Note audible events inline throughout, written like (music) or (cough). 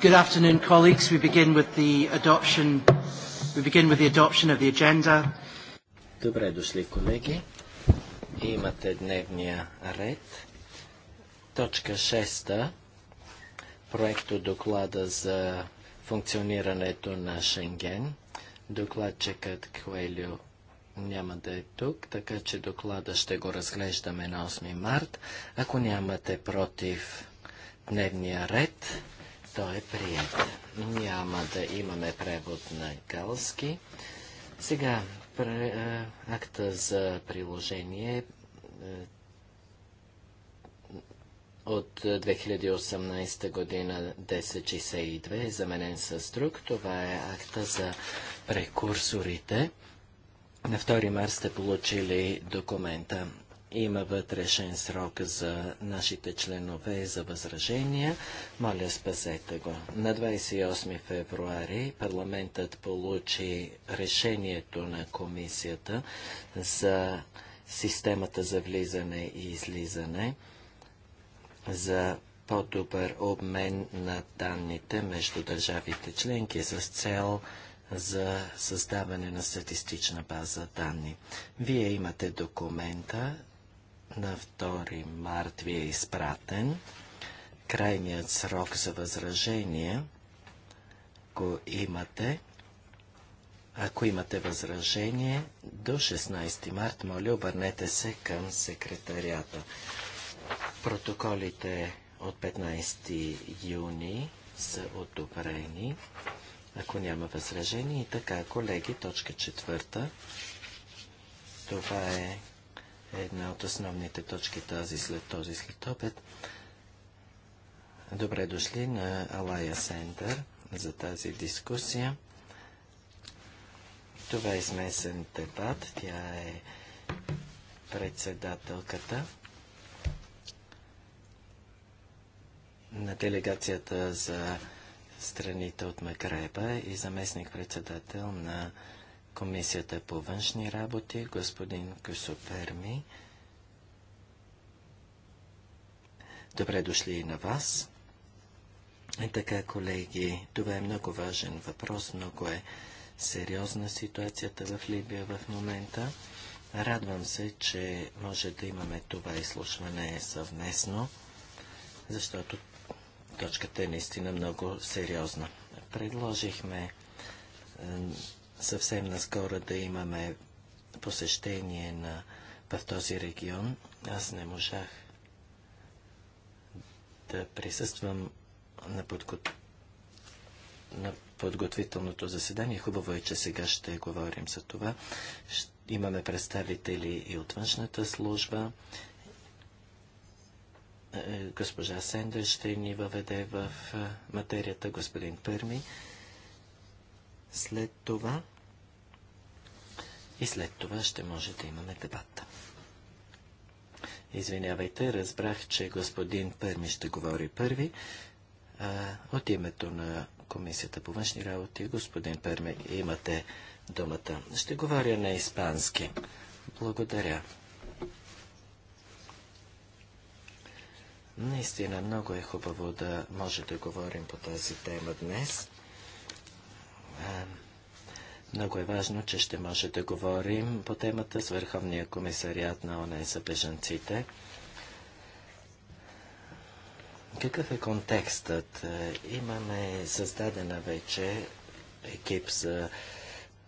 Good afternoon, colleagues. We begin with the adoption. We begin with the adoption of the agenda. Добре дошли, колеги. Имате дневния ред. Точка 6. Проекто доклада за функционирането на Шенген. Докладчикът Куелио няма да е тук, така че доклада ще го разглеждаме на 8 март. Ако нямате против дневния ред, той е прият. Няма да имаме превод на галски. Сега, е, акта за приложение е, от 2018 година 1062 е заменен с друг. Това е акта за прекурсорите. На 2 марта сте получили документа има вътрешен срок за нашите членове за възражения. Моля, спасете го. На 28 февруари парламентът получи решението на комисията за системата за влизане и излизане за по-добър обмен на данните между държавите членки с цел за създаване на статистична база данни. Вие имате документа на 2 март ви е изпратен. Крайният срок за възражение го имате. Ако имате възражение, до 16 март, моля, обърнете се към секретарията. Протоколите от 15 юни са одобрени. Ако няма възражение и така, колеги, точка четвърта. Това е една от основните точки тази след този след обед. Добре дошли на Алая Сентър за тази дискусия. Това е смесен дебат. Тя е председателката на делегацията за страните от Макреба и заместник-председател на Комисията по външни работи, господин Кюсоперми. Добре дошли и на вас. И е така, колеги, това е много важен въпрос, много е сериозна ситуацията в Либия в момента. Радвам се, че може да имаме това изслушване съвместно, защото точката е наистина много сериозна. Предложихме съвсем наскоро да имаме посещение на, в този регион. Аз не можах да присъствам на, подго... на подготвителното заседание. Хубаво е, че сега ще говорим за това. Имаме представители и от външната служба. Е, госпожа Сендер ще ни въведе в е, материята господин Пърми след това и след това ще може да имаме дебата. Извинявайте, разбрах, че господин Пърми ще говори първи. А, от името на Комисията по външни работи, господин Пърми, имате думата. Ще говоря на испански. Благодаря. Наистина много е хубаво да може да говорим по тази тема днес. Много е важно, че ще може да говорим по темата с Върховния комисариат на ОНЕ за бежанците. Какъв е контекстът? Е, имаме създадена вече екип за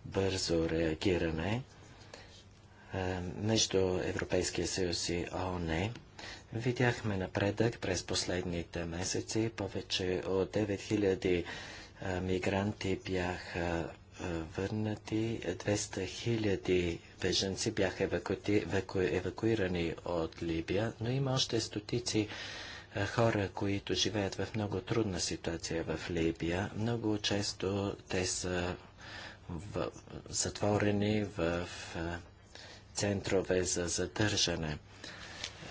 бързо реагиране е, между Европейския съюз и ООН. Видяхме напредък през последните месеци. Повече от 9000 мигранти бяха върнати, 200 хиляди беженци бяха евакуирани от Либия, но има още стотици хора, които живеят в много трудна ситуация в Либия. Много често те са в... затворени в центрове за задържане.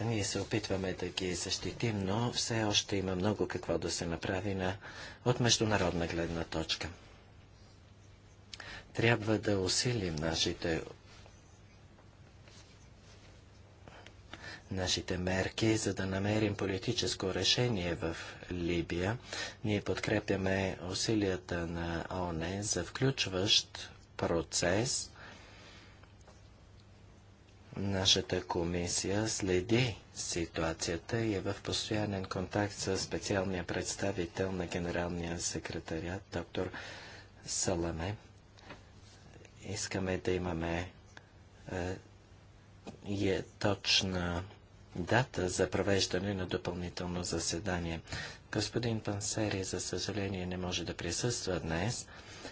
Ние се опитваме да ги защитим, но все още има много какво да се направи на, от международна гледна точка. Трябва да усилим нашите нашите мерки, за да намерим политическо решение в Либия. Ние подкрепяме усилията на ОНЕ за включващ процес Нашата комисия следи ситуацията и е в постоянен контакт с специалния представител на генералния секретарят, доктор Саламе. Искаме да имаме е, е, точна дата за провеждане на допълнително заседание. Господин Пансери, за съжаление, не може да присъства днес.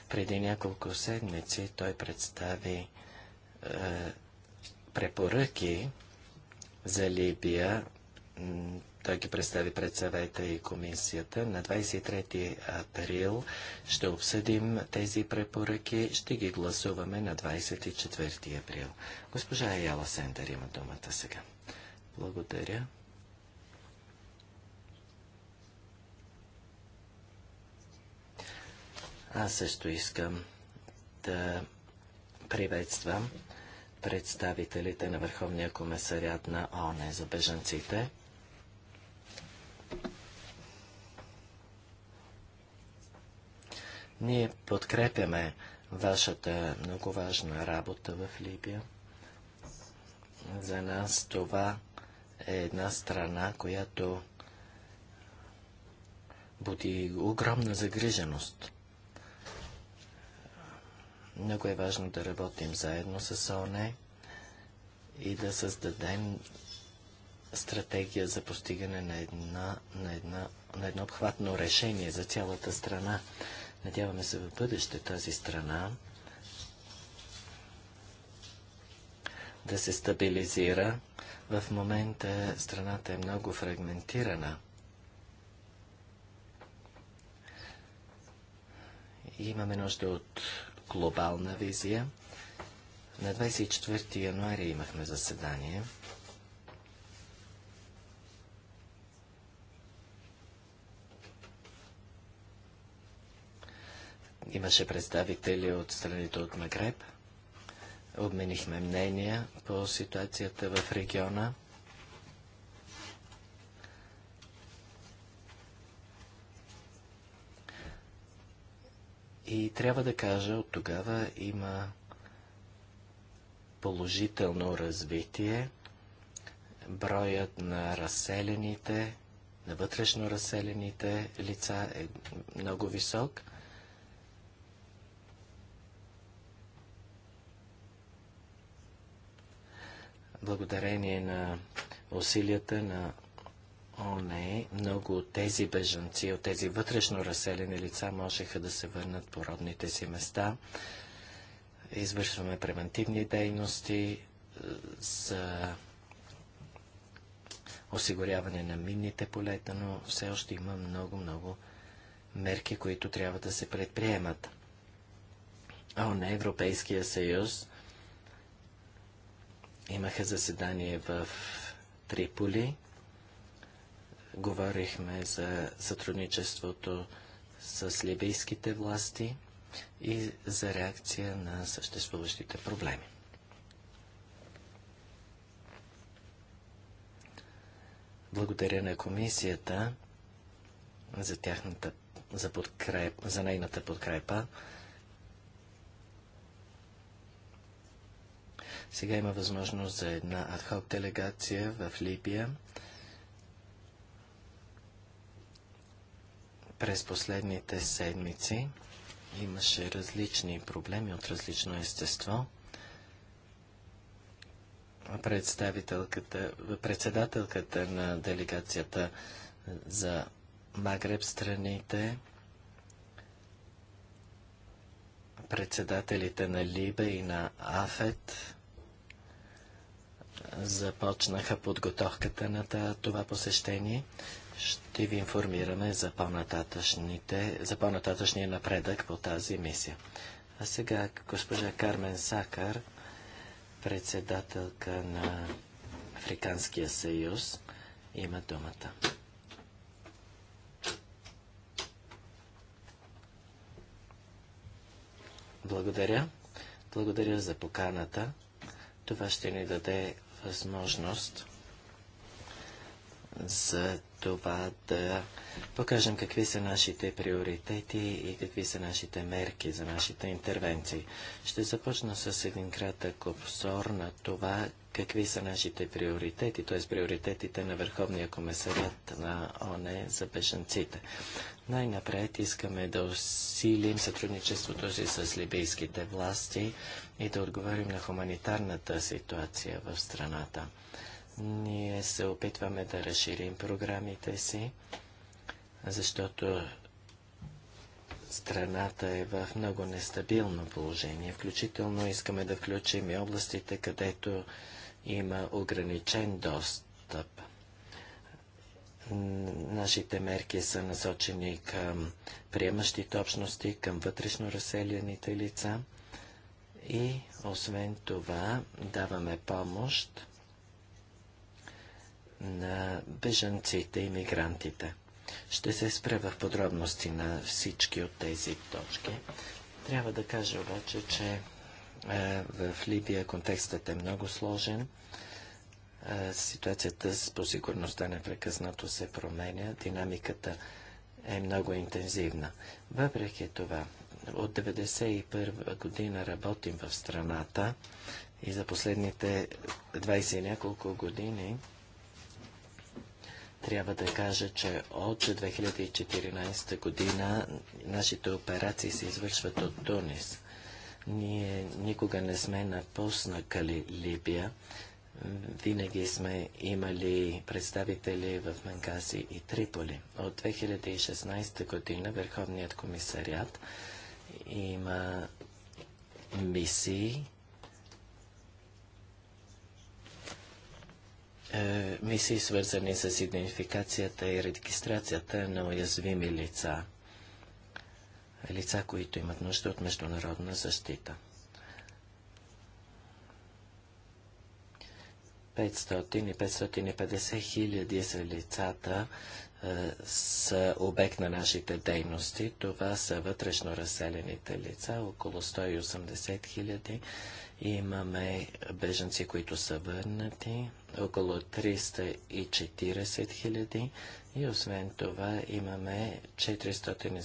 Преди няколко седмици той представи е, препоръки за Либия. Той ги представи пред съвета и комисията. На 23 април ще обсъдим тези препоръки. Ще ги гласуваме на 24 април. Госпожа Яла Сендер има думата сега. Благодаря. Аз също искам да приветствам представителите на Върховния комисариат на ОНЕ за бежанците. Ние подкрепяме вашата много важна работа в Либия. За нас това е една страна, която буди огромна загриженост. Много е важно да работим заедно с ОНЕ и да създадем стратегия за постигане на, една, на, една, на едно обхватно решение за цялата страна. Надяваме се в бъдеще тази страна да се стабилизира. В момента страната е много фрагментирана. И имаме нужда от глобална визия. На 24 януари имахме заседание. Имаше представители от страните от Магреб. Обменихме мнения по ситуацията в региона. И трябва да кажа, от тогава има положително развитие. Броят на разселените, на вътрешно разселените лица е много висок. Благодарение на усилията на не, много от тези бежанци, от тези вътрешно разселени лица можеха да се върнат по родните си места. Извършваме превентивни дейности е, за осигуряване на минните полета, но все още има много-много мерки, които трябва да се предприемат. О, на Европейския съюз имаха заседание в Триполи говорихме за сътрудничеството с либийските власти и за реакция на съществуващите проблеми. Благодаря на комисията за, тяхната, за, подкреп, за нейната подкрепа. Сега има възможност за една адхок делегация в Либия През последните седмици имаше различни проблеми от различно естество. Представителката, председателката на делегацията за Магреб страните, председателите на Либе и на Афет започнаха подготовката на това посещение. Ще ви информираме за по-нататъчните, за по-нататъчния напредък по тази мисия. А сега госпожа Кармен Сакар, председателка на Африканския съюз, има думата. Благодаря. Благодаря за поканата. Това ще ни даде възможност за това да покажем какви са нашите приоритети и какви са нашите мерки за нашите интервенции. Ще започна с един кратък обзор на това какви са нашите приоритети, т.е. приоритетите на Върховния комисарят на ОНЕ за бежанците. Най-напред искаме да усилим сътрудничеството си с либийските власти и да отговорим на хуманитарната ситуация в страната. Ние се опитваме да разширим програмите си, защото страната е в много нестабилно положение. Включително искаме да включим и областите, където има ограничен достъп. Нашите мерки са насочени към приемащите общности, към вътрешно разселените лица и освен това даваме помощ на бежанците и мигрантите. Ще се спре в подробности на всички от тези точки. Трябва да кажа обаче, че е, в Либия контекстът е много сложен. Е, ситуацията с по сигурността непрекъснато се променя. Динамиката е много интензивна. Въпреки това, от 1991 година работим в страната и за последните 20 няколко години трябва да кажа, че от 2014 година нашите операции се извършват от Тунис. Ние никога не сме напуснали Либия. Винаги сме имали представители в Менгази и Триполи. От 2016 година Върховният комисариат има мисии е, мисии, свързани с идентификацията и регистрацията на уязвими лица, лица, които имат нужда от международна защита. 500 и 550 хиляди са лицата, е, са обект на нашите дейности. Това са вътрешно разселените лица, около 180 хиляди Имаме беженци, които са върнати, около 340 хиляди и освен това имаме 47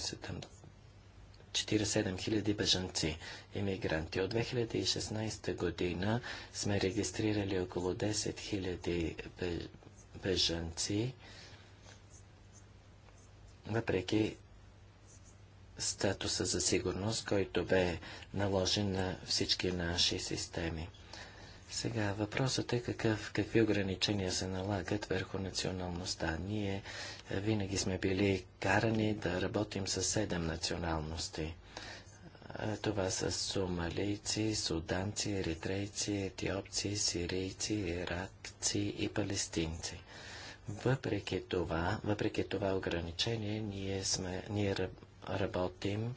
000 беженци иммигранти. От 2016 година сме регистрирали около 10 000 бежанци, въпреки статуса за сигурност, който бе наложен на всички наши системи. Сега въпросът е какъв, какви ограничения се налагат върху националността. Ние винаги сме били карани да работим с седем националности. Това са сумалийци, суданци, еритрейци, етиопци, сирийци, иракци и палестинци. Въпреки това, въпреки това ограничение, ние, сме, ние работим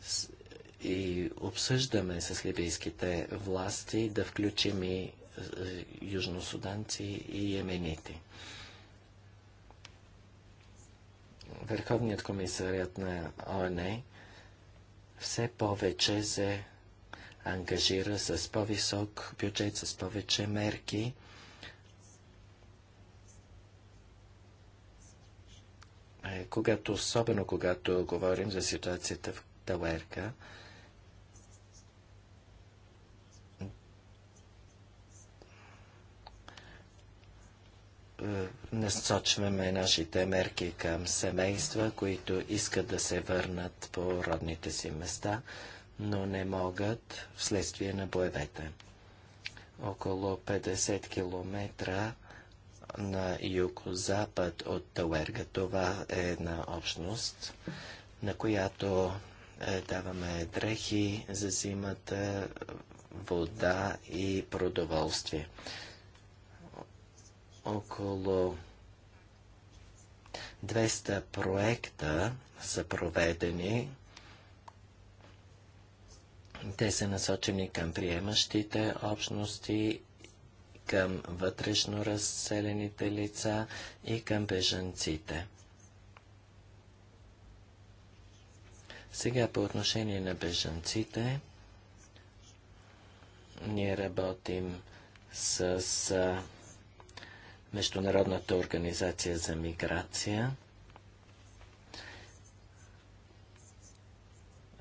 с, и обсъждаме с либийските власти да включим и е, южносуданци и еменити. Върховният комисарият на ОНЕ все повече се ангажира с по-висок бюджет, с повече мерки – Е, когато, особено когато говорим за ситуацията в Тауерка, е, насочваме нашите мерки към семейства, които искат да се върнат по родните си места, но не могат вследствие на боевете. Около 50 километра на юго-запад от Тауерга. Това е една общност, на която е, даваме дрехи за зимата, вода и продоволствие. Около 200 проекта са проведени. Те са насочени към приемащите общности към вътрешно разселените лица и към бежанците. Сега по отношение на бежанците, ние работим с Международната организация за миграция.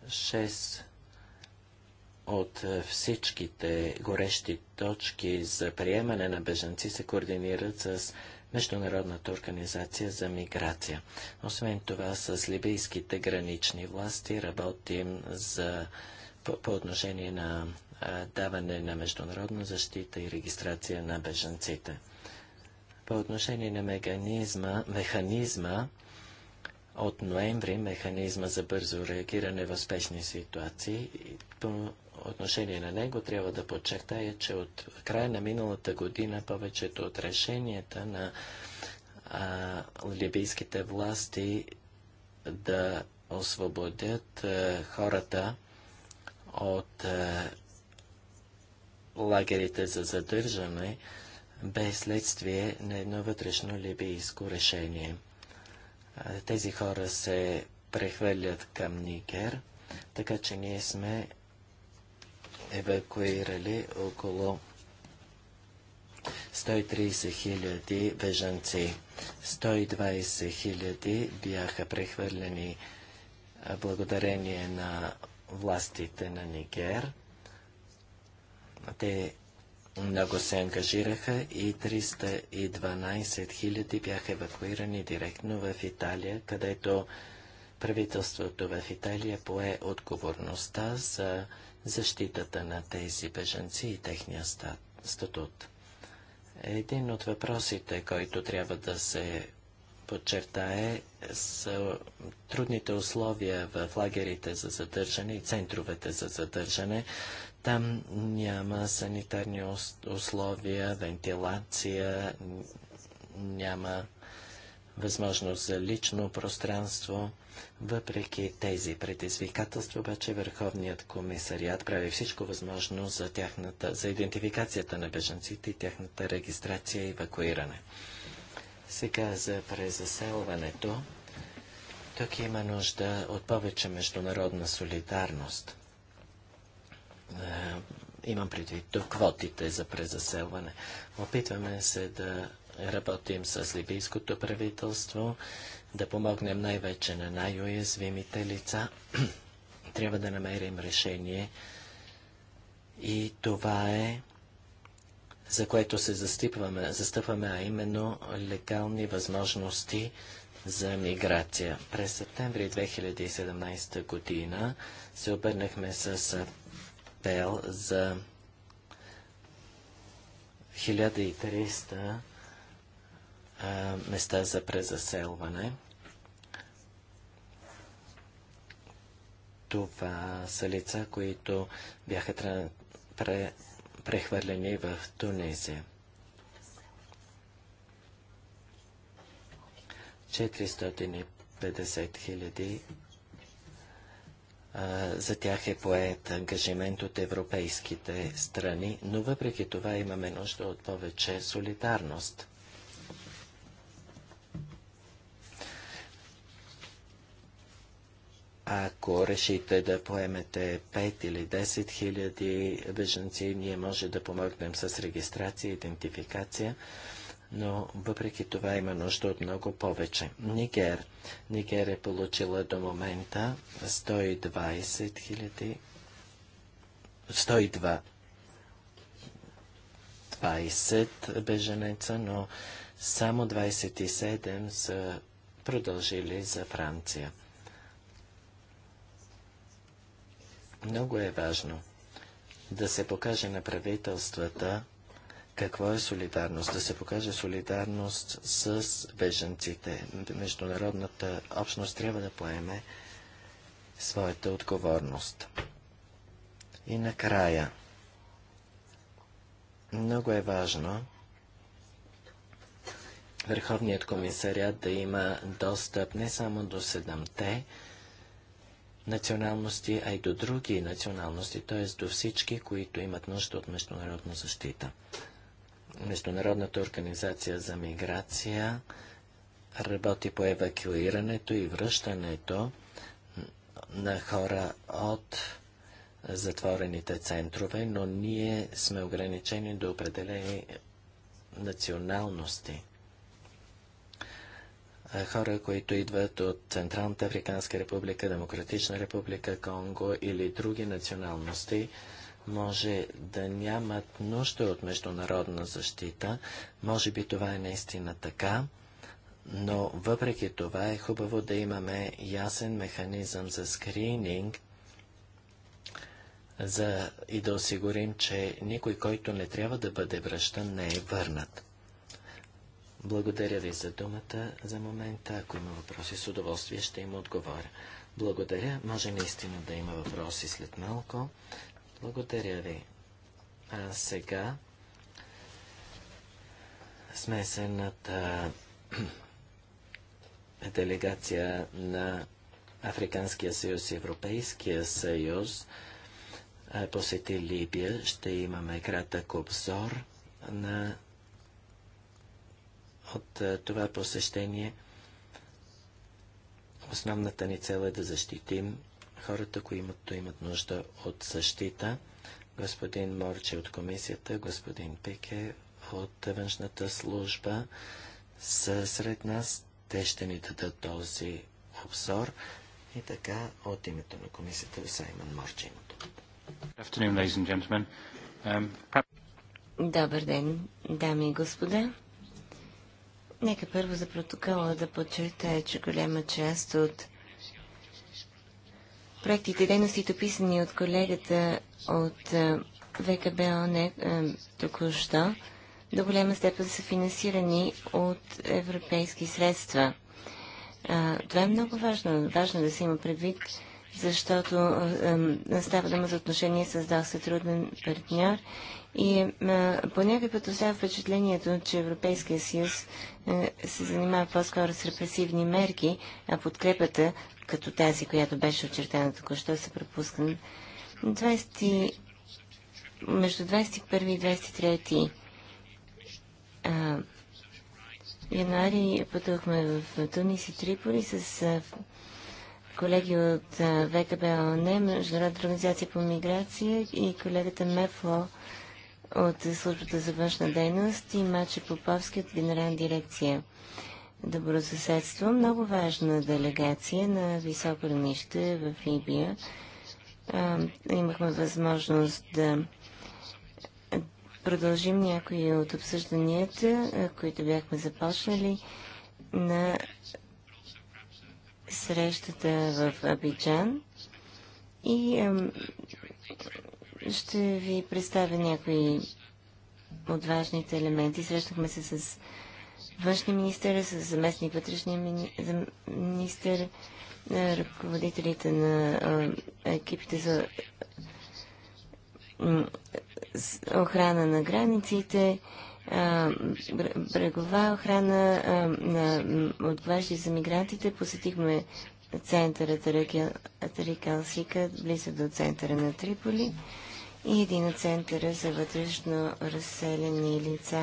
6 от е, всичките горещи точки за приемане на бежанци се координират с Международната организация за миграция. Освен това, с либийските гранични власти работим за, по, по отношение на а, даване на международна защита и регистрация на бежанците. По отношение на механизма, механизма от ноември, механизма за бързо реагиране в спешни ситуации, по отношение на него трябва да подчертая, че от края на миналата година повечето от решенията на а, либийските власти да освободят а, хората от а, лагерите за задържане без следствие на едно вътрешно либийско решение. А, тези хора се прехвърлят към Нигер, така че ние сме евакуирали около 130 хиляди бежанци. 120 хиляди бяха прехвърлени благодарение на властите на Нигер. Те много се ангажираха и 312 хиляди бяха евакуирани директно в Италия, където правителството в Италия пое отговорността за защитата на тези бежанци и техния статут. Един от въпросите, който трябва да се подчертае, са трудните условия в лагерите за задържане и центровете за задържане. Там няма санитарни условия, вентилация, няма възможност за лично пространство. Въпреки тези предизвикателства, обаче Върховният комисариат прави всичко възможно за, тяхната, за идентификацията на бежанците и тяхната регистрация и евакуиране. Сега за презаселването. Тук има нужда от повече международна солидарност. Е, имам предвид тук квотите за презаселване. Опитваме се да работим с либийското правителство да помогнем най-вече на най-уязвимите лица. (clears throat) Трябва да намерим решение и това е за което се застъпваме, застъпваме, а именно легални възможности за миграция. През септември 2017 година се обърнахме с апел за 1300 места за презаселване. Това са лица, които бяха пре, прехвърлени в Тунезия. 450 хиляди. За тях е поет ангажимент от европейските страни, но въпреки това имаме нужда от повече солидарност. Ако решите да поемете 5 или 10 хиляди беженци, ние може да помогнем с регистрация, и идентификация, но въпреки това има нужда от много повече. Нигер. Нигер е получила до момента 120 хиляди 102 20 беженеца, но само 27 са продължили за Франция. Много е важно да се покаже на правителствата какво е солидарност, да се покаже солидарност с беженците. Международната общност трябва да поеме своята отговорност. И накрая, много е важно Върховният комисарят да има достъп не само до седемте националности, а и до други националности, т.е. до всички, които имат нужда от международна защита. Международната организация за миграция работи по евакуирането и връщането на хора от затворените центрове, но ние сме ограничени до определени националности. Е, хора, които идват от Централната Африканска република, Демократична република, Конго или други националности, може да нямат нужда от международна защита. Може би това е наистина така, но въпреки това е хубаво да имаме ясен механизъм за скрининг за и да осигурим, че никой, който не трябва да бъде връщан, не е върнат. Благодаря ви за думата за момента. Ако има въпроси, с удоволствие ще им отговоря. Благодаря. Може наистина да има въпроси след малко. Благодаря ви. А сега смесената (clears throat) делегация на Африканския съюз и Европейския съюз посети Либия. Ще имаме кратък обзор на от е, това посещение. Основната ни цел е да защитим хората, които имат нужда от защита. Господин Морче от комисията, господин Пике от външната служба са сред нас. Те ще ни дадат този обзор. И така, от името на комисията Саймон Морче има um, Добър ден, дами и господа. Нека първо за протокола да подчертая, че голяма част от проектите и дейностите, описани от колегата от ВКБ ОНЕ току-що, до голяма степен са финансирани от европейски средства. това е много важно. Важно да се има предвид, защото става дума за отношение с доста труден партньор и понякога по някакъв път остава впечатлението, че Европейския съюз се занимава по-скоро с репресивни мерки, а подкрепата, като тази, която беше очертана току-що, се пропуска. 20... Между 21 и 23 а, януари пътувахме в Тунис и Триполи с колеги от ВКБ ОНЕ, Международната организация по миграция и колегата Мефло от службата за външна дейност и Маче Поповски от Генерална дирекция Добросъседство. Много важна делегация на високо ранище в Либия. А, имахме възможност да продължим някои от обсъжданията, които бяхме започнали на срещата в Абиджан. И а, ще ви представя някои от важните елементи. Срещнахме се с външния министър, с заместник вътрешния мини... министър, ръководителите на екипите за охрана на границите, брегова охрана на отглеждащи за мигрантите. Посетихме центъра Тарикалсика, близо до центъра на Триполи и един от Центъра за вътрешно разселени лица.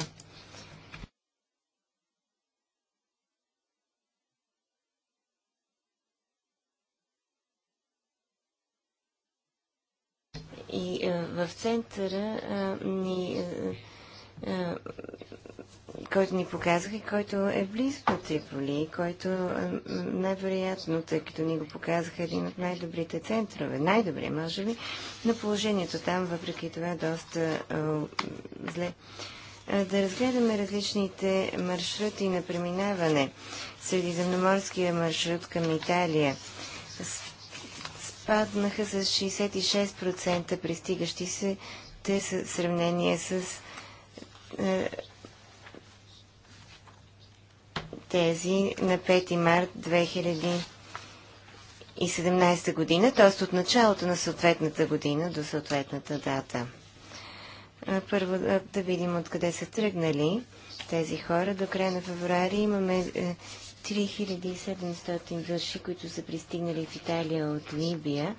И а, е, в центъра а, е, ни а, е, който ни показаха и който е близо до Триполи, който най-вероятно, тъй като ни го показаха, един от най-добрите центрове, най добри може би, но положението там, въпреки това, доста а, зле. А, да разгледаме различните маршрути на преминаване. Средиземноморския маршрут към Италия спаднаха с 66% пристигащи се, те са в сравнение с тези на 5 март 2017 година, т.е. от началото на съответната година до съответната дата. Първо да видим откъде са тръгнали тези хора. До края на феврари имаме 3700 е, души, които са пристигнали в Италия от Либия.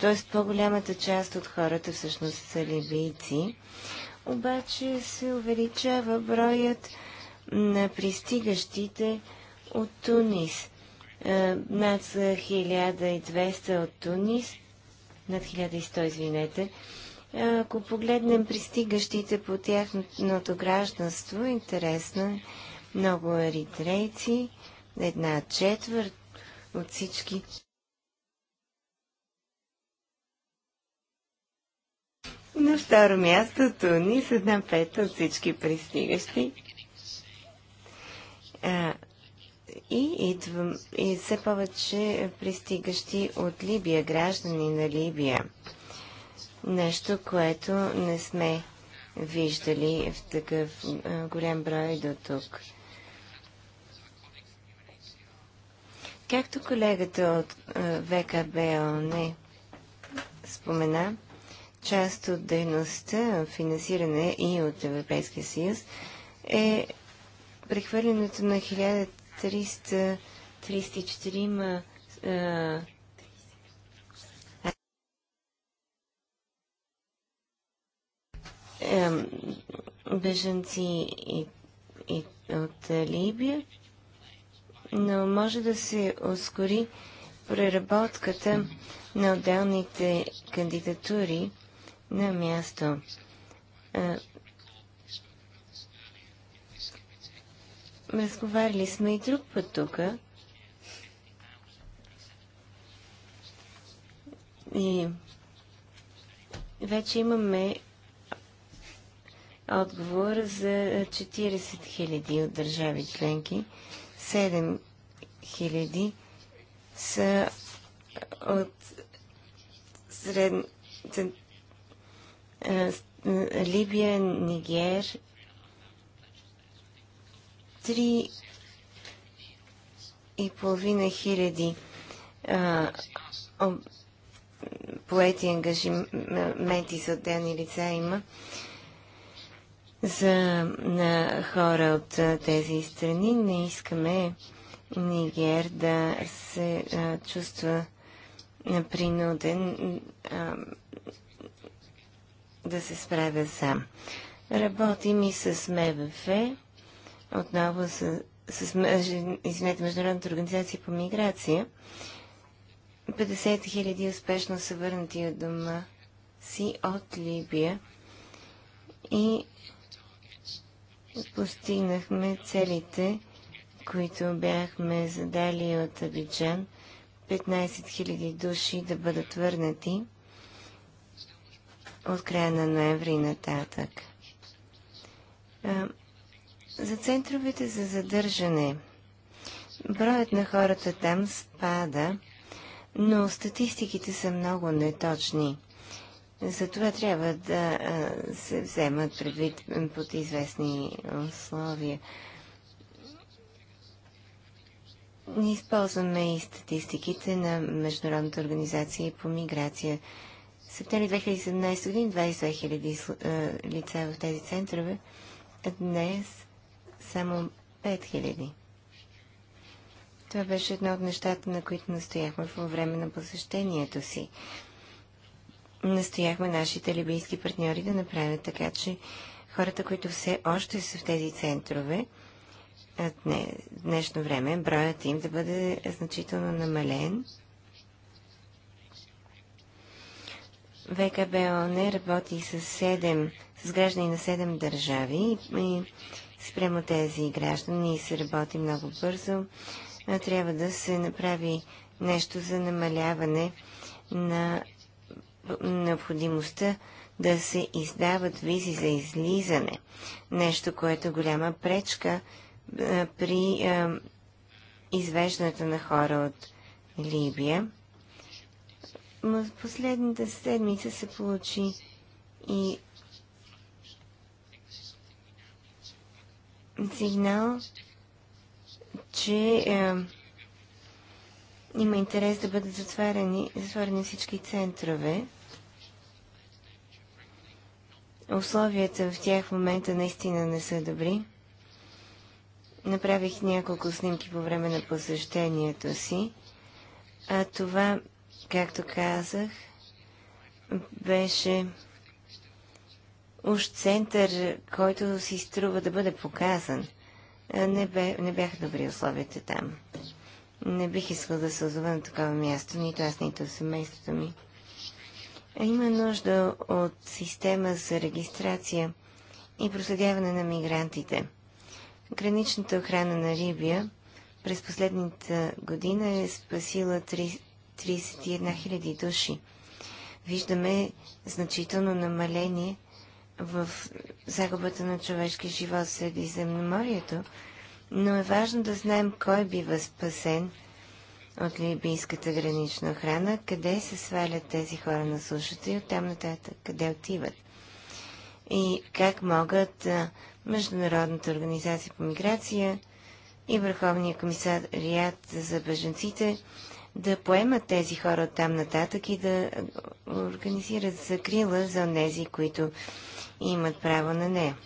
Т.е. по-голямата част от хората всъщност са либийци. Обаче се увеличава броят на пристигащите от Тунис. Е, над 1200 от Тунис, над 1100, извинете. Е, ако погледнем пристигащите по тяхното гражданство, интересно е, много еритрейци, една четвърт от всички На второ място Тунис, една пета от всички пристигащи и идвам, и все повече пристигащи от Либия, граждани на Либия. Нещо, което не сме виждали в такъв голям брой до тук. Както колегата от не спомена, част от дейността, финансиране и от Европейския съюз, е прехвърлянето на 1334 ма, а, беженци и, и, от Либия, но може да се ускори преработката на отделните кандидатури на място. А, разговаряли сме и друг път тук. И вече имаме отговор за 40 000 от държави членки. 7 000 са от сред... Либия, Нигер, Три и половина хиляди поети ангажименти за отделни лица има за на хора от тези страни. Не искаме Нигер да се а, чувства принуден а, да се справя сам. Работим и с МВФ отново с, с извинете, Международната организация по миграция. 50 хиляди успешно са върнати от дома си от Либия и постигнахме целите, които бяхме задали от Абиджан. 15 000 души да бъдат върнати от края на ноември нататък. За центровете за задържане. Броят на хората там спада, но статистиките са много неточни. За това трябва да се вземат предвид под известни условия. Ние използваме и статистиките на Международната организация по миграция. Септември 2017 година 22 000 лица в тези центрове. Днес само 5000. Това беше едно от нещата, на които настояхме по време на посещението си. Настояхме нашите либийски партньори да направят така, че хората, които все още са в тези центрове, а днешно време, броят им да бъде значително намален. ВКБО не работи с, 7, с граждани на 7 държави и спрямо тези граждани и се работи много бързо. Трябва да се направи нещо за намаляване на необходимостта да се издават визи за излизане. Нещо, което е голяма пречка е, при е, извеждането на хора от Либия. Но в последната седмица се получи и сигнал, че е, има интерес да бъдат затварени, затворени всички центрове. Условията в тях в момента наистина не са добри. Направих няколко снимки по време на посещението си. А това, както казах, беше уж център, който си струва да бъде показан. Не, бе, не бяха добри условията там. Не бих искал да се озова на такова място, нито аз, нито семейството ми. има нужда от система за регистрация и проследяване на мигрантите. Граничната охрана на Рибия през последната година е спасила 3, 31 000 души. Виждаме значително намаление в загубата на човешки живот среди земноморието, но е важно да знаем кой бива спасен от либийската гранична охрана, къде се свалят тези хора на сушата и оттам нататък къде отиват. И как могат Международната организация по миграция и Върховния комисариат за беженците да поемат тези хора от там нататък и да организират закрила за тези, които имат право на нея.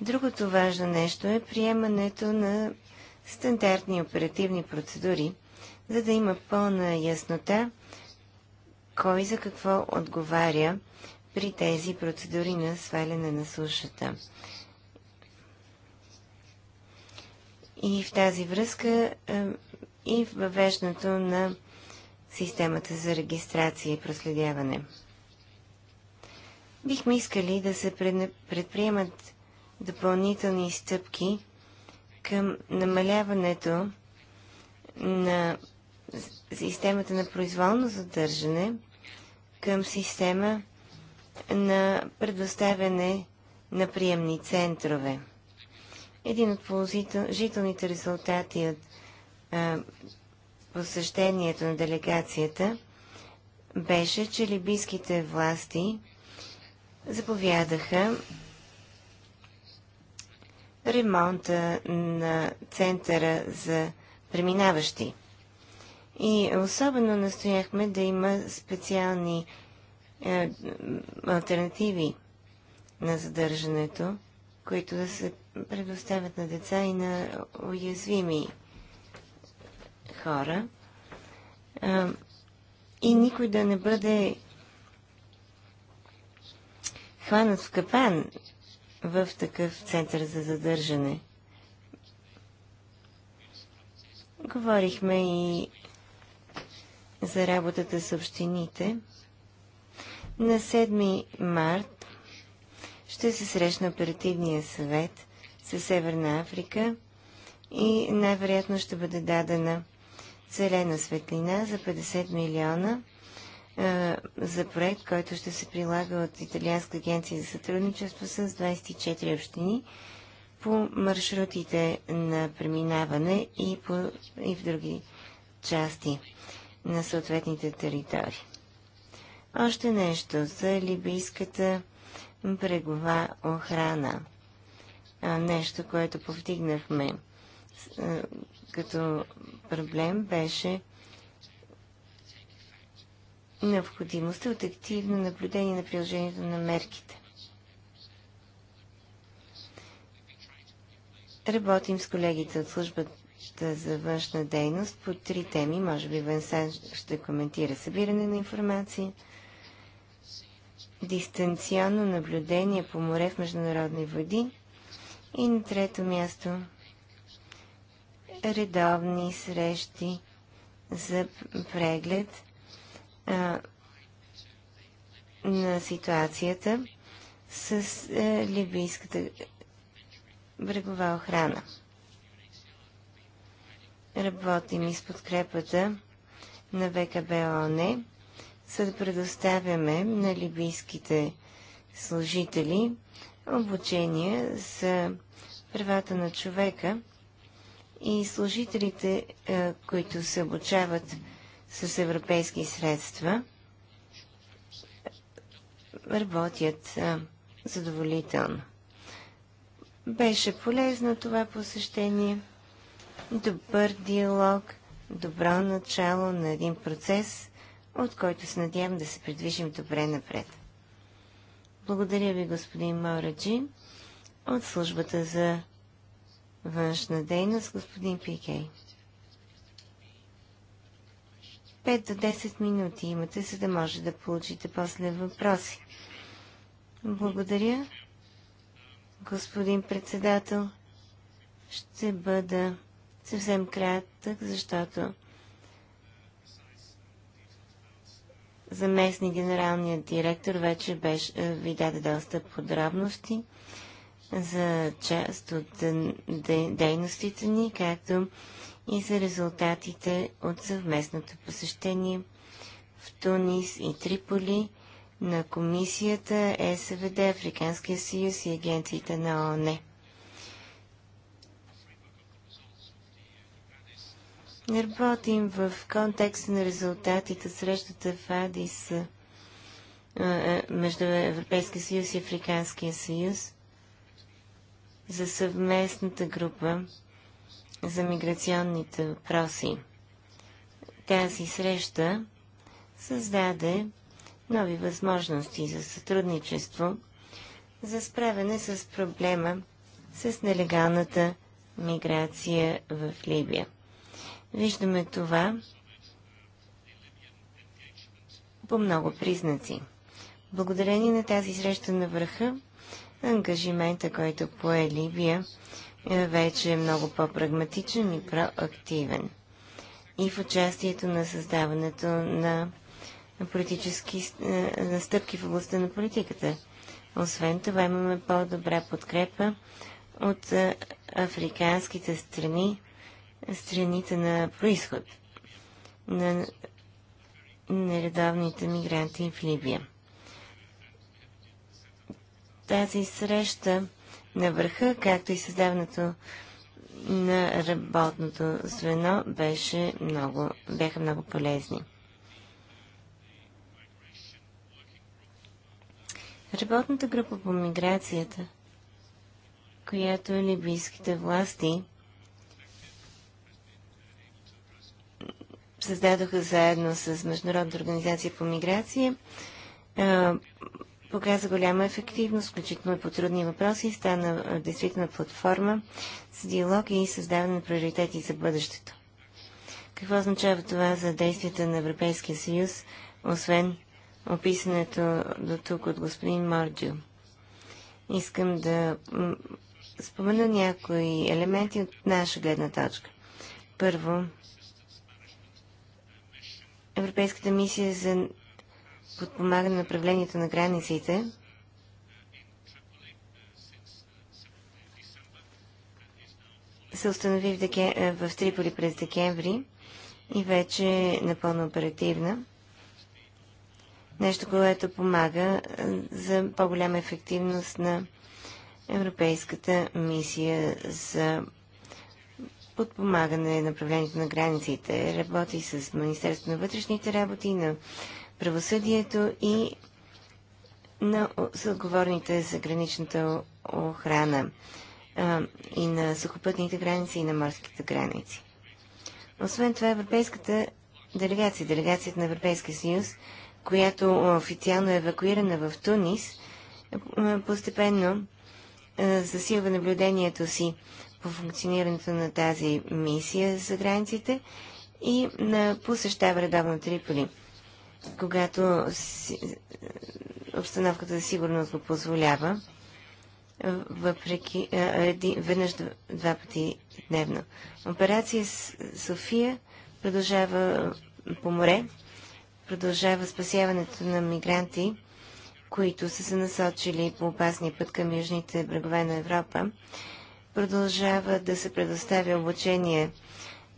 Другото важно нещо е приемането на стандартни оперативни процедури, за да има пълна яснота кой за какво отговаря при тези процедури на сваляне на сушата. И в тази връзка и въвеждането на системата за регистрация и проследяване. Бихме искали да се предприемат допълнителни стъпки към намаляването на системата на произволно задържане към система на предоставяне на приемни центрове. Един от положителните резултати от посещението на делегацията беше, че либийските власти заповядаха ремонта на центъра за преминаващи. И особено настояхме да има специални е, альтернативи на задържането, които да се предоставят на деца и на уязвими хора а, и никой да не бъде хванат в капан в такъв център за задържане. Говорихме и за работата с общините. На 7 март ще се срещна оперативния съвет със Северна Африка и най-вероятно ще бъде дадена зелена светлина за 50 милиона за проект, който ще се прилага от Италианска агенция за сътрудничество с 24 общини по маршрутите на преминаване и, по, и в други части на съответните територии. Още нещо за либийската брегова охрана. Нещо, което повдигнахме като проблем беше необходимостта от активно наблюдение на приложението на мерките. Работим с колегите от службата за външна дейност по три теми. Може би Венсан ще коментира събиране на информация, дистанционно наблюдение по море в международни води и на трето място – редовни срещи за преглед а, на ситуацията с а, е, либийската брегова охрана. Работим и с подкрепата на ВКБ ООН, за да предоставяме на либийските служители обучение за правата на човека – и служителите, е, които се обучават с европейски средства, работят е, задоволително. Беше полезно това посещение, добър диалог, добро начало на един процес, от който се надявам да се придвижим добре напред. Благодаря ви, господин Мораджи, от службата за външна дейност, господин Пикей. 5 до 10 минути имате, за да може да получите после въпроси. Благодаря, господин председател. Ще бъда съвсем кратък, защото заместни генералният директор вече беше, е, ви даде доста подробности за част от дейностите ни, както и за резултатите от съвместното посещение в Тунис и Триполи на Комисията, СВД, Африканския съюз и агенциите на ООН. Работим в контекста на резултатите срещата в Адис между Европейския съюз и Африканския съюз – за съвместната група за миграционните въпроси. Тази среща създаде нови възможности за сътрудничество, за справяне с проблема с нелегалната миграция в Либия. Виждаме това по много признаци. Благодарение на тази среща на върха, ангажимента, който пое Либия, е вече е много по-прагматичен и проактивен. И в участието на създаването на политически е, на стъпки в областта на политиката. Освен това имаме по-добра подкрепа от е, африканските страни, страните на происход на нередовните мигранти в Либия тази среща на върха, както и създаването на работното звено беше много, бяха много полезни. Работната група по миграцията, която е либийските власти създадоха заедно с Международната организация по миграция, показа голяма ефективност, включително и по трудни въпроси, стана действителна платформа с диалог и създаване на приоритети за бъдещето. Какво означава това за действията на Европейския съюз, освен описането до тук от господин Морджо? Искам да спомена някои елементи от наша гледна точка. Първо, Европейската мисия за подпомагане направлението на границите. се установи в, деке... Е, в Триполи през декември и вече е напълно оперативна. Нещо, което помага е, за по-голяма ефективност на Европейската мисия за подпомагане на направлението на границите. Работи с Министерството на вътрешните работи, на правосъдието и на съотговорните за граничната охрана и на сухопътните граници и на морските граници. Освен това, Европейската делегация, делегацията на Европейския съюз, която официално е евакуирана в Тунис, постепенно засилва наблюдението си по функционирането на тази мисия за границите и посещава редовно Триполи когато си, обстановката за сигурност го позволява, въпреки един, веднъж два пъти дневно. Операция София продължава по море, продължава спасяването на мигранти, които са се насочили по опасния път към южните брегове на Европа. Продължава да се предоставя обучение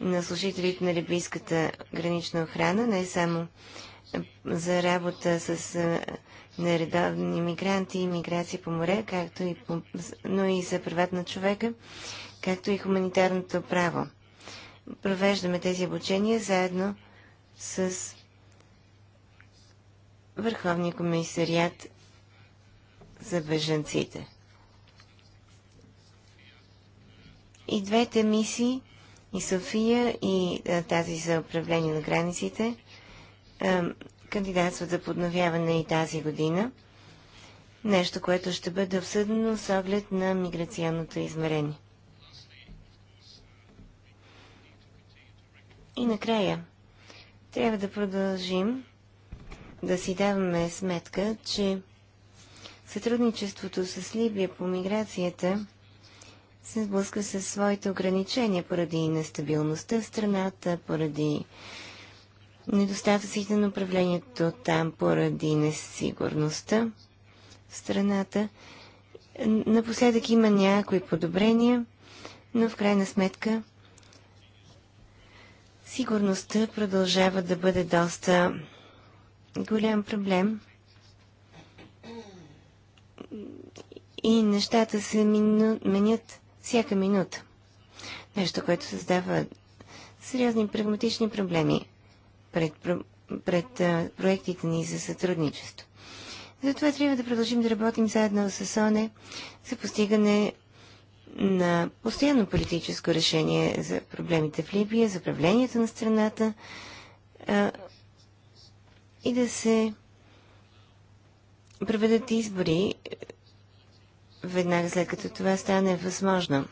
на служителите на Либийската гранична охрана, не само за работа с нередовни мигранти и миграция по море, както и по, но и за правата на човека, както и хуманитарното право. Провеждаме тези обучения заедно с Върховния комисариат за бежанците. И двете мисии, и София, и тази за управление на границите – кандидатстват за подновяване и тази година. Нещо, което ще бъде обсъдено с оглед на миграционното измерение. И накрая, трябва да продължим да си даваме сметка, че сътрудничеството с Либия по миграцията се сблъска със своите ограничения поради нестабилността в страната, поради недостатъците на управлението там поради несигурността в страната. Напоследък има някои подобрения, но в крайна сметка сигурността продължава да бъде доста голям проблем. И нещата се мину... менят всяка минута. Нещо, което създава сериозни прагматични проблеми пред, пред а, проектите ни за сътрудничество. Затова трябва да продължим да работим заедно с ОНЕ за постигане на постоянно политическо решение за проблемите в Либия, за правлението на страната а, и да се проведат избори веднага след като това стане възможно.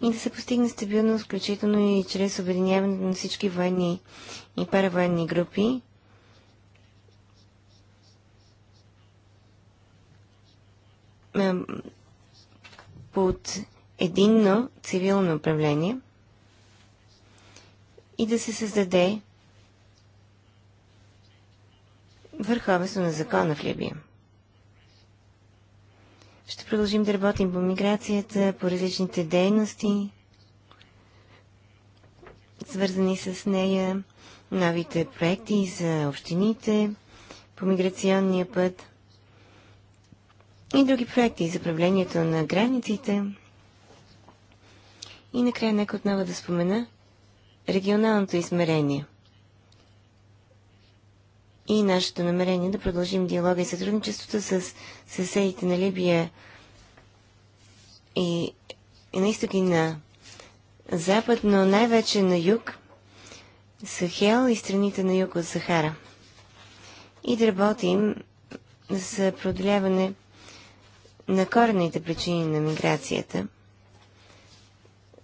и да се постигне стабилност, включително и чрез обединяването на всички военни и паравоенни групи. под единно цивилно управление и да се създаде върховенство на закона в Либия. Ще продължим да работим по миграцията, по различните дейности, свързани с нея, новите проекти за общините, по миграционния път и други проекти за правлението на границите. И накрая нека отново да спомена регионалното измерение – и нашето намерение да продължим диалога и сътрудничеството с съседите на Либия и, и на изток и на запад, но най-вече на юг, Сахел и страните на юг от Сахара. И да работим за продоляване на корените причини на миграцията,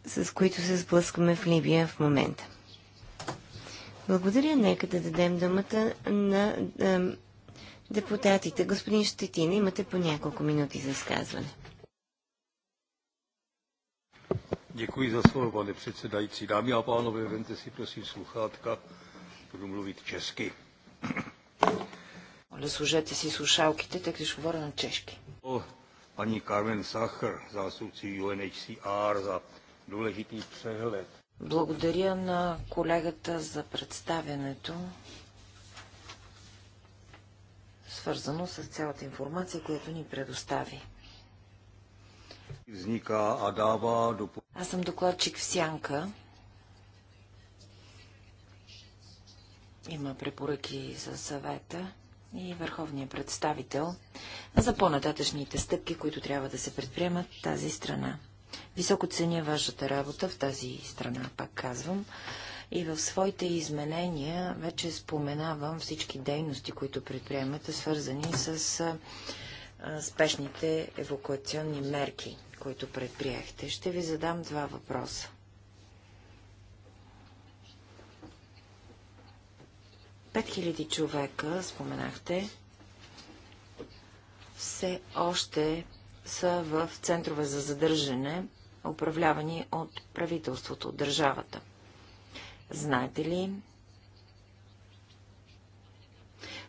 с които се сблъскваме в Либия в момента. Благодаря. Нека да дадем думата на депутатите. Господин Штетин, имате по няколко минути за изказване. Děkuji za slovo, pane předsedající. Dámy a pánové, vente si prosím sluchátka, budu mluvit česky. Моля, служете си слушалките, tak když ще na češky. O, Paní Carmen Sacher, zástupci UNHCR, za důležitý přehled благодаря на колегата за представянето, свързано с цялата информация, която ни предостави. Аз съм докладчик в Сянка. Има препоръки за съвета и върховния представител за по-нататъчните стъпки, които трябва да се предприемат тази страна. Високо ценя вашата работа в тази страна, пак казвам. И в своите изменения вече споменавам всички дейности, които предприемате, свързани с а, спешните евакуационни мерки, които предприехте. Ще ви задам два въпроса. Пет хиляди човека, споменахте, все още са в центрове за задържане, управлявани от правителството, от държавата. Знаете ли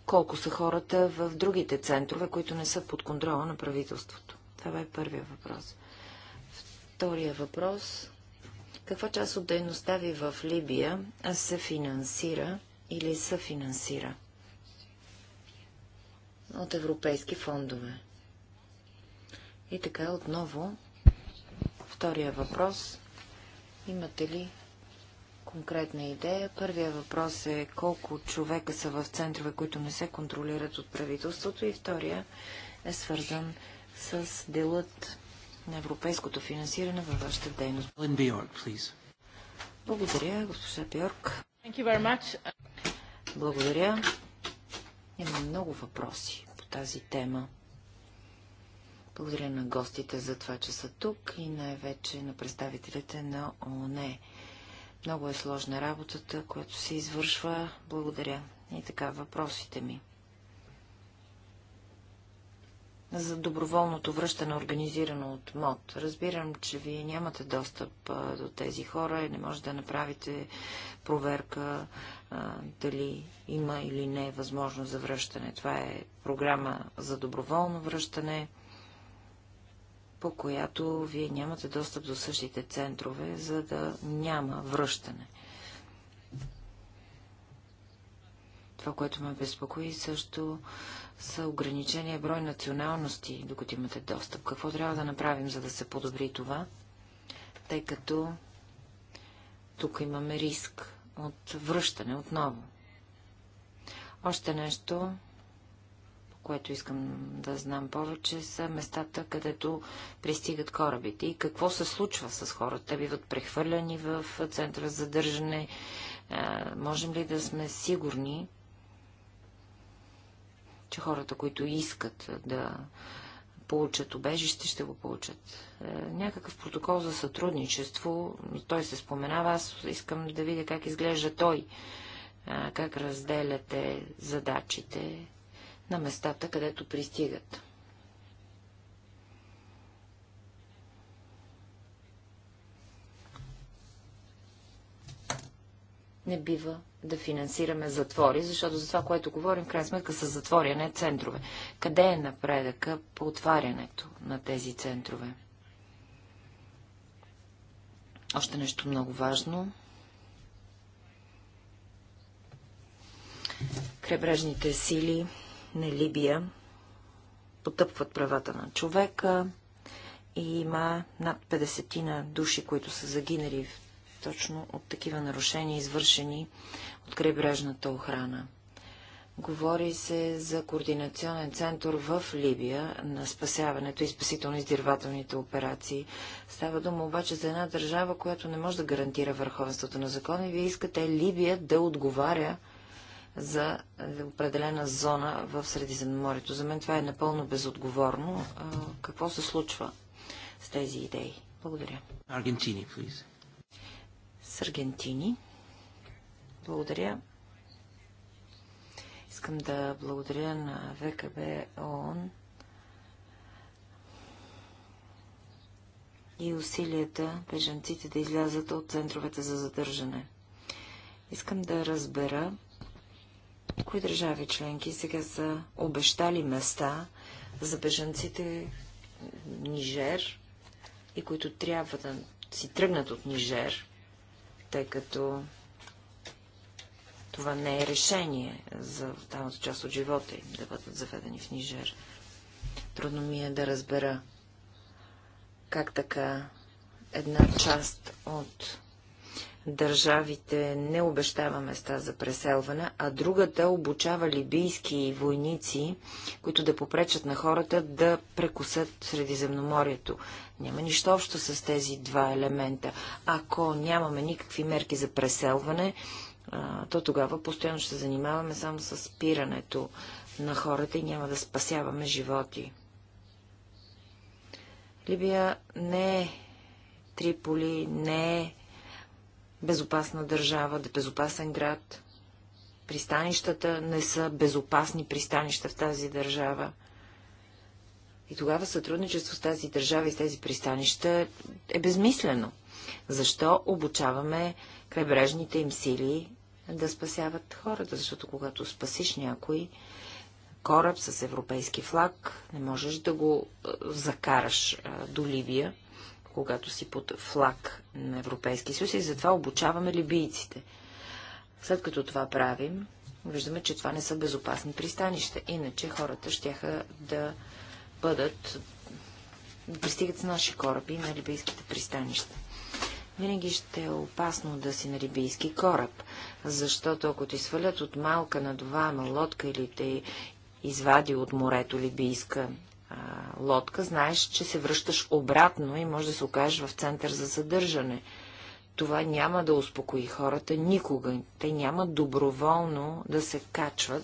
колко са хората в другите центрове, които не са под контрола на правителството? Това е първия въпрос. Втория въпрос. Каква част от дейността ви в Либия се финансира или се финансира? От европейски фондове. И така, отново, втория въпрос. Имате ли конкретна идея? Първия въпрос е колко човека са в центрове, които не се контролират от правителството и втория е свързан с делът на европейското финансиране във вашата дейност. Благодаря, госпожа Бьорк. Благодаря. Има много въпроси по тази тема. Благодаря на гостите за това, че са тук и най-вече на представителите на ООН. Много е сложна работата, която се извършва. Благодаря. И така, въпросите ми. За доброволното връщане, организирано от МОД. Разбирам, че вие нямате достъп а, до тези хора и не може да направите проверка а, дали има или не е възможност за връщане. Това е програма за доброволно връщане по която вие нямате достъп до същите центрове, за да няма връщане. Това, което ме безпокои също са ограничения брой националности, докато имате достъп. Какво трябва да направим, за да се подобри това? Тъй като тук имаме риск от връщане отново. Още нещо което искам да знам повече, са местата, където пристигат корабите и какво се случва с хората. Те биват прехвърляни в центъра за държане. Можем ли да сме сигурни, че хората, които искат да получат убежище, ще го получат. Е, някакъв протокол за сътрудничество, той се споменава, аз искам да видя как изглежда той, как разделяте задачите, на местата, където пристигат. Не бива да финансираме затвори, защото за това, което говорим, в крайна сметка са затвори, а не центрове. Къде е напредъка по отварянето на тези центрове? Още нещо много важно. Кребрежните сили на Либия потъпват правата на човека и има над 50 на души, които са загинали точно от такива нарушения, извършени от крайбрежната охрана. Говори се за координационен център в Либия на спасяването и спасително-издирвателните операции. Става дума обаче за една държава, която не може да гарантира върховенството на закона и вие искате Либия да отговаря за определена зона в Средиземноморието. За мен това е напълно безотговорно. Какво се случва с тези идеи? Благодаря. Аргентини, please. С Аргентини. Благодаря. Искам да благодаря на ВКБ ООН и усилията бежанците да излязат от центровете за задържане. Искам да разбера Кои държави членки сега са обещали места за бежанците Нижер и които трябва да си тръгнат от Нижер, тъй като това не е решение за останалата част от живота им да бъдат заведени в Нижер. Трудно ми е да разбера как така една част от държавите не обещава места за преселване, а другата обучава либийски войници, които да попречат на хората да прекусат Средиземноморието. Няма нищо общо с тези два елемента. Ако нямаме никакви мерки за преселване, то тогава постоянно ще се занимаваме само с спирането на хората и няма да спасяваме животи. Либия не е Триполи, не е безопасна държава, е безопасен град. Пристанищата не са безопасни пристанища в тази държава. И тогава сътрудничество с тази държава и с тези пристанища е безмислено. Защо обучаваме крайбрежните им сили да спасяват хората? Защото когато спасиш някой кораб с европейски флаг, не можеш да го закараш до Ливия, когато си под флаг на Европейски съюз и затова обучаваме либийците. След като това правим, виждаме, че това не са безопасни пристанища. Иначе хората щяха да бъдат, да пристигат с наши кораби на либийските пристанища. Винаги ще е опасно да си на либийски кораб, защото ако ти свалят от малка на надуваема лодка или те извади от морето либийска а, лодка, знаеш, че се връщаш обратно и може да се окажеш в център за задържане. Това няма да успокои хората никога. Те няма доброволно да се качват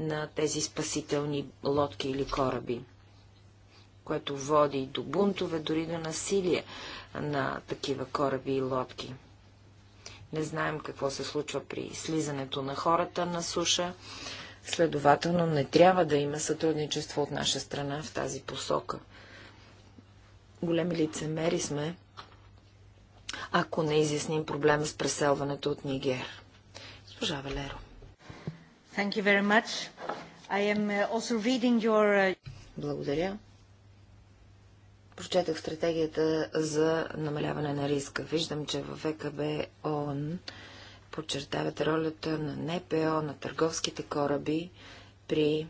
на тези спасителни лодки или кораби, което води до бунтове, дори до насилие на такива кораби и лодки. Не знаем какво се случва при слизането на хората на суша. Следователно не трябва да има сътрудничество от наша страна в тази посока. Големи лицемери сме, ако не изясним проблема с преселването от Нигер. Служа Валеро. Thank you very much. I am uh, also reading your... Uh, Благодаря. Прочетах стратегията за намаляване на риска. Виждам, че в ВКБ е ООН подчертават ролята на НПО, на търговските кораби при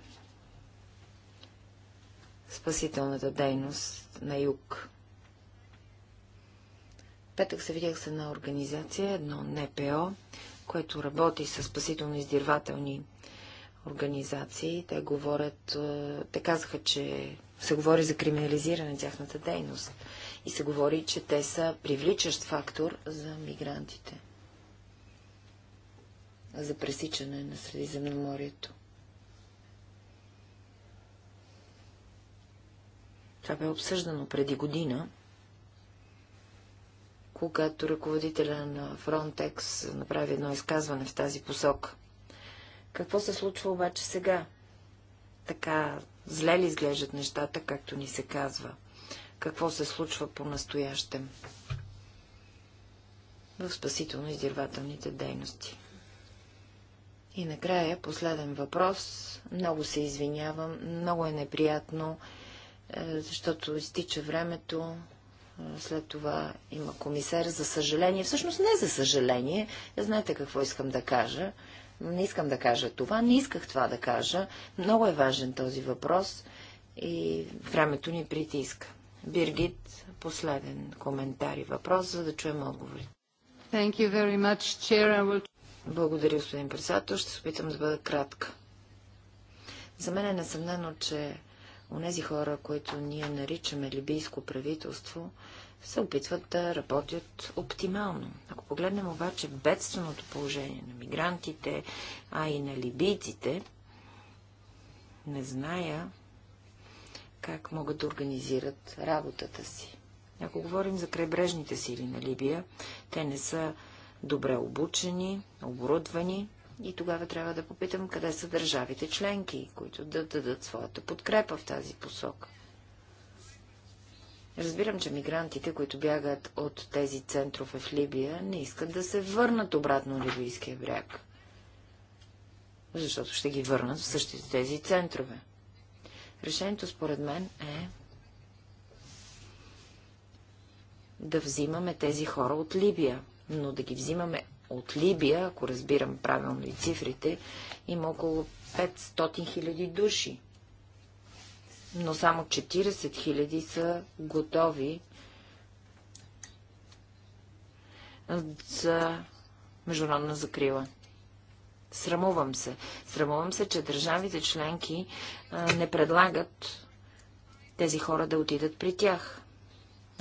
спасителната дейност на юг. Петък се видях с една организация, едно НПО, което работи с спасително-издирвателни организации. Те говорят, е, те казаха, че се говори за криминализиране на тяхната дейност и се говори, че те са привличащ фактор за мигрантите за пресичане на Средиземноморието. Това бе обсъждано преди година, когато ръководителя на Frontex направи едно изказване в тази посока. Какво се случва обаче сега? Така зле ли изглеждат нещата, както ни се казва? Какво се случва по-настоящем? В спасително-издирвателните дейности. И накрая последен въпрос. Много се извинявам, много е неприятно, е, защото изтича времето, е, след това има комисар за съжаление. Всъщност не за съжаление, е, знаете какво искам да кажа. Не искам да кажа това, не исках това да кажа. Много е важен този въпрос и времето ни притиска. Биргит, последен коментар и въпрос, за да чуем отговори. Much, will... Благодаря, господин председател. Ще се опитам да бъда кратка. За мен е несъмнено, че онези хора, които ние наричаме либийско правителство, се опитват да работят оптимално. Ако погледнем обаче бедственото положение на мигрантите, а и на либийците, не зная как могат да организират работата си. Ако говорим за крайбрежните сили на Либия, те не са добре обучени, оборудвани. И тогава трябва да попитам къде са държавите членки, които да дадат своята подкрепа в тази посока. Разбирам, че мигрантите, които бягат от тези центрове в Либия, не искат да се върнат обратно Либийския бряг. Защото ще ги върнат в същите тези центрове. Решението според мен е да взимаме тези хора от Либия но да ги взимаме от Либия, ако разбирам правилно и цифрите, има около 500 хиляди души. Но само 40 хиляди са готови за международна закрила. Срамувам се. Срамувам се, че държавите членки не предлагат тези хора да отидат при тях.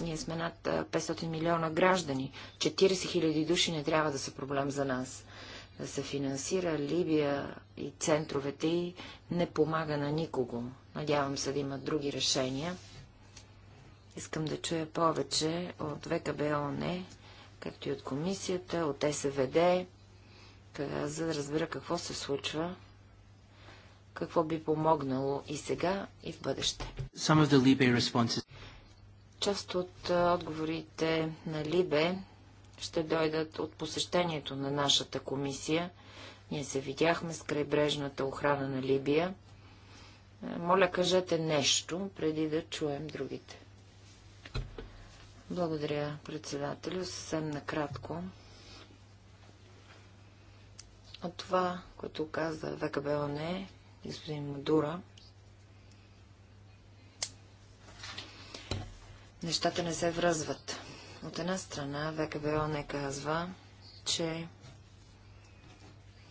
Ние сме над 500 милиона граждани. 40 хиляди души не трябва да са проблем за нас. Да се финансира Либия и центровете и не помага на никого. Надявам се да има други решения. Искам да чуя повече от ВКБОН, както и от комисията, от СВД, за да разбера какво се случва какво би помогнало и сега, и в бъдеще. Част от отговорите на Либе ще дойдат от посещението на нашата комисия. Ние се видяхме с крайбрежната охрана на Либия. Моля, кажете нещо, преди да чуем другите. Благодаря, председателю. Съвсем накратко. От това, което каза ВКБОНЕ господин Мадура, нещата не се връзват. От една страна, ВКБО не казва, че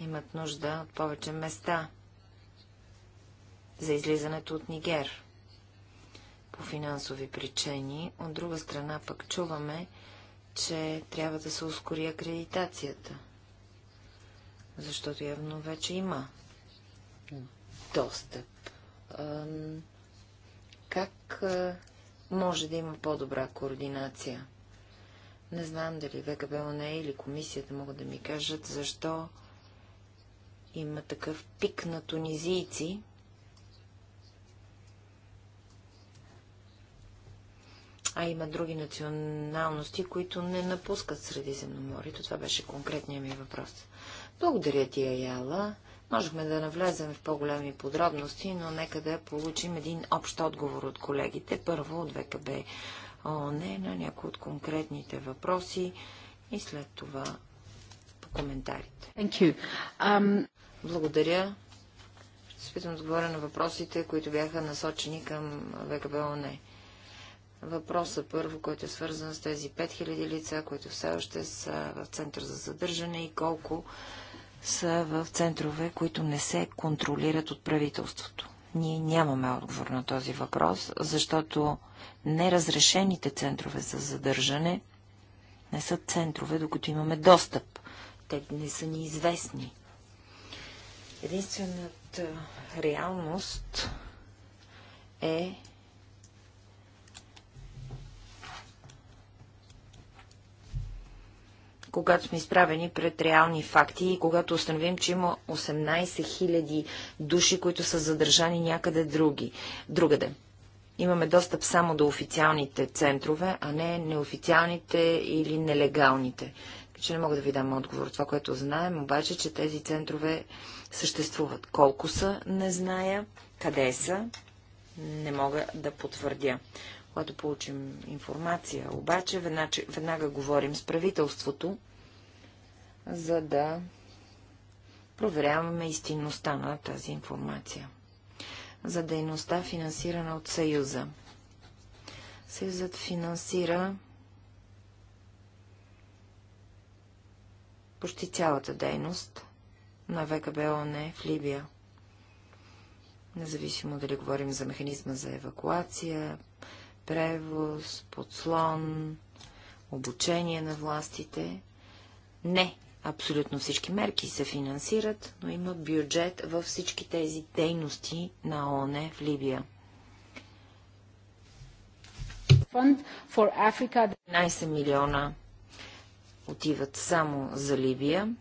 имат нужда от повече места за излизането от Нигер по финансови причини. От друга страна пък чуваме, че трябва да се ускори акредитацията, защото явно вече има достъп. Как може да има по-добра координация. Не знам дали ВКБ или комисията могат да ми кажат, защо има такъв пик на тунизийци. А има други националности, които не напускат Средиземноморието. Това беше конкретният ми въпрос. Благодаря ти, Аяла. Можехме да навлезем в по-големи подробности, но нека да получим един общ отговор от колегите. Първо от ВКБ ООН на някои от конкретните въпроси и след това по коментарите. Um... Благодаря. Ще се питам отговоря на въпросите, които бяха насочени към ВКБ ООН. Въпросът първо, който е свързан с тези 5000 лица, които все още са в център за задържане и колко са в центрове, които не се контролират от правителството. Ние нямаме отговор на този въпрос, защото неразрешените центрове за задържане не са центрове, докато имаме достъп. Те не са ни известни. Единствената реалност е когато сме изправени пред реални факти и когато установим, че има 18 000 души, които са задържани някъде други, другаде. Имаме достъп само до официалните центрове, а не неофициалните или нелегалните. Че не мога да ви дам отговор. Това, което знаем, обаче, че тези центрове съществуват. Колко са, не зная. Къде са, не мога да потвърдя когато получим информация. Обаче веднага, веднага говорим с правителството, за да проверяваме истинността на тази информация. За дейността, финансирана от Съюза. Съюзът финансира почти цялата дейност на ВКБОН в Либия. Независимо дали говорим за механизма за евакуация, превоз, подслон, обучение на властите. Не, абсолютно всички мерки се финансират, но има бюджет във всички тези дейности на ООН в Либия. Фонд 11 милиона отиват само за Либия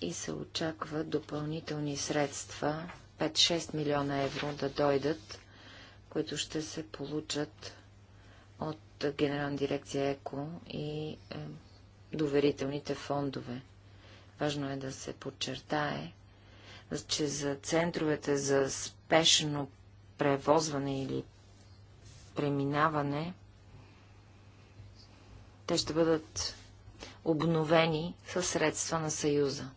и се очаква допълнителни средства 5-6 милиона евро да дойдат които ще се получат от Генерална дирекция ЕКО и е, доверителните фондове. Важно е да се подчертае, че за центровете за спешно превозване или преминаване, те ще бъдат обновени със средства на Съюза.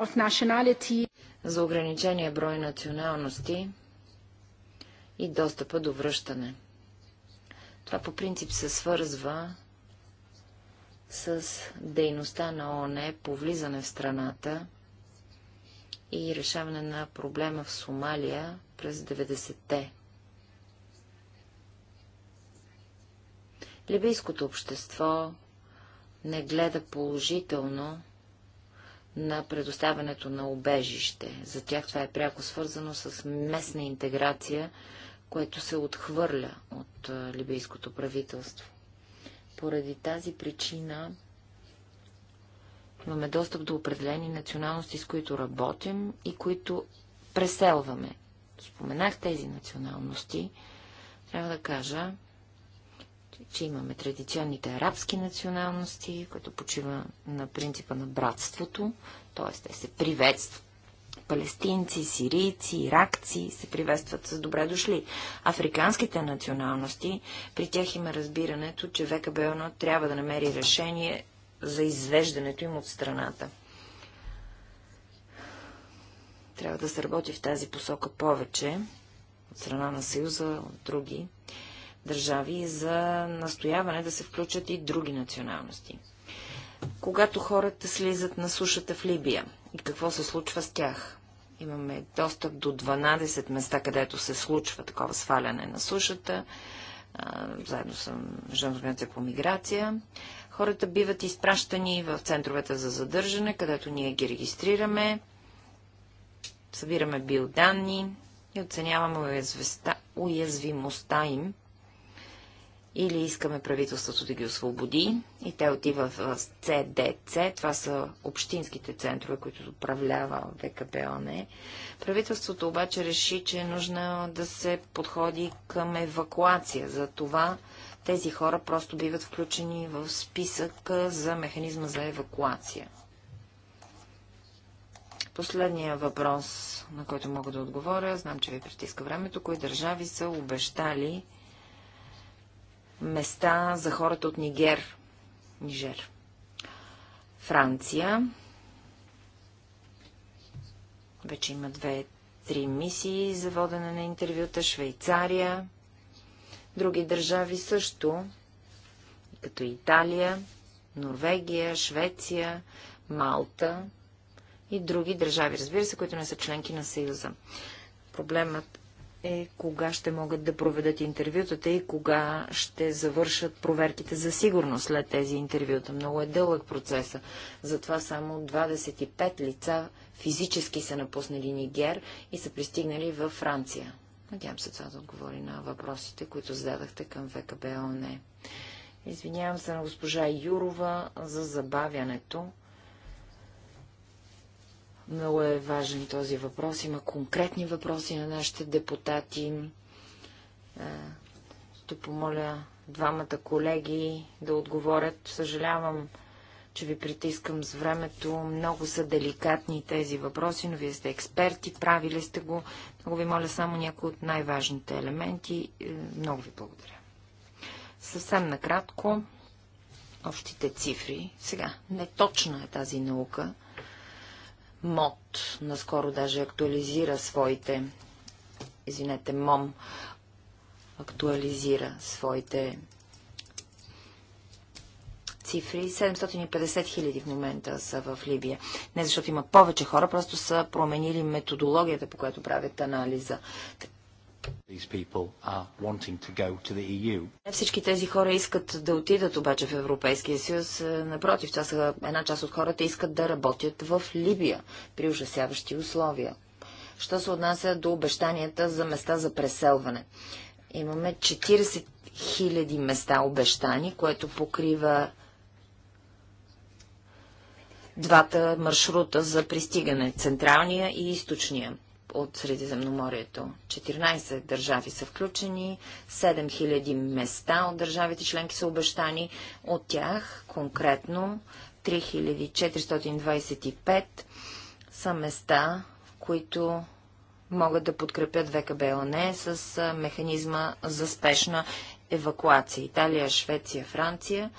Of nationality за ограничения брой националности и достъпа до връщане. Това по принцип се свързва с дейността на ООН по влизане в страната и решаване на проблема в Сомалия през 90-те. Либийското общество не гледа положително на предоставянето на обежище. За тях това е пряко свързано с местна интеграция, което се отхвърля от либийското правителство. Поради тази причина имаме достъп до определени националности, с които работим и които преселваме. Споменах тези националности. Трябва да кажа, че имаме традиционните арабски националности, които почива на принципа на братството, т.е. те се приветстват. Палестинци, сирийци, иракци се приветстват с добре дошли. Африканските националности, при тях има разбирането, че ВКБ-1 трябва да намери решение за извеждането им от страната. Трябва да се работи в тази посока повече от страна на Съюза, от други държави за настояване да се включат и други националности. Когато хората слизат на сушата в Либия и какво се случва с тях? Имаме достъп до 12 места, където се случва такова сваляне на сушата. заедно съм жънзорганизация по миграция. Хората биват изпращани в центровете за задържане, където ние ги регистрираме, събираме биоданни и оценяваме уязвимостта им или искаме правителството да ги освободи и те отиват в ЦДЦ, това са общинските центрове, които управлява ВКПОН. Правителството обаче реши, че е нужно да се подходи към евакуация. За това тези хора просто биват включени в списък за механизма за евакуация. Последния въпрос, на който мога да отговоря, знам, че ви притиска времето, кои държави са обещали места за хората от Нигер. Нижер. Франция. Вече има две-три мисии за водене на интервюта. Швейцария. Други държави също, като Италия, Норвегия, Швеция, Малта и други държави, разбира се, които не са членки на Съюза. Проблемът е кога ще могат да проведат интервютата и кога ще завършат проверките за сигурност след тези интервюта. Много е дълъг процеса. Затова само 25 лица физически са напуснали Нигер и са пристигнали във Франция. Надявам се това да отговори на въпросите, които зададахте към ВКБ ОНЕ. Извинявам се на госпожа Юрова за забавянето. Много е важен този въпрос. Има конкретни въпроси на нашите депутати. Е, ще помоля двамата колеги да отговорят. Съжалявам, че ви притискам с времето. Много са деликатни тези въпроси, но вие сте експерти, правили сте го. Много ви моля само някои от най-важните елементи. Е, много ви благодаря. Съвсем накратко, общите цифри. Сега, неточна е тази наука. МОД наскоро даже актуализира своите, извинете, МОМ актуализира своите цифри. 750 хиляди в момента са в Либия. Не защото има повече хора, просто са променили методологията, по която правят анализа. E Не всички тези хора искат да отидат обаче в Европейския съюз. Е, напротив, това са една част от хората искат да работят в Либия при ужасяващи условия. Що се отнася до обещанията за места за преселване? Имаме 40 000 места обещани, което покрива двата маршрута за пристигане – централния и източния от Средиземноморието. 14 държави са включени, 7000 места от държавите членки са обещани, от тях конкретно 3425 са места, които могат да подкрепят ВКБЛН с механизма за спешна евакуация. Италия, Швеция, Франция,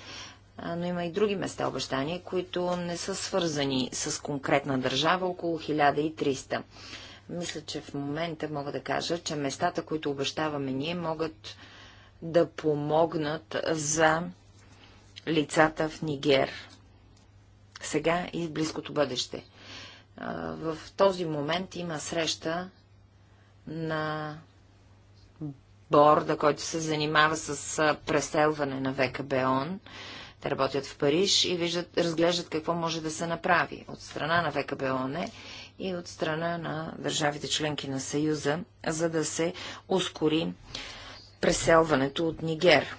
но има и други места обещания, които не са свързани с конкретна държава, около 1300. Мисля, че в момента мога да кажа, че местата, които обещаваме ние, могат да помогнат за лицата в Нигер. Сега и в близкото бъдеще. В този момент има среща на борда, който се занимава с преселване на ВКБОН. Те работят в Париж и виждат, разглеждат какво може да се направи. От страна на ВКБОН е и от страна на държавите членки на Съюза, за да се ускори преселването от Нигер.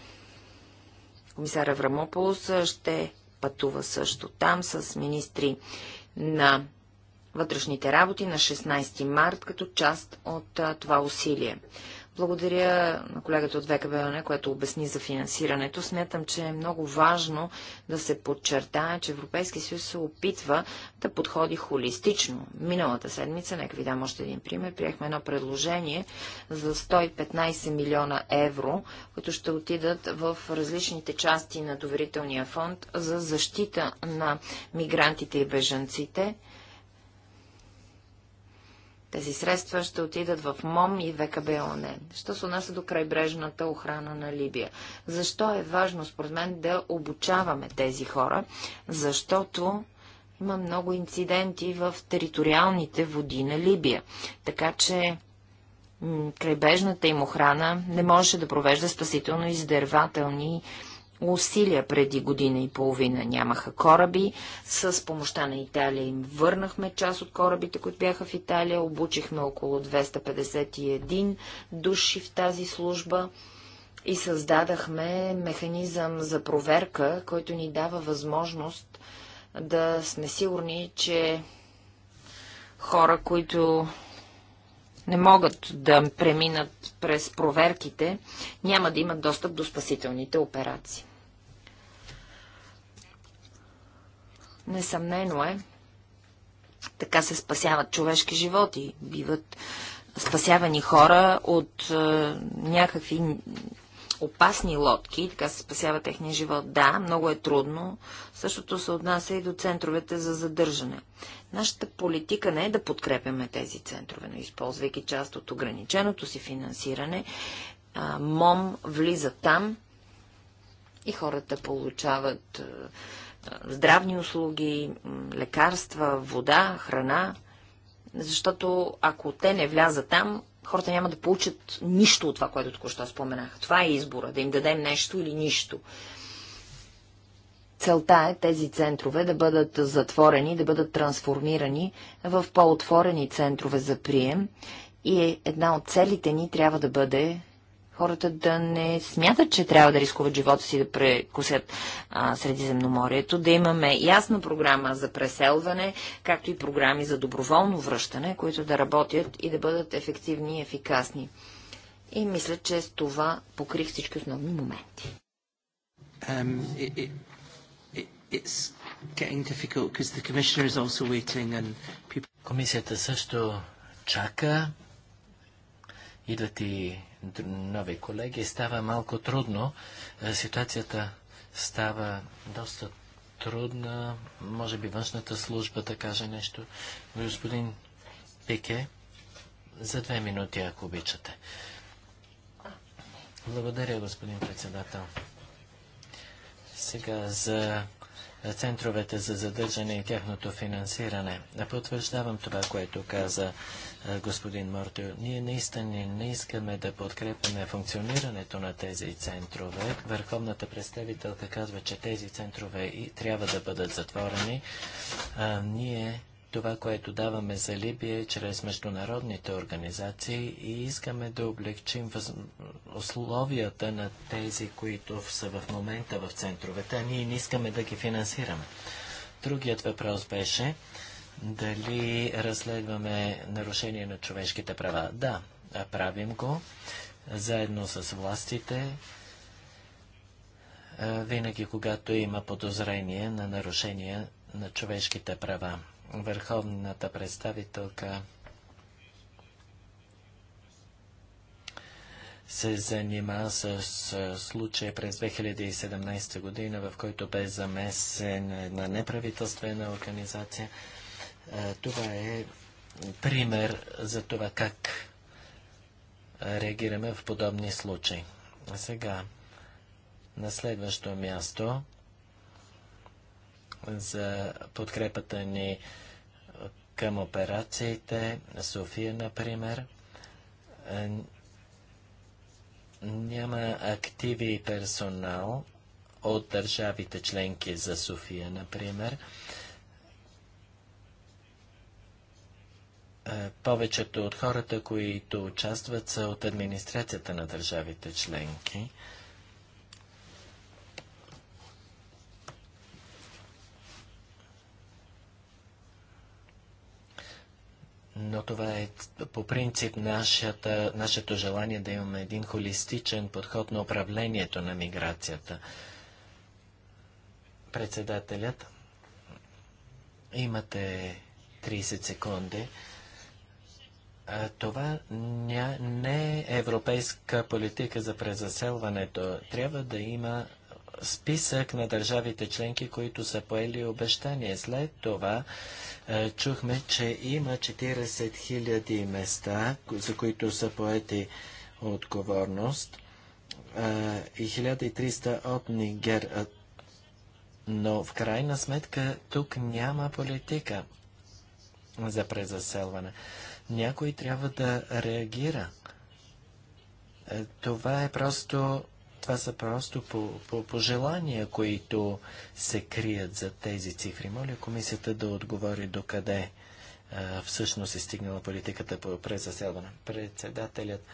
Комисар Аврамополос ще пътува също там с министри на вътрешните работи на 16 март като част от това усилие. Благодаря на колегата от ВКБН, което обясни за финансирането. Смятам, че е много важно да се подчертае, че Европейския съюз се опитва да подходи холистично. Миналата седмица, нека ви дам още един пример, приехме едно предложение за 115 милиона евро, които ще отидат в различните части на доверителния фонд за защита на мигрантите и бежанците тези средства ще отидат в МОМ и ВКБОН. Що се отнася до крайбрежната охрана на Либия? Защо е важно, според мен, да обучаваме тези хора? Защото има много инциденти в териториалните води на Либия. Така че крайбежната им охрана не можеше да провежда спасително издервателни усилия преди година и половина. Нямаха кораби. С помощта на Италия им върнахме част от корабите, които бяха в Италия. Обучихме около 251 души в тази служба и създадахме механизъм за проверка, който ни дава възможност да сме сигурни, че хора, които не могат да преминат през проверките, няма да имат достъп до спасителните операции. Несъмнено е, така се спасяват човешки животи, биват спасявани хора от е, някакви опасни лодки, така се спасява техния живот. Да, много е трудно, Същото се отнася и до центровете за задържане. Нашата политика не е да подкрепяме тези центрове, но използвайки част от ограниченото си финансиране, МОМ влиза там и хората получават здравни услуги, лекарства, вода, храна, защото ако те не влязат там, хората няма да получат нищо от това, което току-що споменах. Това е избора, да им дадем нещо или нищо. Целта е тези центрове да бъдат затворени, да бъдат трансформирани в по-отворени центрове за прием и е една от целите ни трябва да бъде хората да не смятат, че трябва да рискуват живота си да прекусят а, Средиземноморието, да имаме ясна програма за преселване, както и програми за доброволно връщане, които да работят и да бъдат ефективни и ефикасни. И мисля, че с това покрих всички основни моменти. Um, it, it, it's getting difficult because the commissioner is also waiting and people... Комисията също чака. Идват и нови колеги. Става малко трудно. Е, ситуацията става доста трудна. Може би външната служба да каже нещо. Господин Пике, за две минути, ако обичате. Благодаря, господин председател. Сега за центровете за задържане и тяхното финансиране. Потвърждавам това, което каза е, господин Мортио. Ние наистина не искаме да подкрепяме функционирането на тези центрове. Върховната представителка казва, че тези центрове и трябва да бъдат затворени. А, ние това, което даваме за Либия чрез международните организации и искаме да облегчим въз... условията на тези, които са в момента в центровете, а ние не искаме да ги финансираме. Другият въпрос беше дали разследваме нарушение на човешките права. Да, правим го заедно с властите, винаги когато има подозрение на нарушение на човешките права върховната представителка се занима с, случай през 2017 година, в който бе замесен една неправителствена организация. Е, това е пример за това как реагираме в подобни случаи. А сега, на следващо място, за подкрепата ни към операциите. София, например, е, няма активи и персонал от държавите членки за София, например. Е, повечето от хората, които участват, са от администрацията на държавите членки. но това е по принцип нашата, нашето желание да имаме един холистичен подход на управлението на миграцията. Председателят, имате 30 секунди. Това не е европейска политика за презаселването. Трябва да има списък на държавите членки, които са поели обещание. След това е, чухме, че има 40 000 места, за които са поети отговорност е, и 1300 от Нигер. Е, но в крайна сметка тук няма политика за презаселване. Някой трябва да реагира. Това е просто това са просто по, по, пожелания, които се крият за тези цифри. Моля комисията да отговори до къде а, всъщност е стигнала политиката по презаселване. Председателят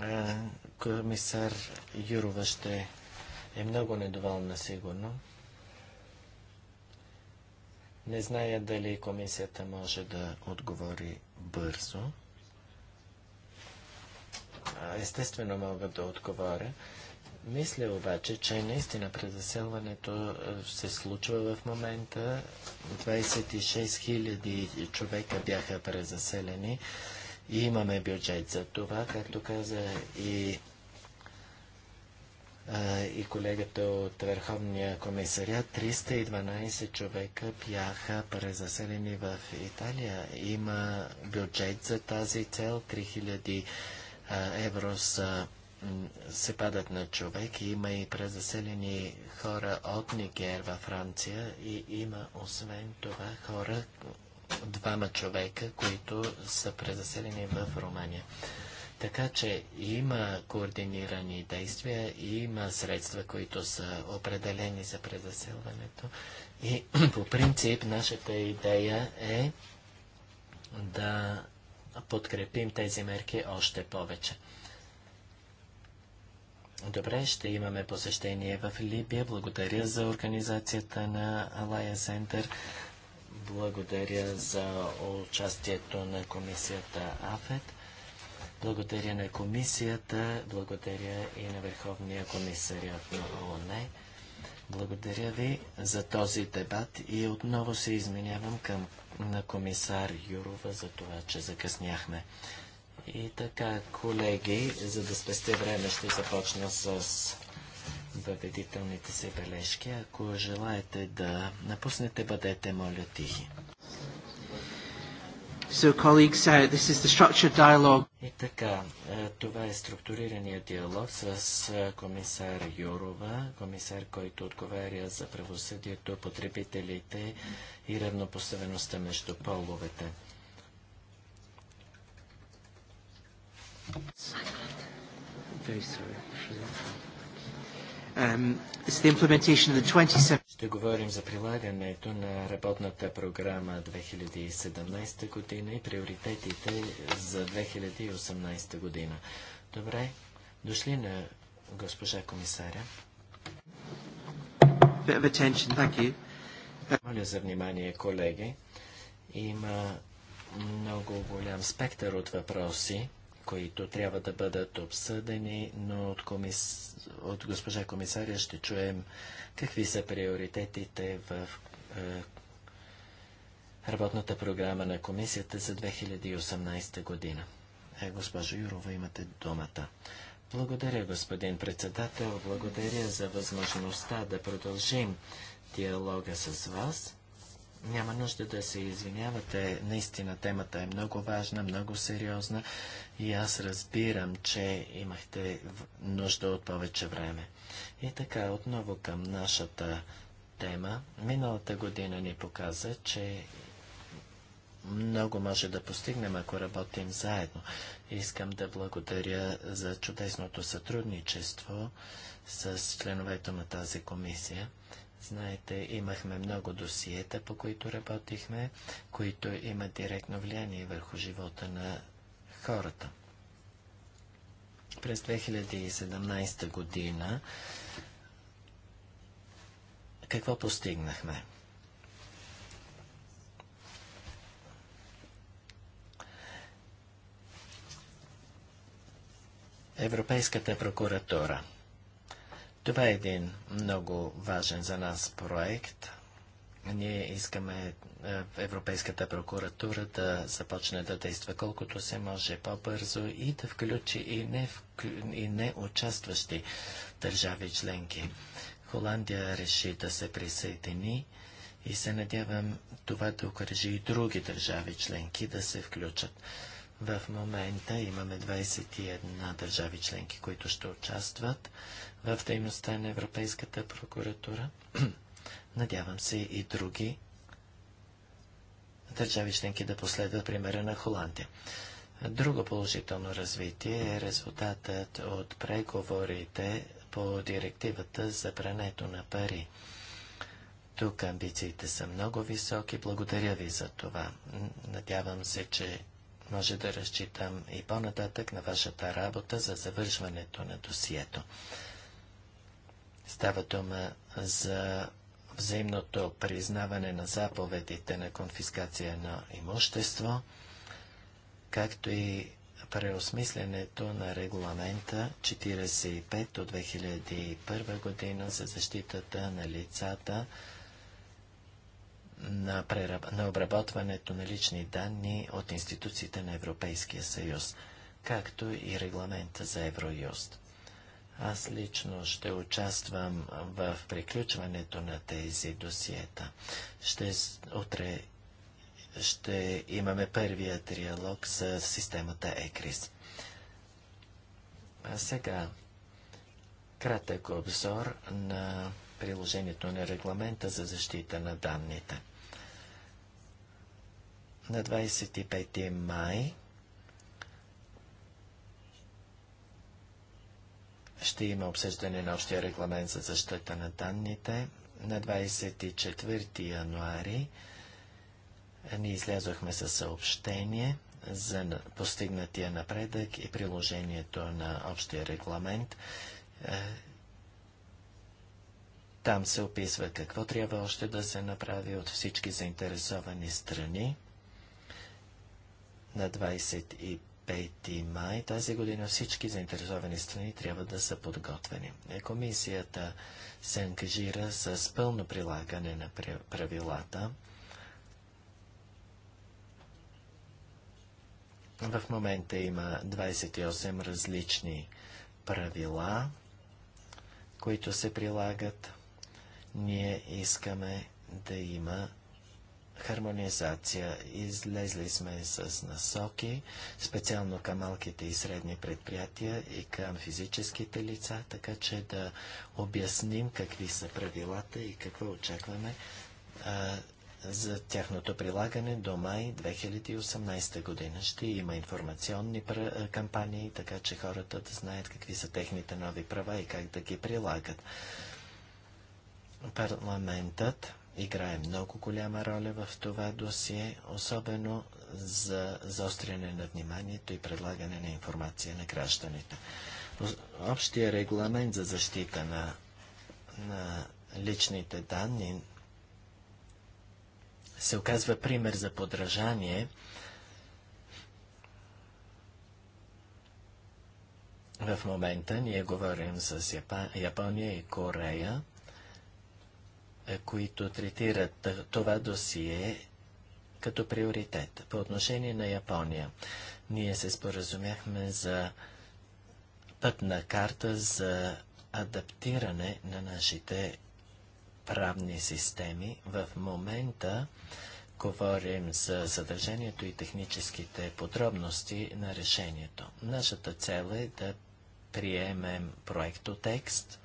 а, комисар Юрова ще е много недоволна сигурно. Не зная дали комисията може да отговори бързо естествено мога да отговоря. Мисля обаче, че наистина презаселването се случва в момента. 26 000 човека бяха презаселени и имаме бюджет за това, както каза и и колегата от Върховния комисаря, 312 човека бяха презаселени в Италия. Има бюджет за тази цел, евро са, се падат на човек. Има и презаселени хора от Нигер във Франция и има освен това хора, двама човека, които са презаселени в Румъния. Така че има координирани действия, има средства, които са определени за презаселването. И (clears throat) по принцип нашата идея е да подкрепим тези мерки още повече. Добре, ще имаме посещение в Либия. Благодаря за организацията на Алая Сентър, Благодаря за участието на комисията АФЕД. Благодаря на комисията, благодаря и на Върховния комисариат на ООН. Благодаря ви за този дебат и отново се изменявам към на комисар Юрова за това, че закъсняхме. И така, колеги, за да спесте време, ще започна с въведителните си бележки. Ако желаете да напуснете, бъдете, моля, тихи. So, colleagues, uh, this is the structured dialogue. И така, е, това е структурирания диалог с е, комисар Юрова, комисар, който отговаря за правосъдието, потребителите и равнопоставеността между половете. Very sorry. Um, Ще говорим за прилагането на работната програма 2017 година и приоритетите за 2018 година. Добре, дошли на госпожа комисаря. Моля за внимание, колеги. Има много голям спектър от въпроси които трябва да бъдат обсъдени, но от, комис... от госпожа комисаря ще чуем какви са приоритетите в е, работната програма на комисията за 2018 година. Е, госпожо Юрова, имате думата. Благодаря, господин председател. Благодаря за възможността да продължим диалога с вас. Няма нужда да се извинявате. Наистина темата е много важна, много сериозна и аз разбирам, че имахте нужда от повече време. И така, отново към нашата тема. Миналата година ни показа, че много може да постигнем, ако работим заедно. Искам да благодаря за чудесното сътрудничество с членовете на тази комисия. Знаете, имахме много досиета, по които работихме, които имат директно влияние върху живота на хората. През 2017 година какво постигнахме? Европейската прокуратура – това е един много важен за нас проект. Ние искаме е, Европейската прокуратура да започне да действа колкото се може по-бързо и да включи и не, вклю... и не участващи държави членки. Холандия реши да се присъедини и се надявам това да окръжи и други държави членки да се включат. В момента имаме 21 държави членки, които ще участват в дейността на Европейската прокуратура. (clears throat) Надявам се и други държави членки да последват примера на Холандия. Друго положително развитие е резултатът от преговорите по директивата за прането на пари. Тук амбициите са много високи. Благодаря ви за това. Надявам се, че може да разчитам и по-нататък на вашата работа за завършването на досието. Става дума за взаимното признаване на заповедите на конфискация на имущество, както и преосмисленето на регламента 45 от 2001 година за защитата на лицата, на, прераб... на обработването на лични данни от институциите на Европейския съюз, както и регламента за Евроюст. Аз лично ще участвам в приключването на тези досиета. Ще утре ще имаме първия триалог с системата ЕКРИС. А сега кратък обзор на приложението на регламента за защита на данните. На 25 май ще има обсъждане на общия регламент за защита на данните. На 24 януари ние излязохме със съобщение за постигнатия напредък и приложението на общия регламент. Е, там се описва какво трябва още да се направи от всички заинтересовани страни. На 25 май тази година всички заинтересовани страни трябва да са подготвени. Е, комисията се ангажира с пълно прилагане на правилата. В момента има 28 различни правила, които се прилагат. Ние искаме да има хармонизация. Излезли сме с насоки, специално към малките и средни предприятия и към физическите лица, така че да обясним какви са правилата и какво очакваме а, за тяхното прилагане до май 2018 година. Ще има информационни кампании, така че хората да знаят какви са техните нови права и как да ги прилагат. Парламентът играе много голяма роля в това досие, особено за заостряне на вниманието и предлагане на информация на гражданите. Общия регламент за защита на, на личните данни се оказва пример за подражание В момента ние говорим с Япония и Корея е, които третират е, това досие като приоритет. По отношение на Япония, ние се споразумяхме за пътна карта за адаптиране на нашите правни системи. В момента говорим за съдържанието и техническите подробности на решението. Нашата цел е да приемем проектотекст, текст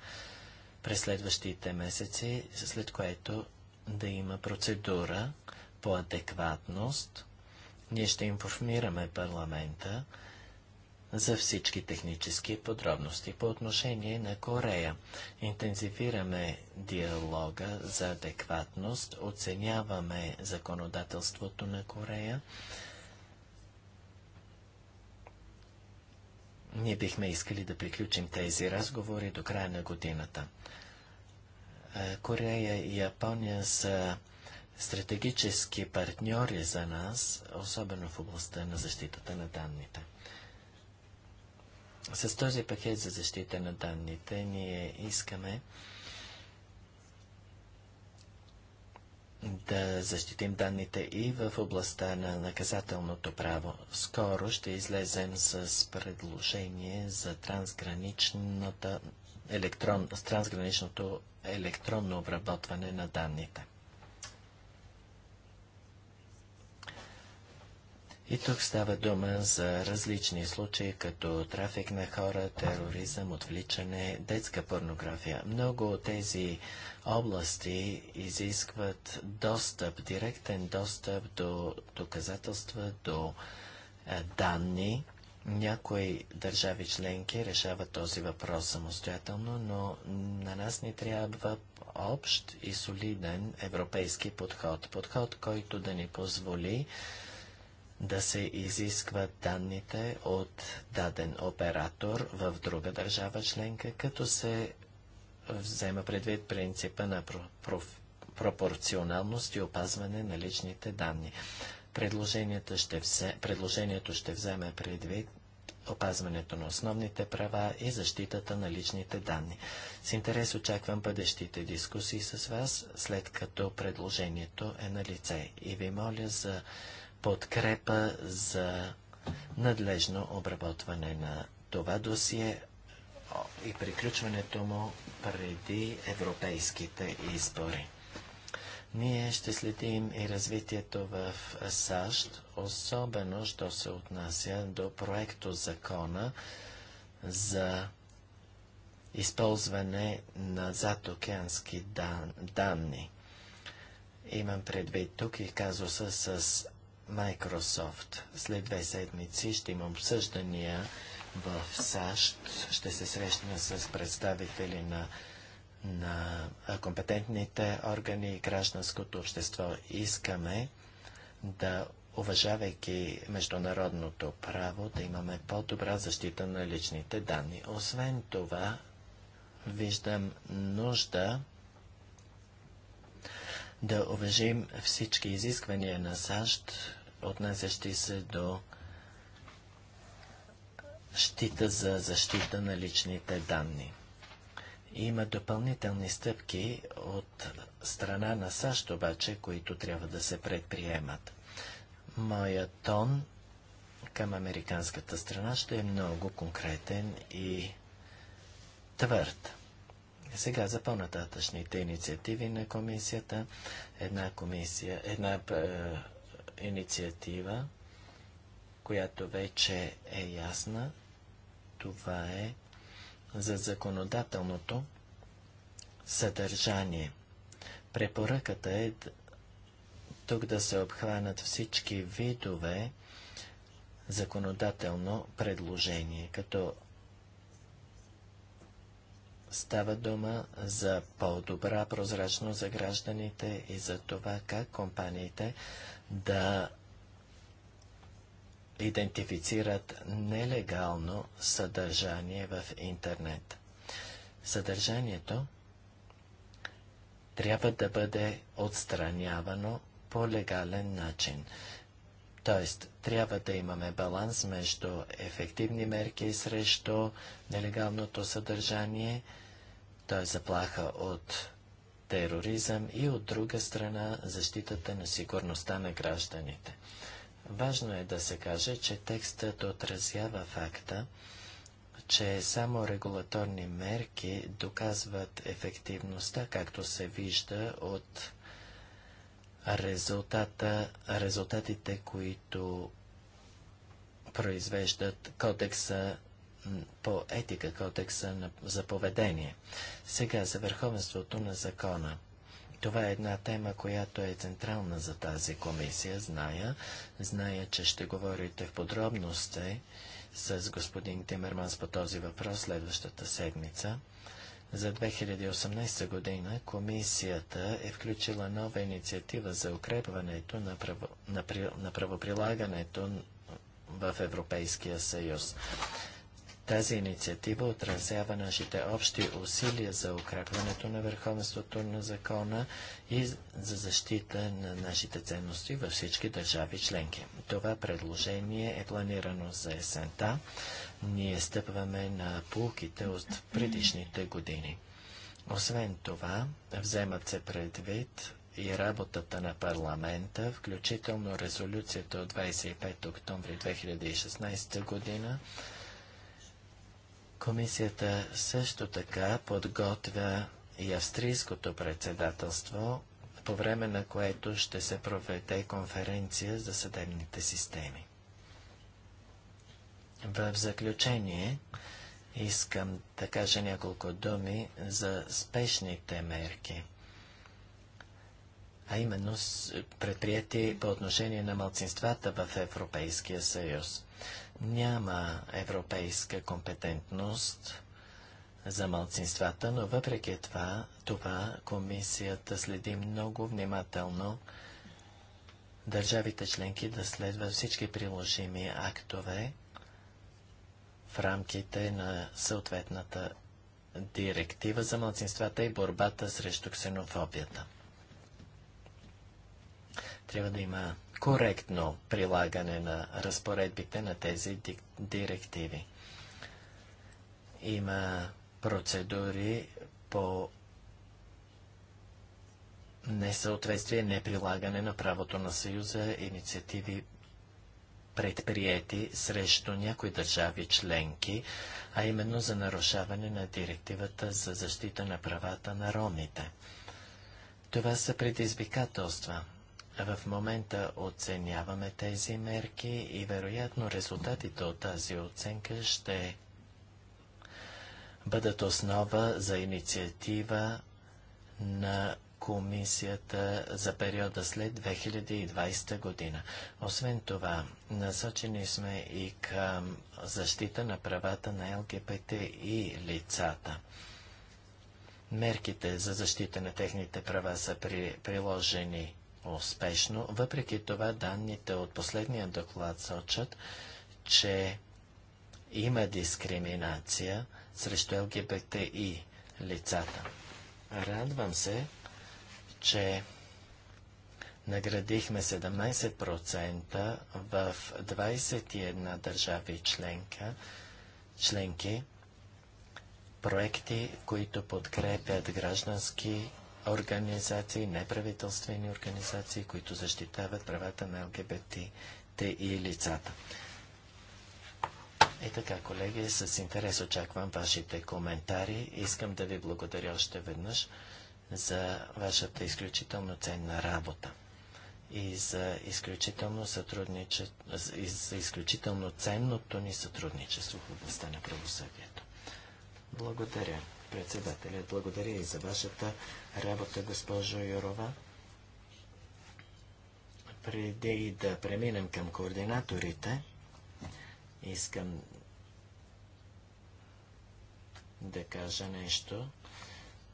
през следващите месеци, след което да има процедура по адекватност. Ние ще информираме парламента за всички технически подробности. По отношение на Корея, интензивираме диалога за адекватност, оценяваме законодателството на Корея Ние бихме искали да приключим тези разговори до края на годината. Е, Корея и Япония са стратегически партньори за нас, особено в областта на защитата на данните. С този пакет за защита на данните ние искаме да защитим данните и в областта на наказателното право. Скоро ще излезем с предложение за трансграничната електрон, с трансграничното електронно обработване на данните. И тук става дума за различни случаи, като трафик на хора, тероризъм, отвличане, детска порнография. Много от тези области изискват достъп, директен достъп до доказателства, до е, данни. Някои държави членки решават този въпрос самостоятелно, но на нас ни трябва общ и солиден европейски подход. Подход, който да ни позволи да се изискват данните от даден оператор в друга държава членка, като се взема предвид принципа на проф... пропорционалност и опазване на личните данни. Предложението ще, взе... Предложението ще вземе предвид опазването на основните права и защитата на личните данни. С интерес очаквам бъдещите дискусии с вас, след като предложението е на лице и ви моля за подкрепа за надлежно обработване на това досие и приключването му преди европейските избори. Ние ще следим и развитието в САЩ, особено, що се отнася до проекто закона за използване на задокеански дан, данни. Имам предвид тук и казуса с Microsoft. След две седмици ще има обсъждания в САЩ. Ще се срещна с представители на, на компетентните органи и гражданското общество. Искаме да уважавайки международното право, да имаме по-добра защита на личните данни. Освен това, виждам нужда да уважим всички изисквания на САЩ, отнасящи се до щита за защита на личните данни. Има допълнителни стъпки от страна на САЩ обаче, които трябва да се предприемат. Моят тон към американската страна ще е много конкретен и твърд. Е, сега за по-нататъчните инициативи на комисията. Една комисия, една е, инициатива, която вече е ясна. Това е за законодателното съдържание. Препоръката е тук да се обхванат всички видове законодателно предложение, като Става дума за по-добра прозрачност за гражданите и за това как компаниите да идентифицират нелегално съдържание в интернет. Съдържанието трябва да бъде отстранявано по легален начин. Тоест, трябва да имаме баланс между ефективни мерки срещу нелегалното съдържание – той е заплаха от тероризъм и от друга страна защитата на сигурността на гражданите. Важно е да се каже, че текстът отразява факта, че само регулаторни мерки доказват ефективността, както се вижда от резултата, резултатите, които произвеждат кодекса по етика кодекса за поведение. Сега за върховенството на закона. Това е една тема, която е централна за тази комисия, зная. Зная, че ще говорите в подробности с господин Тимерманс по този въпрос следващата седмица. За 2018 година комисията е включила нова инициатива за укрепването на, право, на, на правоприлагането в Европейския съюз. Тази инициатива отразява нашите общи усилия за укрепването на върховенството на закона и за защита на нашите ценности във всички държави членки. Това предложение е планирано за есента. Ние стъпваме на полуките от предишните години. Освен това, вземат се предвид и работата на парламента, включително резолюцията от 25 октомври 2016 година Комисията също така подготвя и австрийското председателство, по време на което ще се проведе конференция за съдебните системи. В заключение искам да кажа няколко думи за спешните мерки, а именно предприяти по отношение на малцинствата в Европейския съюз. Няма европейска компетентност за малцинствата, но въпреки това, това комисията следи много внимателно държавите членки да следват всички приложими актове в рамките на съответната директива за малцинствата и борбата срещу ксенофобията. Трябва да има коректно прилагане на разпоредбите на тези директиви. Има процедури по несъответствие, неприлагане на правото на Съюза, инициативи предприяти срещу някои държави членки, а именно за нарушаване на директивата за защита на правата на ромите. Това са предизвикателства. В момента оценяваме тези мерки и вероятно резултатите от тази оценка ще бъдат основа за инициатива на комисията за периода след 2020 година. Освен това, насочени сме и към защита на правата на ЛГБТ и лицата. Мерките за защита на техните права са при, приложени успешно. Въпреки това, данните от последния доклад сочат, че има дискриминация срещу ЛГБТ и лицата. Радвам се, че наградихме 17% в 21 държави членка, членки, проекти, които подкрепят граждански организации, неправителствени организации, които защитават правата на ЛГБТ и лицата. И така, колеги, с интерес очаквам вашите коментари. Искам да ви благодаря още веднъж за вашата изключително ценна работа и за изключително, сътрудниче... и за изключително ценното ни сътрудничество в областта на правосъдието. Благодаря. Председателят, благодаря и за вашата работа, госпожо Юрова. Преди да преминем към координаторите, искам да кажа нещо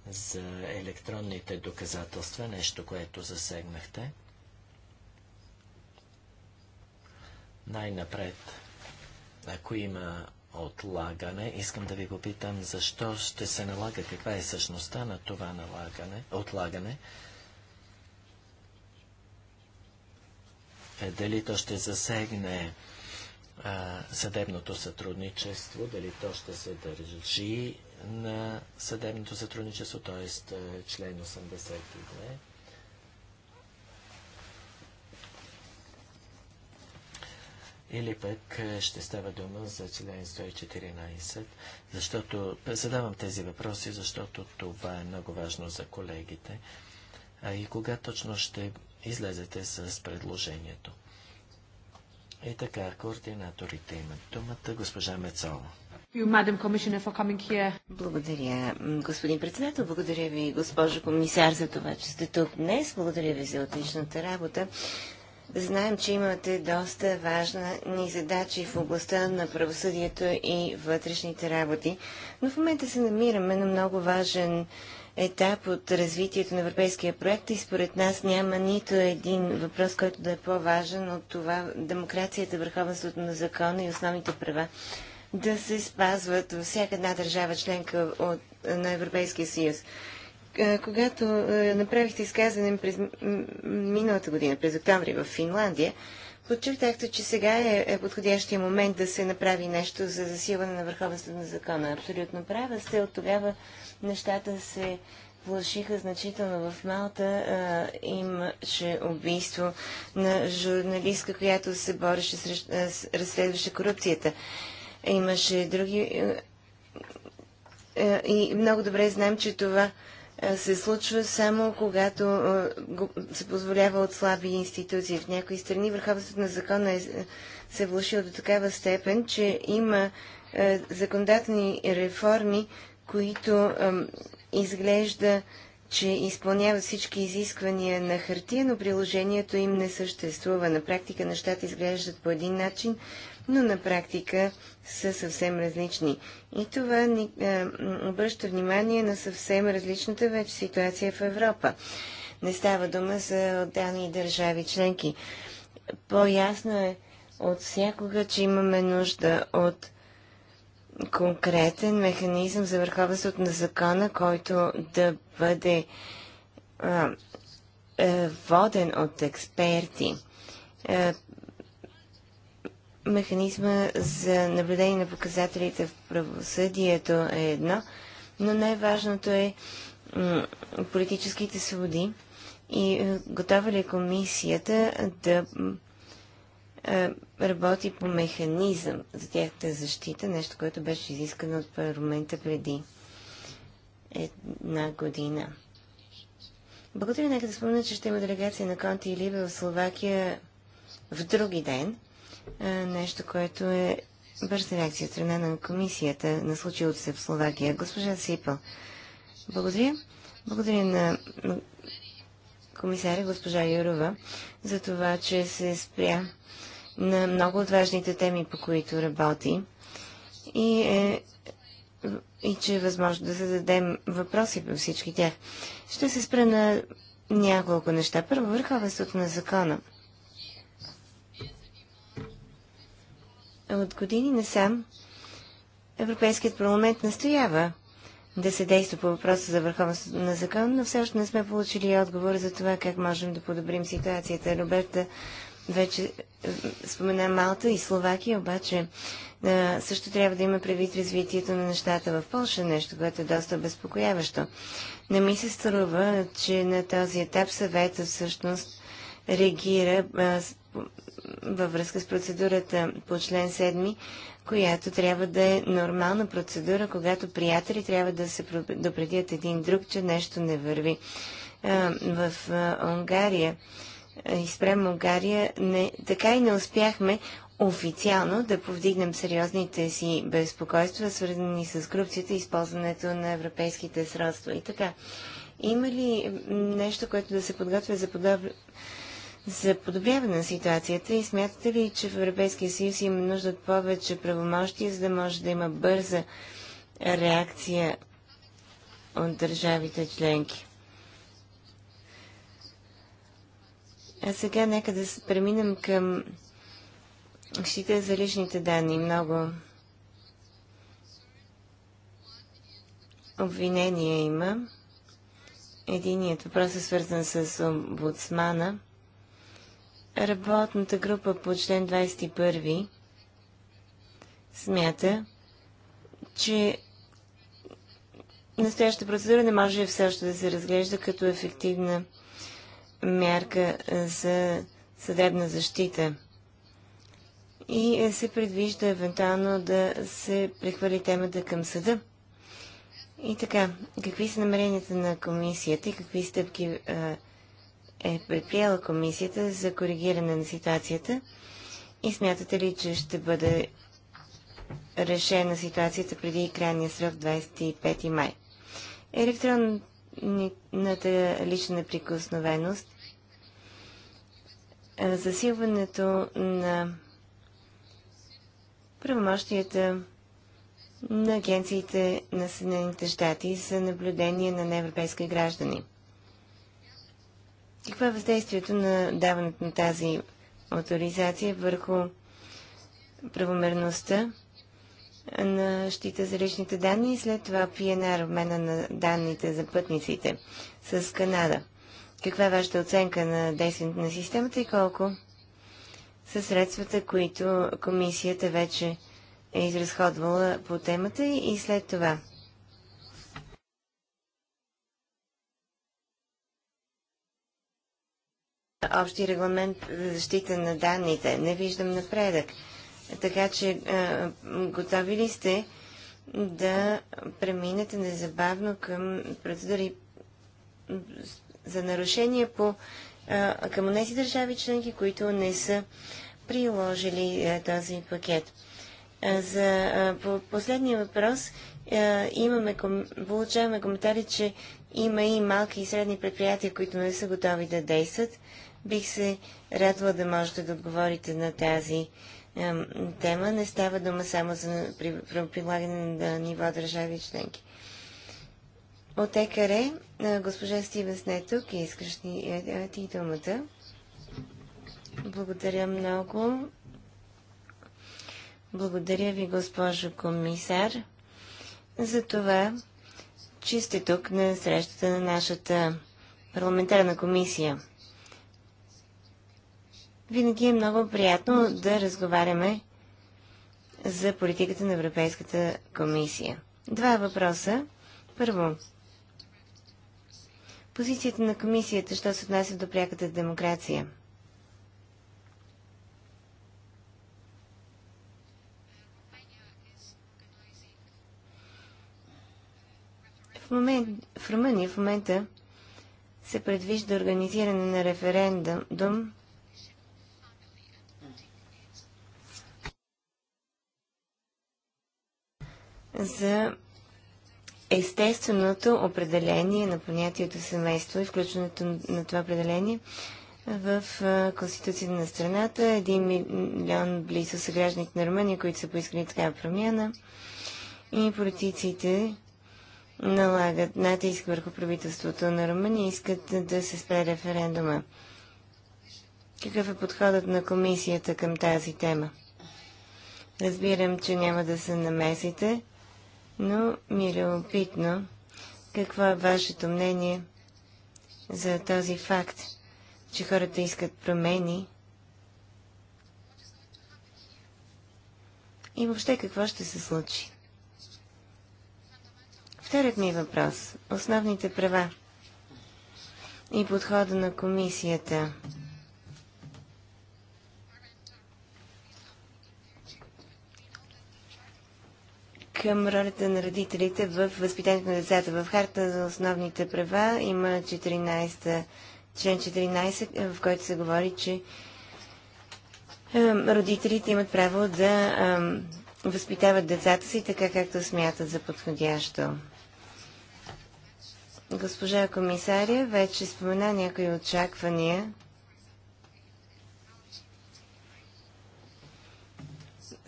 за електронните доказателства, нещо, което засегнахте. Най-напред, ако има отлагане. Искам да ви го питам, защо ще се налага, каква е същността на това налагане, отлагане. Е, дали то ще засегне а, съдебното сътрудничество, дали то ще се държи на съдебното сътрудничество, т.е. член 82 или пък е, ще става дума за член 114, защото задавам тези въпроси, защото това е много важно за колегите. А и кога точно ще излезете с предложението? И така, координаторите имат думата. Госпожа Мецова. Благодаря, господин председател. Благодаря ви, госпожо комисар, за това, че сте тук днес. Благодаря ви за отличната работа. Знаем, че имате доста важни задачи в областта на правосъдието и вътрешните работи, но в момента се намираме на много важен етап от развитието на европейския проект и според нас няма нито един въпрос, който да е по-важен от това демокрацията, върховенството на закона и основните права да се спазват във всяка една държава членка от, на Европейския съюз когато направихте изказване през миналата година, през октомври в Финландия, подчертахте, че сега е, е подходящия момент да се направи нещо за засилване на върховенството на закона. Абсолютно права сте. От тогава нещата се влашиха значително в Малта. имаше убийство на журналистка, която се бореше с разследваше корупцията. Имаше други. и много добре знам, че това е, се случва само когато е, се позволява от слаби институции. В някои страни върховството на закона е, се е влушило до такава степен, че има е, законодателни реформи, които е, изглежда, че изпълняват всички изисквания на хартия, но приложението им не съществува. На практика нещата изглеждат по един начин, но на практика са съвсем различни. И това ни е, обръща внимание на съвсем различната вече ситуация в Европа. Не става дума за отделни държави членки. По-ясно е от всякога, че имаме нужда от конкретен механизъм за върховенството на закона, който да бъде а, а, е, воден от експерти. Е, механизма за наблюдение на показателите в правосъдието е едно, но най-важното е политическите свободи и е, готова ли е комисията да е, работи по механизъм за тяхната защита, нещо, което беше изискано от парламента преди една година. Благодаря, нека да спомня, че ще има делегация на Конти и Либе в Словакия в други ден – е, нещо, което е бърза реакция от страна на комисията на случилото се в Словакия. Госпожа Сипа, благодаря. Благодаря на комисаря госпожа Юрова за това, че се спря на много от важните теми, по които работи и, е, и че е възможно да зададем въпроси по всички тях. Ще се спра на няколко неща. Първо, върховенството на закона. от години насам Европейският парламент настоява да се действа по въпроса за върховност на закон, но все още не сме получили отговор за това как можем да подобрим ситуацията. Роберта вече е, спомена Малта и Словакия, обаче е, също трябва да има предвид развитието на нещата в Польша, нещо, което е доста безпокояващо. Не ми се струва, че на този етап съвета всъщност реагира е, във връзка с процедурата по член 7, която трябва да е нормална процедура, когато приятели трябва да се допредят един друг, че нещо не върви. в Унгария изпрем Унгария не, така и не успяхме официално да повдигнем сериозните си безпокойства, свързани с корупцията и използването на европейските средства. И така, има ли нещо, което да се подготвя за подобно за подобряване на ситуацията и смятате ли, че в Европейския съюз има нужда от повече правомощия, за да може да има бърза реакция от държавите членки? А сега нека да се преминем към щита за личните данни. Много обвинения има. Единият въпрос е свързан с омбудсмана – Работната група по член 21 смята, че настоящата процедура не може все още да се разглежда като ефективна мярка за съдебна защита. И е, се предвижда евентуално да се прехвърли темата към съда. И така, какви са намеренията на комисията и какви стъпки а, е предприела комисията за коригиране на ситуацията и смятате ли, че ще бъде решена ситуацията преди крайния срок 25 май? Електронната лична неприкосновеност, засилването на правомощията на агенциите на Съединените щати за наблюдение на неевропейски граждани. Какво е въздействието на даването на тази авторизация върху правомерността на щита за личните данни и след това PNR обмена на данните за пътниците с Канада? Каква е вашата оценка на действието на системата и колко са средствата, които комисията вече е изразходвала по темата и след това? общи регламент за защита на данните. Не виждам напредък. Така че готови ли сте да преминете незабавно към процедури за нарушения по, към тези държави членки, които не са приложили този пакет? За по последния въпрос имаме, получаваме коментари, че има и малки и средни предприятия, които не са готови да действат. Бих се радвала да можете да отговорите на тази тема. Не става дума само за прилагане на ниво държави и членки. От ЕКР, госпожа Стивенс не е тук и искаш ни, е, е, ти думата. Благодаря много. Благодаря ви, госпожо комисар, за това, че сте тук на срещата на нашата парламентарна комисия. Винаги е много приятно да разговаряме за политиката на Европейската комисия. Два въпроса. Първо, позицията на комисията, що се отнася до пряката демокрация. В, момент, в Румъния в момента се предвижда организиране на референдум за естественото определение на понятието семейство и включването на това определение в Конституцията на страната. Един милион близо съгражданите на Румъния, които са поискали такава промяна. И политиците налагат натиск върху правителството на Румъния и искат да се спре референдума. Какъв е подходът на комисията към тази тема? Разбирам, че няма да се намесите но ми е опитно какво е вашето мнение за този факт, че хората искат промени и въобще какво ще се случи. Вторият ми въпрос – основните права и подхода на комисията – към ролята на родителите в възпитанието на децата. В Харта за основните права има 14, член 14, в който се говори, че родителите имат право да възпитават децата си така, както смятат за подходящо. Госпожа комисаря вече спомена някои очаквания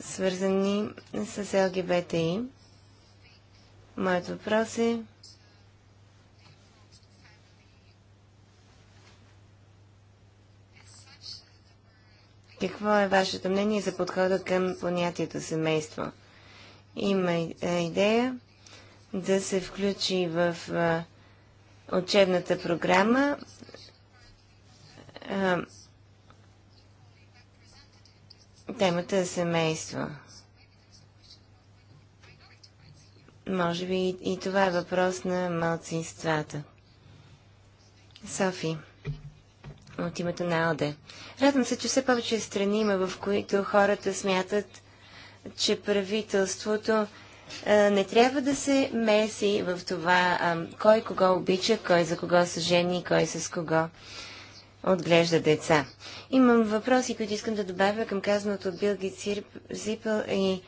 свързани с ЛГБТИ. Моят въпрос е Какво е вашето мнение за подхода към понятието семейство? Има е, идея да се включи в е, учебната програма а, е, темата семейство. Може би и, това е въпрос на малцинствата. Софи, от името на Алде. Радвам се, че все повече страни има, в които хората смятат, че правителството а, не трябва да се меси в това а, кой кого обича, кой за кого се жени, кой с кого отглежда деца. Имам въпроси, които искам да добавя към казаното от Билги Зипъл и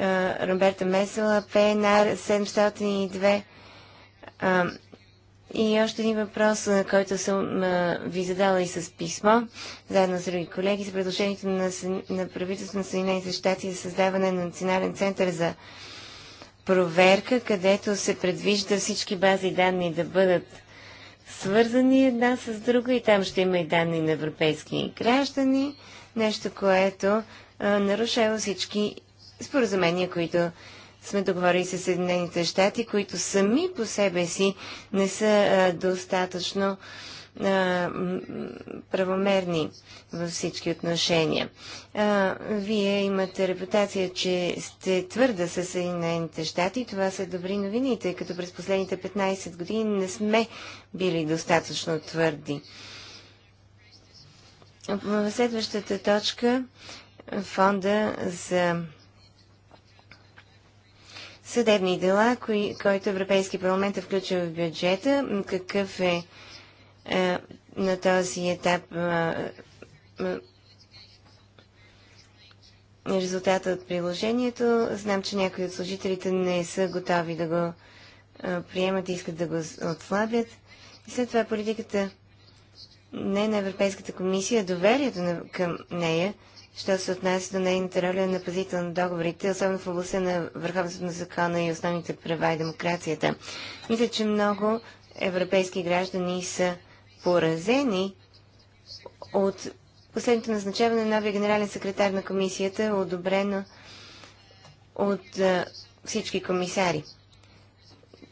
а, Роберта Месела, ПНР 702. А, и още един въпрос, който съм а, ви задала и с писмо, заедно с други колеги, с предложението на, на правителството на Съединените щати за създаване на Национален център за проверка, където се предвижда всички бази данни да бъдат свързани една с друга и там ще има и данни на европейски граждани, нещо, което а, нарушава всички споразумения, които сме договорили с Съединените щати, които сами по себе си не са а, достатъчно а, а, правомерни във всички отношения. А, вие имате репутация, че сте твърда с Съединените щати това са добри новини, тъй като през последните 15 години не сме били достатъчно твърди. В следващата точка фонда за съдебни дела, кои, който Европейски парламент е включил в бюджета. Какъв е е, на този етап е, е, резултата от приложението. Знам, че някои от служителите не са готови да го приемат и искат да го отслабят. И след това политиката не на Европейската комисия, доверието на, към нея, що се отнася до нейната роля на пазител на договорите, особено в областта на върховенството на закона и основните права и демокрацията. Мисля, че много европейски граждани са поразени от последното назначаване на новия генерален секретар на комисията, одобрено от всички комисари.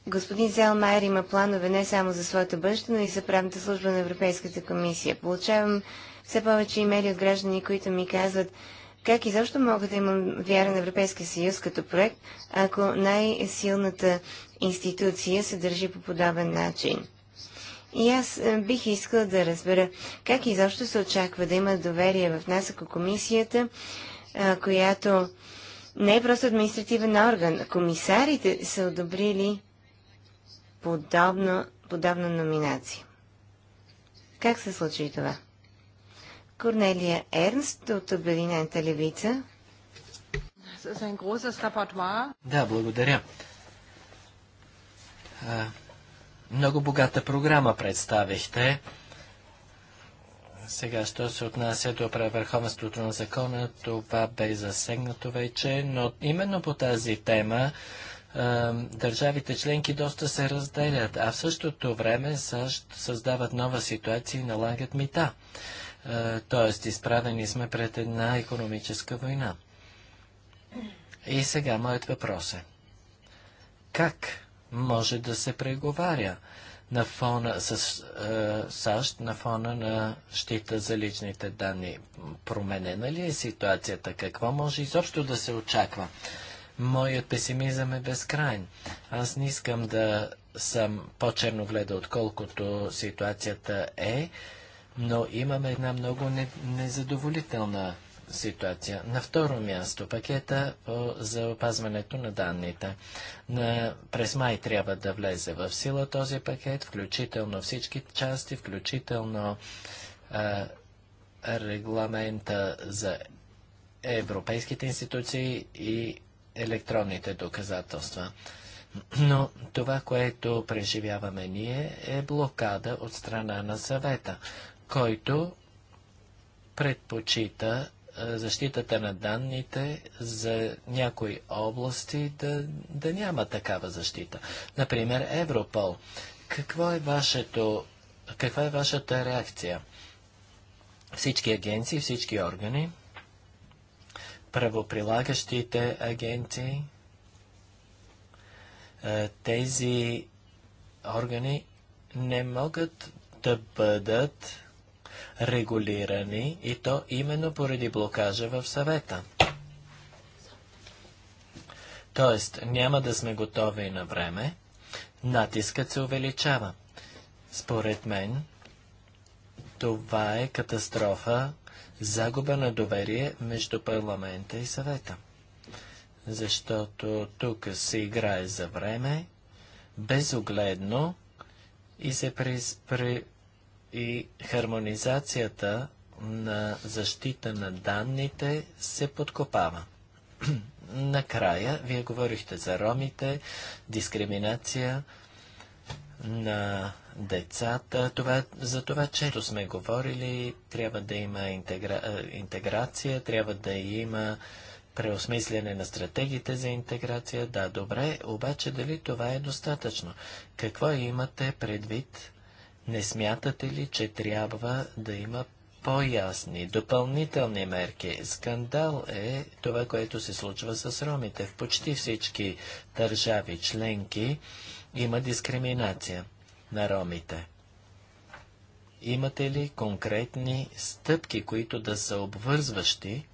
Господин Зелмайер има планове не само за своята бъдеще, но и за правната служба на Европейската комисия. Получавам все повече имейли от граждани, които ми казват как изобщо мога да имам вяра на Европейския съюз като проект, ако най-силната институция се държи по подобен начин. И аз бих искала да разбера как изобщо се очаква да има доверие в нас, ако комисията, която не е просто административен орган, комисарите са одобрили подобно, подобна номинация. Как се случи това? Корнелия Ернст от Обединената левица. Да, благодаря. Много богата програма представихте. Сега, що се отнася до превърховенството на закона, това бе засегнато вече, но именно по тази тема е, държавите членки доста се разделят, а в същото време САЩ създават нова ситуация и налагат мита. Е, тоест, изправени сме пред една економическа война. И сега моят въпрос е. Как може да се преговаря на фона с е, САЩ, на фона на щита за личните данни. Променена ли е ситуацията? Какво може изобщо да се очаква? Моят песимизъм е безкрайен. Аз не искам да съм по черно гледа, отколкото ситуацията е, но имам една много не, незадоволителна ситуация. На второ място пакета по, за опазването на данните. На, през май трябва да влезе в сила този пакет, включително всички части, включително а, регламента за европейските институции и електронните доказателства. Но това, което преживяваме ние, е блокада от страна на съвета, който предпочита е, защитата на данните за някои области да, да няма такава защита. Например, Европол. Какво е вашето, каква е вашата реакция? Всички агенции, всички органи, правоприлагащите агенции, е, тези органи не могат да бъдат регулирани и то именно поради блокажа в съвета. Тоест, няма да сме готови на време, натискът се увеличава. Според мен, това е катастрофа, загуба на доверие между парламента и съвета. Защото тук се играе за време, безогледно и се при, при, и хармонизацията на защита на данните се подкопава. (clears throat) Накрая, вие говорихте за ромите, дискриминация на децата. Това, за това, чето сме говорили, трябва да има интегра... интеграция, трябва да има преосмислене на стратегиите за интеграция. Да, добре, обаче дали това е достатъчно? Какво имате предвид не смятате ли, че трябва да има по-ясни, допълнителни мерки. Скандал е това, което се случва с ромите. В почти всички държави членки има дискриминация на ромите. Имате ли конкретни стъпки, които да са обвързващи,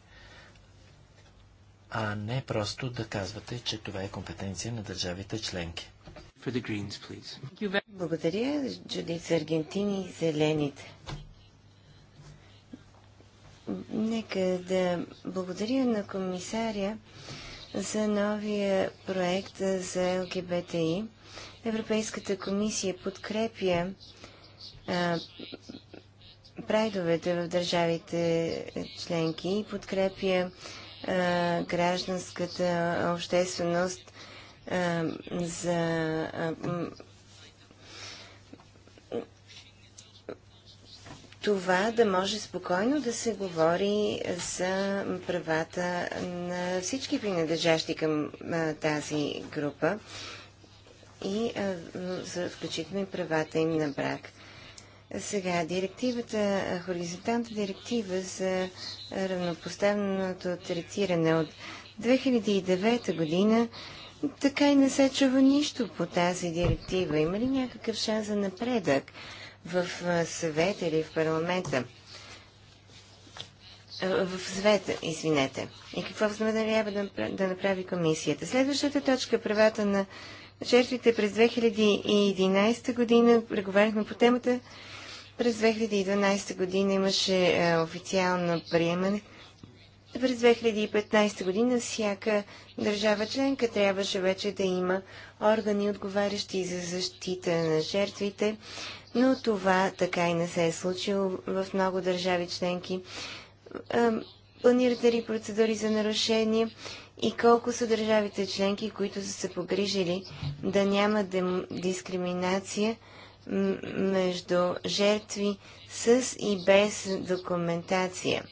а не просто да казвате, че това е компетенция на държавите членки? Greens, Благодаря, Джудит, за Аргентини и Зелените. Нека да благодаря на комисаря за новия проект за ЛГБТИ. Европейската комисия подкрепя а, прайдовете в държавите членки и подкрепя а, гражданската общественост за това да може спокойно да се говори за правата на всички принадлежащи към тази група и за включително и правата им на брак. Сега, директивата, хоризонталната директива за равнопоставеното третиране от 2009 година така и не се чува нищо по тази директива. Има ли някакъв шанс за напредък в съвета или в парламента? В съвета, извинете. И какво възнамерява да, да направи комисията? Следващата точка е правата на жертвите през 2011 година. Преговаряхме по темата. През 2012 година имаше официално приемане през 2015 година всяка държава членка трябваше вече да има органи, отговарящи за защита на жертвите, но това така и не се е случило в много държави членки. Планирате ли процедури за нарушение и колко са държавите членки, които са се погрижили да няма дискриминация между жертви с и без документация?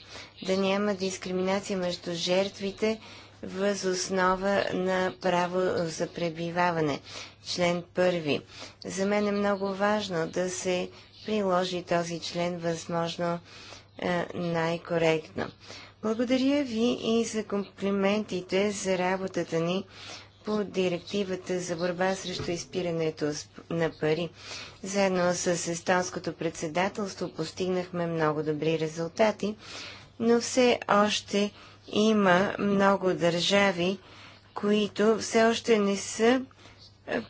да няма дискриминация между жертвите въз основа на право за пребиваване. Член първи. За мен е много важно да се приложи този член възможно е, най-коректно. Благодаря ви и за комплиментите за работата ни по директивата за борба срещу изпирането на пари. Заедно с естонското председателство постигнахме много добри резултати но все още има много държави, които все още не са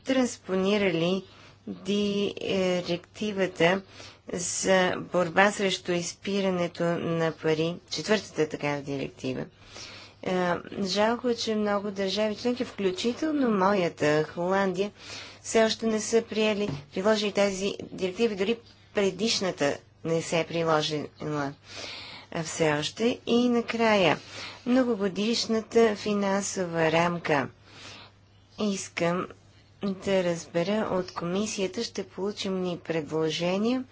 транспонирали директивата за борба срещу изпирането на пари, четвъртата такава директива. Жалко е, че много държави членки, включително моята Холандия, все още не са приели, приложили тази директива, дори предишната не се е приложила все още. И накрая, многогодишната финансова рамка. Искам да разбера от комисията, ще получим ни предложения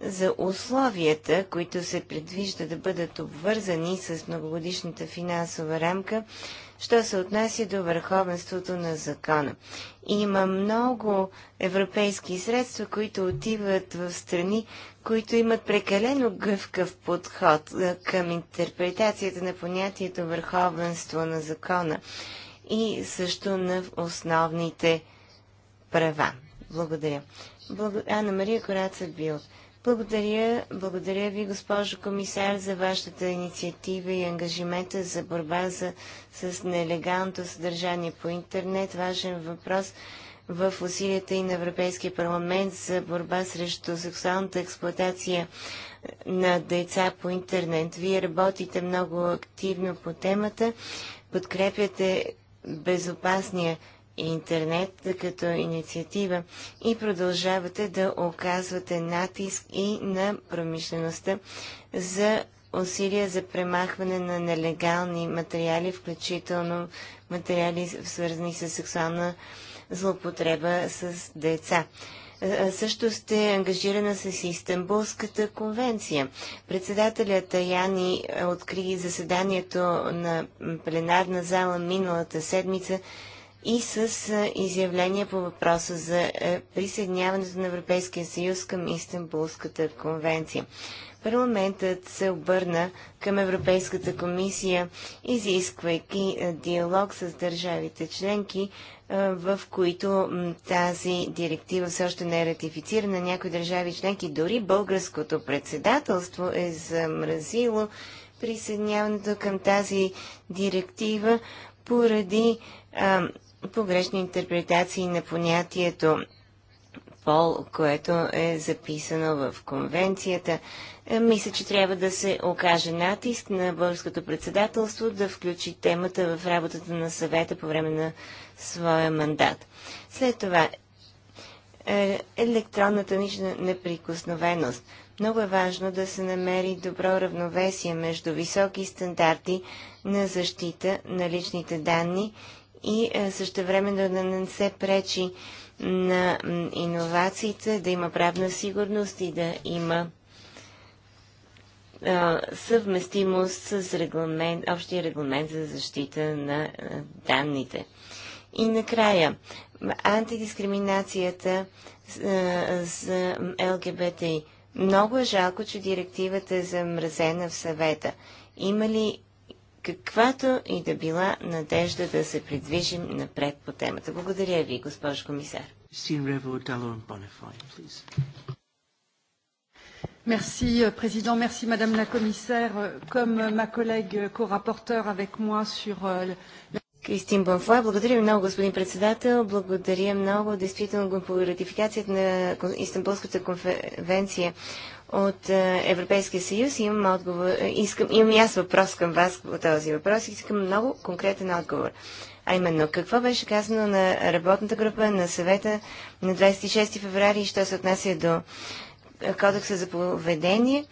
за условията, които се предвижда да бъдат обвързани с многогодишната финансова рамка, що се отнася до върховенството на закона. Има много европейски средства, които отиват в страни, които имат прекалено гъвкав подход към интерпретацията на понятието върховенство на закона и също на основните права. Благодаря. Благ... Ана Мария Кораца Бил. Благодаря, благодаря ви, госпожо комисар, за вашата инициатива и ангажимента за борба за, с нелегалното съдържание по интернет. Важен въпрос в усилията и на Европейския парламент за борба срещу сексуалната експлуатация на деца по интернет. Вие работите много активно по темата, подкрепяте безопасния интернет като инициатива и продължавате да оказвате натиск и на промишлеността за усилия за премахване на нелегални материали, включително материали свързани с сексуална злоупотреба с деца. Също сте ангажирана с Истанбулската конвенция. Председателят Таяни откри заседанието на пленарна зала миналата седмица и с изявления по въпроса за е, присъединяването на Европейския съюз към Истанбулската конвенция. Парламентът се обърна към Европейската комисия, изисквайки е, диалог с държавите членки, е, в които тази директива все още не е ратифицирана. Някои държави членки, дори българското председателство е замразило присъединяването към тази директива поради погрешни интерпретации на понятието пол, което е записано в конвенцията. Е, мисля, че трябва да се окаже натиск на българското председателство да включи темата в работата на съвета по време на своя мандат. След това е, електронната нична неприкосновеност. Много е важно да се намери добро равновесие между високи стандарти на защита на личните данни и е, също време да не се пречи на иновациите, да има правна сигурност и да има е, съвместимост с регламент, общия регламент за защита на е, данните. И накрая, антидискриминацията за ЛГБТИ. Много е жалко, че директивата е замразена в съвета. Има ли каквато и да била надежда да се придвижим напред по темата. Благодаря ви, госпожо комисар. Merci, euh, Président. Merci, Madame la Commissaire. Euh, comme euh, ma collègue co-rapporteur avec moi sur... Кристин Бонфой, благодаря ви много, господин председател. Благодаря много, действително, по ратификацията на Истанбулската конвенция от е, Европейския съюз. Имам, отговор, е, искам, имам и аз въпрос към вас по този въпрос и искам много конкретен отговор. А именно, какво беше казано на работната група на съвета на 26 феврари, що се отнася до е, кодекса за поведение?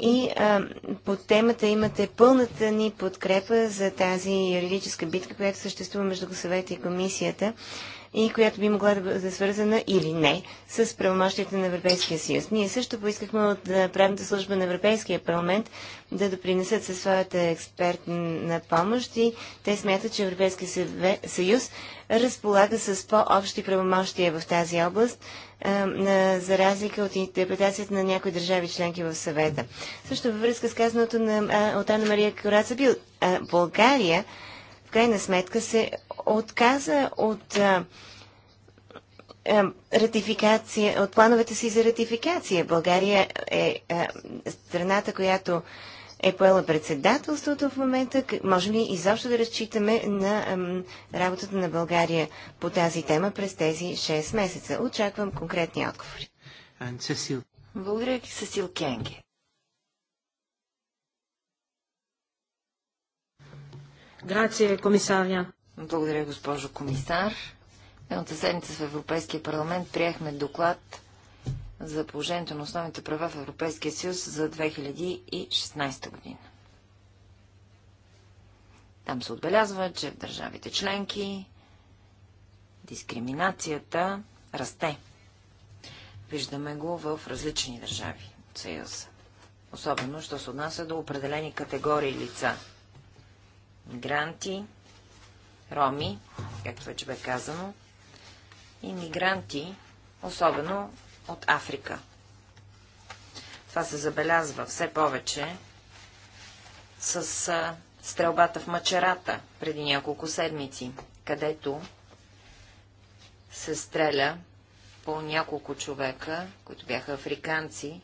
И а, по темата имате пълната ни подкрепа за тази юридическа битка, която съществува между съвета и комисията и която би могла да бъде свързана или не с правомощията на Европейския съюз. Ние също поискахме от правната служба на Европейския парламент да допринесат със своята експертна помощ и те смятат, че Европейския съюз разполага с по-общи правомощия в тази област, за разлика от интерпретацията на някои държави членки в съвета. Също във връзка с казаното на, от Анна Мария Кораца Бил, България крайна сметка се отказа от а, а, ратификация, от плановете си за ратификация. България е а, страната, която е поела председателството в момента. Можем ли изобщо да разчитаме на работата на България по тази тема през тези 6 месеца? Очаквам конкретни отговори. Благодаря, ви, Сесил Кенге. Грация, комисаря. Благодаря, госпожо комисар. Едната седмица в Европейския парламент приехме доклад за положението на основните права в Европейския съюз за 2016 година. Там се отбелязва, че в държавите членки дискриминацията расте. Виждаме го в различни държави от Съюза. Особено, що се отнася до определени категории лица – мигранти, роми, както вече бе казано, и мигранти, особено от Африка. Това се забелязва все повече с стрелбата в мачерата преди няколко седмици, където се стреля по няколко човека, които бяха африканци,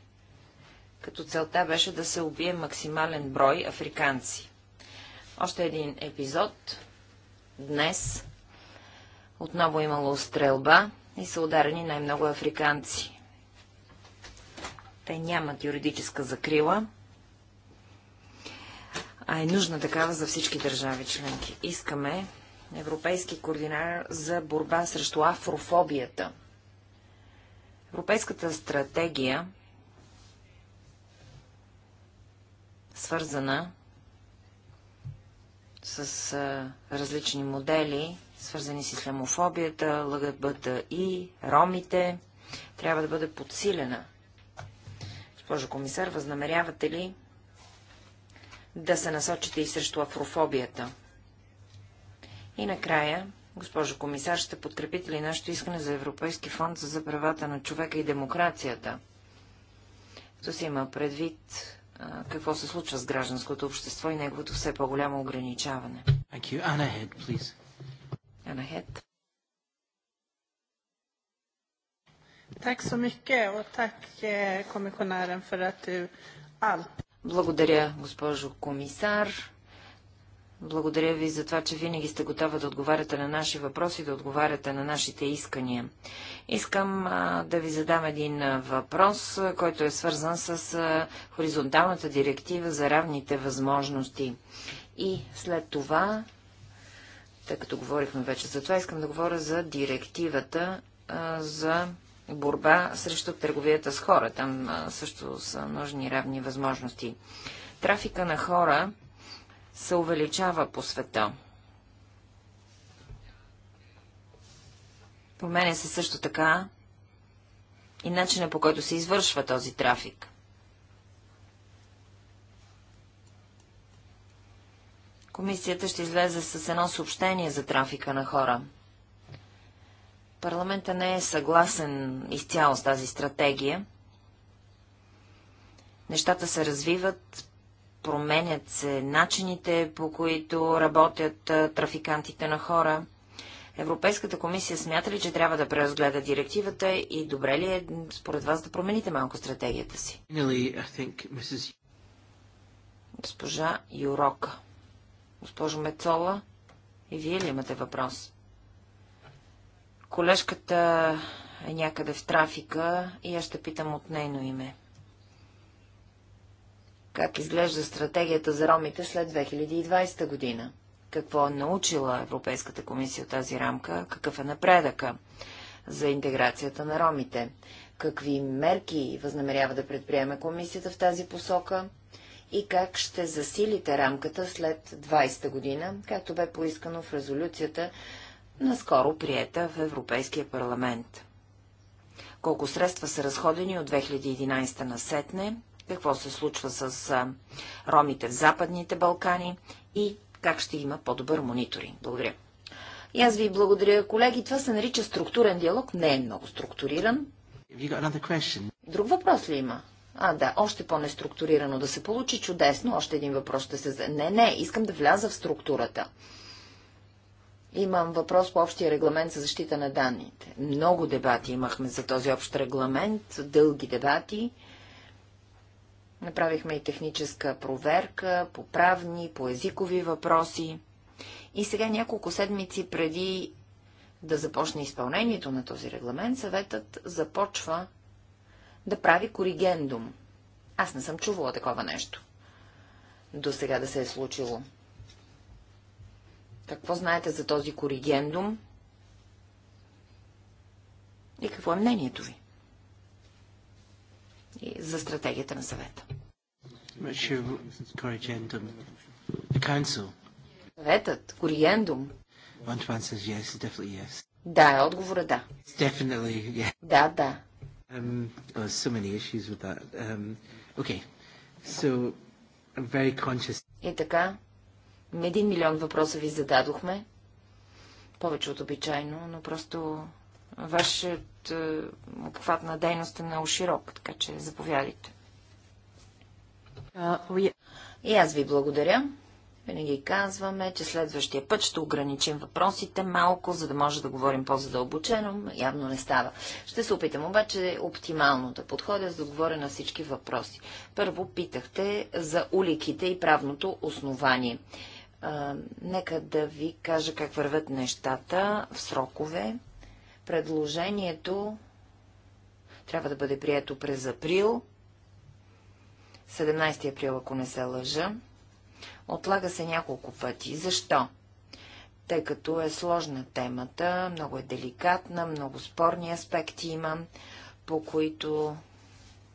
като целта беше да се убие максимален брой африканци. Още един епизод. Днес отново имало стрелба и са ударени най-много африканци. Те нямат юридическа закрила, а е нужна такава за всички държави членки. Искаме европейски координар за борба срещу афрофобията. Европейската стратегия, свързана с а, различни модели, свързани с ислямофобията, ЛГБТ и ромите, трябва да бъде подсилена. Госпожо комисар, възнамерявате ли да се насочите и срещу афрофобията? И накрая, госпожо комисар, ще подкрепите ли нашето искане за Европейски фонд за правата на човека и демокрацията? Като има предвид какво се случва с гражданското общество и неговото все по-голямо ограничаване. please. Eh, Благодаря, госпожо комисар. Благодаря ви за това, че винаги сте готова да отговаряте на наши въпроси, да отговаряте на нашите искания. Искам да ви задам един въпрос, който е свързан с хоризонталната директива за равните възможности. И след това, тъй като говорихме вече за това, искам да говоря за директивата за борба срещу търговията с хора. Там също са нужни равни възможности. Трафика на хора се увеличава по света. Променя се също така и начина по който се извършва този трафик. Комисията ще излезе с едно съобщение за трафика на хора. Парламента не е съгласен изцяло с тази стратегия. Нещата се развиват променят се начините, по които работят трафикантите на хора. Европейската комисия смята ли, че трябва да преразгледа директивата и добре ли е според вас да промените малко стратегията си? Госпожа Юрока. Госпожо Мецола, и вие ли имате въпрос? Колежката е някъде в трафика и аз ще питам от нейно име как изглежда стратегията за ромите след 2020 година. Какво е научила Европейската комисия от тази рамка, какъв е напредъка за интеграцията на ромите, какви мерки възнамерява да предприеме комисията в тази посока и как ще засилите рамката след 20 та година, както бе поискано в резолюцията, наскоро приета в Европейския парламент. Колко средства са разходени от 2011 на сетне какво се случва с ромите в Западните Балкани и как ще има по-добър мониторинг. Благодаря. И аз ви благодаря, колеги. Това се нарича структурен диалог. Не е много структуриран. Друг въпрос ли има? А, да, още по-неструктурирано да се получи. Чудесно. Още един въпрос ще се... Не, не, искам да вляза в структурата. Имам въпрос по общия регламент за защита на данните. Много дебати имахме за този общ регламент, дълги дебати. Направихме и техническа проверка по правни, по езикови въпроси. И сега няколко седмици преди да започне изпълнението на този регламент, съветът започва да прави коригендум. Аз не съм чувала такова нещо. До сега да се е случило. Какво знаете за този коригендум? И какво е мнението ви? за стратегията на съвета. Съветът, кориендум. Да, е отговора да. Yeah. Да, да. Um, oh, so many issues with that. Um, okay. So, I'm very conscious. И така, един милион въпроса ви зададохме. Повече от обичайно, но просто ваше е, обхват на дейността на Оширок, така че заповядайте. И аз ви благодаря. Винаги казваме, че следващия път ще ограничим въпросите малко, за да може да говорим по-задълбочено. Явно не става. Ще се опитам обаче оптимално да подходя, за да говоря на всички въпроси. Първо питахте за уликите и правното основание. А, нека да ви кажа как вървят нещата в срокове. Предложението трябва да бъде прието през април, 17 април, ако не се лъжа. Отлага се няколко пъти. Защо? Тъй като е сложна темата, много е деликатна, много спорни аспекти има, по които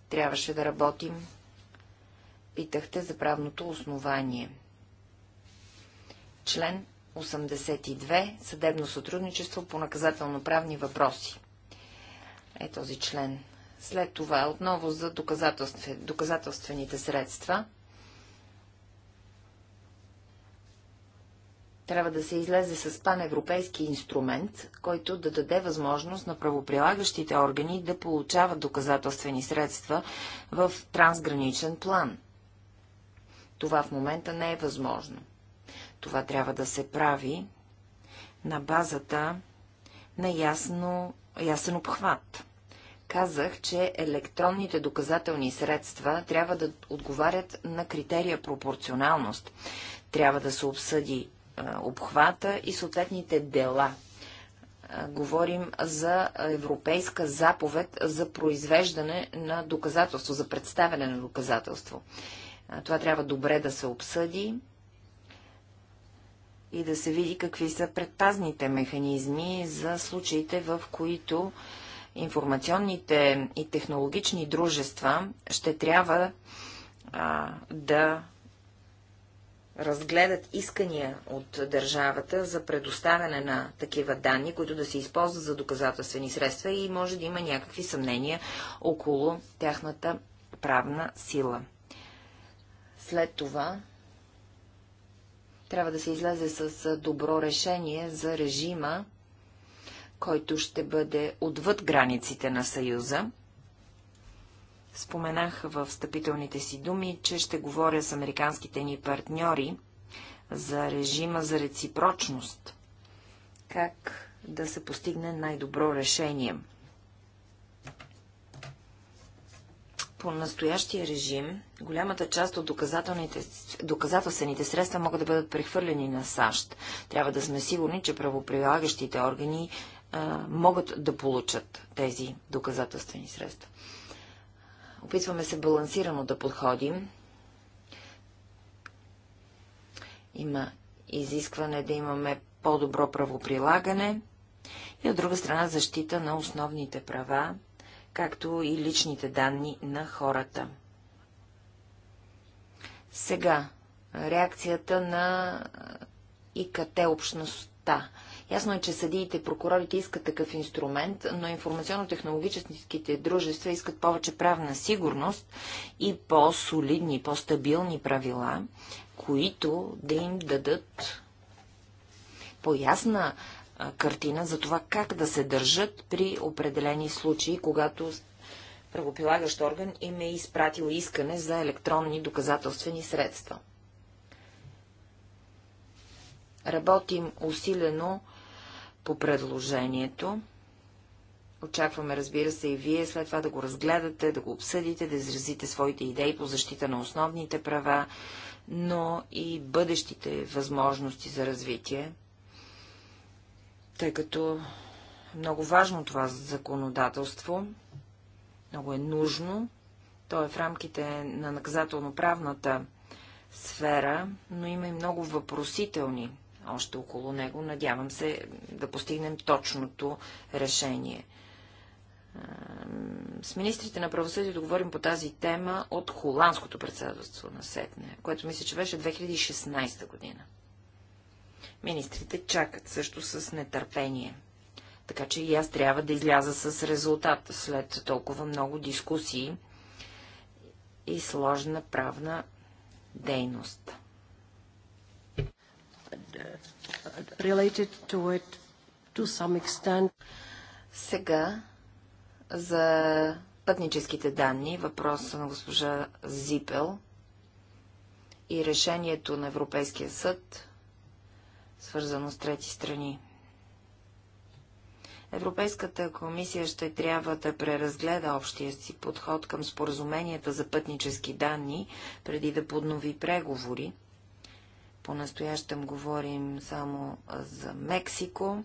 трябваше да работим. Питахте за правното основание. Член 82 съдебно сътрудничество по наказателно-правни въпроси. Е този член. След това отново за доказателств... доказателствените средства. Трябва да се излезе с паневропейски инструмент, който да даде възможност на правоприлагащите органи да получават доказателствени средства в трансграничен план. Това в момента не е възможно. Това трябва да се прави на базата на ясно, ясен обхват. Казах, че електронните доказателни средства трябва да отговарят на критерия пропорционалност. Трябва да се обсъди а, обхвата и съответните дела. А, говорим за европейска заповед за произвеждане на доказателство, за представяне на доказателство. А, това трябва добре да се обсъди и да се види какви са предпазните механизми за случаите, в които информационните и технологични дружества ще трябва а, да разгледат искания от държавата за предоставяне на такива данни, които да се използват за доказателствени средства и може да има някакви съмнения около тяхната правна сила. След това трябва да се излезе с добро решение за режима, който ще бъде отвъд границите на Съюза. Споменах в встъпителните си думи, че ще говоря с американските ни партньори за режима за реципрочност. Как да се постигне най-добро решение – По настоящия режим, голямата част от доказателствените средства могат да бъдат прехвърлени на САЩ. Трябва да сме сигурни, че правоприлагащите органи а, могат да получат тези доказателствени средства. Опитваме се балансирано да подходим. Има изискване да имаме по-добро правоприлагане и от друга страна защита на основните права както и личните данни на хората. Сега, реакцията на ИКТ общността. Ясно е, че съдиите, и прокурорите искат такъв инструмент, но информационно-технологическите дружества искат повече правна сигурност и по-солидни, по-стабилни правила, които да им дадат по-ясна картина за това как да се държат при определени случаи, когато правопилагащ орган им е изпратил искане за електронни доказателствени средства. Работим усилено по предложението. Очакваме, разбира се, и вие след това да го разгледате, да го обсъдите, да изразите своите идеи по защита на основните права, но и бъдещите възможности за развитие тъй като е много важно това законодателство, много е нужно. То е в рамките на наказателно-правната сфера, но има и много въпросителни още около него. Надявам се да постигнем точното решение. С министрите на правосъдието говорим по тази тема от холандското председателство на Сетне, което мисля, че беше 2016 година. Министрите чакат също с нетърпение. Така че и аз трябва да изляза с резултат след толкова много дискусии и сложна правна дейност. Сега за пътническите данни, въпроса на госпожа Зипел и решението на Европейския съд свързано с трети страни. Европейската комисия ще трябва да преразгледа общия си подход към споразуменията за пътнически данни, преди да поднови преговори. По-настоящем говорим само за Мексико,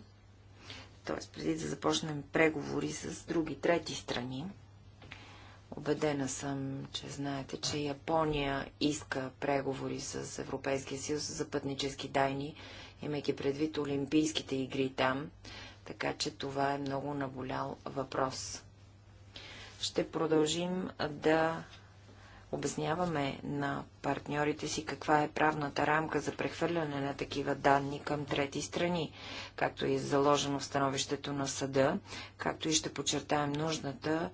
т.е. преди да започнем преговори с други трети страни. Обедена съм, че знаете, че Япония иска преговори с Европейския съюз за пътнически дайни имайки предвид Олимпийските игри там, така че това е много наболял въпрос. Ще продължим да обясняваме на партньорите си каква е правната рамка за прехвърляне на такива данни към трети страни, както и е заложено в становището на съда, както и ще подчертаем нуждата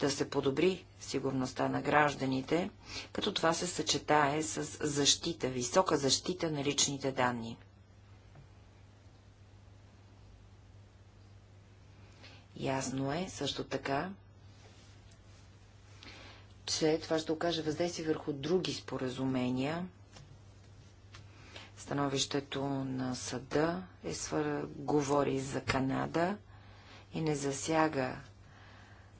да се подобри сигурността на гражданите, като това се съчетае с защита, висока защита на личните данни. Ясно е също така, че това ще окаже въздействие върху други споразумения. Становището на съда е свър... говори за Канада и не засяга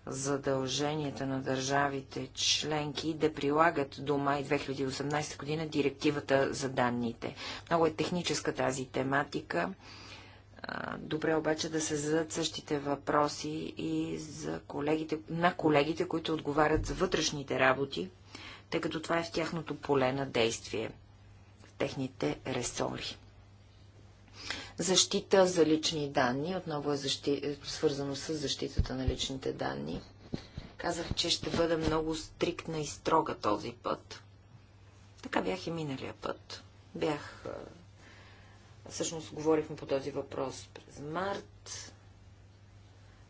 задълженията на държавите членки да прилагат до май 2018 година директивата за данните. Много е техническа тази тематика. Добре обаче да се зададат същите въпроси и за колегите, на колегите, които отговарят за вътрешните работи, тъй като това е в тяхното поле на действие, в техните ресори защита за лични данни. Отново е защи... Е свързано с защитата на личните данни. Казах, че ще бъда много стриктна и строга този път. Така бях и миналия път. Бях... Всъщност говорихме по този въпрос през март.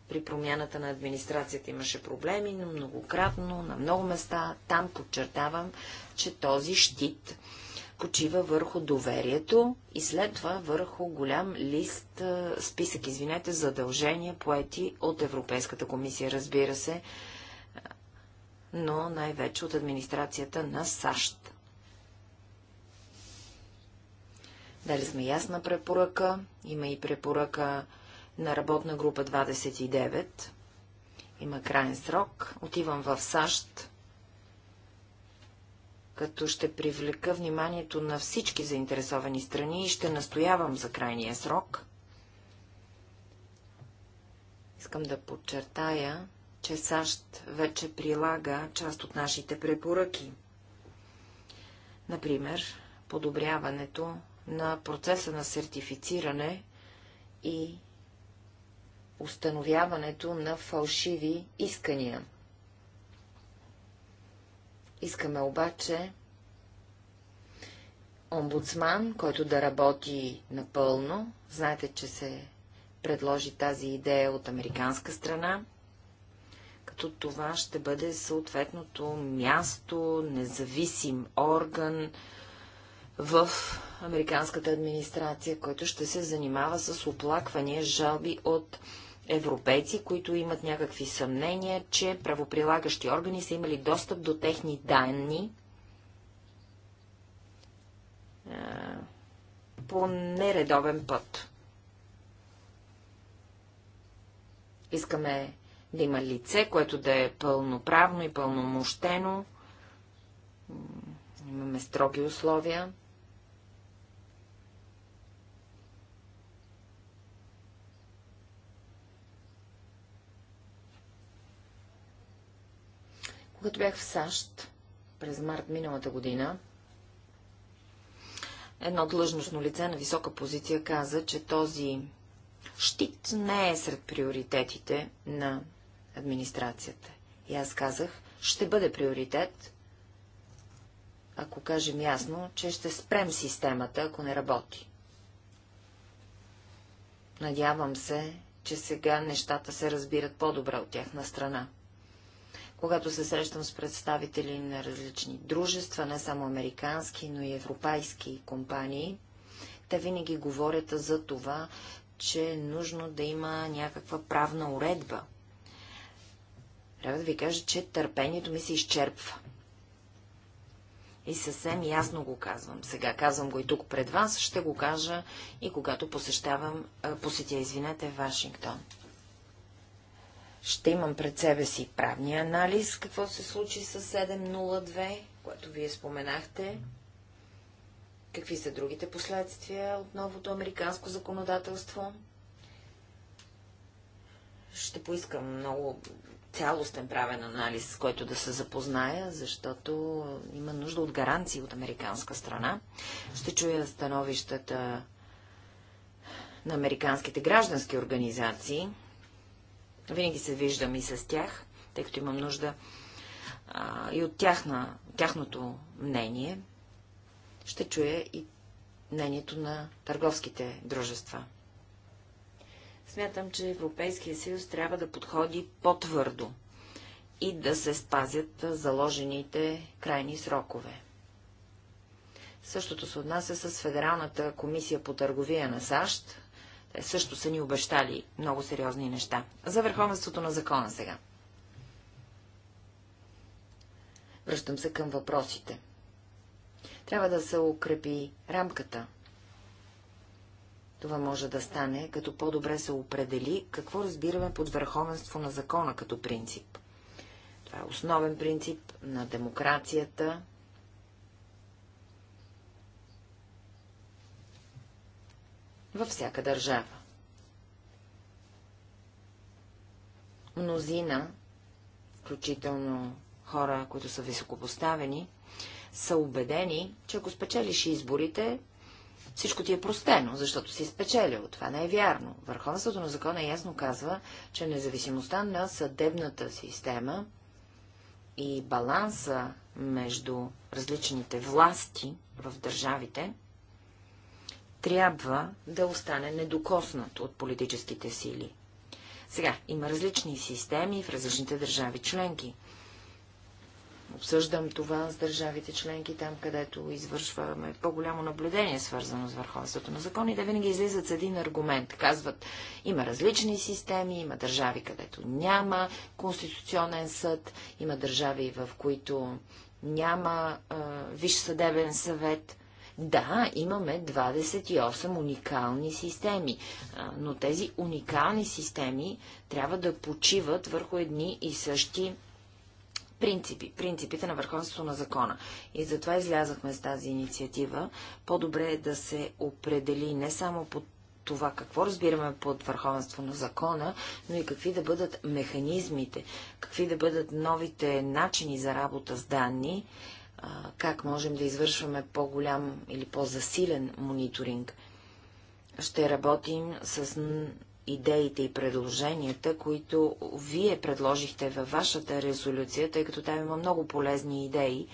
При промяната на администрацията имаше проблеми, но многократно, на много места. Там подчертавам, че този щит почива върху доверието и след това върху голям лист, списък, извинете, задължения, поети от Европейската комисия, разбира се, но най-вече от администрацията на САЩ. Дали сме ясна препоръка, има и препоръка на работна група 29, има крайен срок, отивам в САЩ, като ще привлека вниманието на всички заинтересовани страни и ще настоявам за крайния срок. Искам да подчертая, че САЩ вече прилага част от нашите препоръки. Например, подобряването на процеса на сертифициране и установяването на фалшиви искания. Искаме обаче омбудсман, който да работи напълно. Знаете, че се предложи тази идея от американска страна, като това ще бъде съответното място, независим орган в американската администрация, който ще се занимава с оплаквания, жалби от европейци, които имат някакви съмнения, че правоприлагащи органи са имали достъп до техни данни по нередовен път. Искаме да има лице, което да е пълноправно и пълномощено. Имаме строги условия. Когато бях в САЩ през март миналата година, едно длъжностно лице на висока позиция каза, че този щит не е сред приоритетите на администрацията. И аз казах, ще бъде приоритет, ако кажем ясно, че ще спрем системата, ако не работи. Надявам се, че сега нещата се разбират по-добре от тяхна страна когато се срещам с представители на различни дружества, не само американски, но и европейски компании, те винаги говорят за това, че е нужно да има някаква правна уредба. Трябва да ви кажа, че търпението ми се изчерпва. И съвсем ясно го казвам. Сега казвам го и тук пред вас, ще го кажа и когато посещавам, посетя, извинете, Вашингтон. Ще имам пред себе си правния анализ, какво се случи с 702, което вие споменахте. Какви са другите последствия от новото американско законодателство? Ще поискам много цялостен правен анализ, с който да се запозная, защото има нужда от гаранции от американска страна. Ще чуя становищата на американските граждански организации. Винаги се виждам и с тях, тъй като имам нужда а, и от тяхна, тяхното мнение. Ще чуя и мнението на търговските дружества. Смятам, че Европейския съюз трябва да подходи по-твърдо и да се спазят заложените крайни срокове. Същото се отнася с Федералната комисия по търговия на САЩ, също са ни обещали много сериозни неща. За върховенството на закона сега. Връщам се към въпросите. Трябва да се укрепи рамката. Това може да стане, като по-добре се определи какво разбираме под върховенство на закона като принцип. Това е основен принцип на демокрацията във всяка държава. Мнозина, включително хора, които са високопоставени, са убедени, че ако спечелиш изборите, всичко ти е простено, защото си спечелил. Това не е вярно. Върховенството на закона ясно казва, че независимостта на съдебната система и баланса между различните власти в държавите трябва да остане недокоснат от политическите сили. Сега, има различни системи в различните държави членки. Обсъждам това с държавите членки, там където извършваме по-голямо наблюдение, свързано с върховенството на закони, да винаги излизат с един аргумент. Казват, има различни системи, има държави, където няма конституционен съд, има държави, в които няма е, висш съдебен съвет. Да, имаме 28 уникални системи, но тези уникални системи трябва да почиват върху едни и същи принципи, принципите на върховенството на закона. И затова излязахме с тази инициатива. По-добре е да се определи не само по това какво разбираме под върховенство на закона, но и какви да бъдат механизмите, какви да бъдат новите начини за работа с данни, как можем да извършваме по-голям или по-засилен мониторинг. Ще работим с идеите и предложенията, които вие предложихте във вашата резолюция, тъй като там има много полезни идеи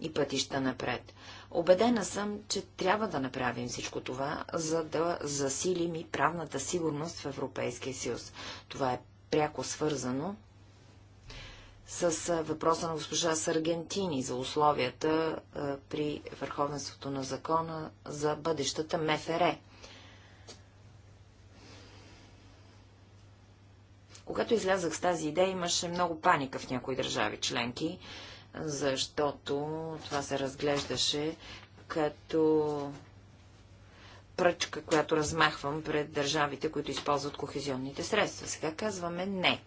и пътища напред. Обедена съм, че трябва да направим всичко това, за да засилим и правната сигурност в Европейския съюз. Това е пряко свързано с въпроса на госпожа Саргентини за условията при върховенството на закона за бъдещата МФР. Когато излязах с тази идея, имаше много паника в някои държави членки, защото това се разглеждаше като пръчка, която размахвам пред държавите, които използват кохезионните средства. Сега казваме не.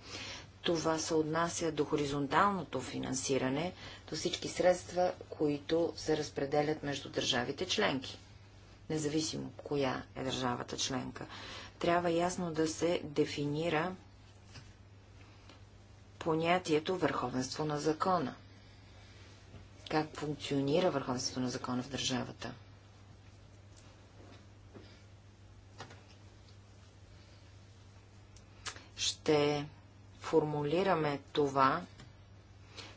Това се отнася до хоризонталното финансиране, до всички средства, които се разпределят между държавите членки, независимо коя е държавата членка. Трябва ясно да се дефинира понятието върховенство на закона. Как функционира върховенството на закона в държавата? Ще формулираме това,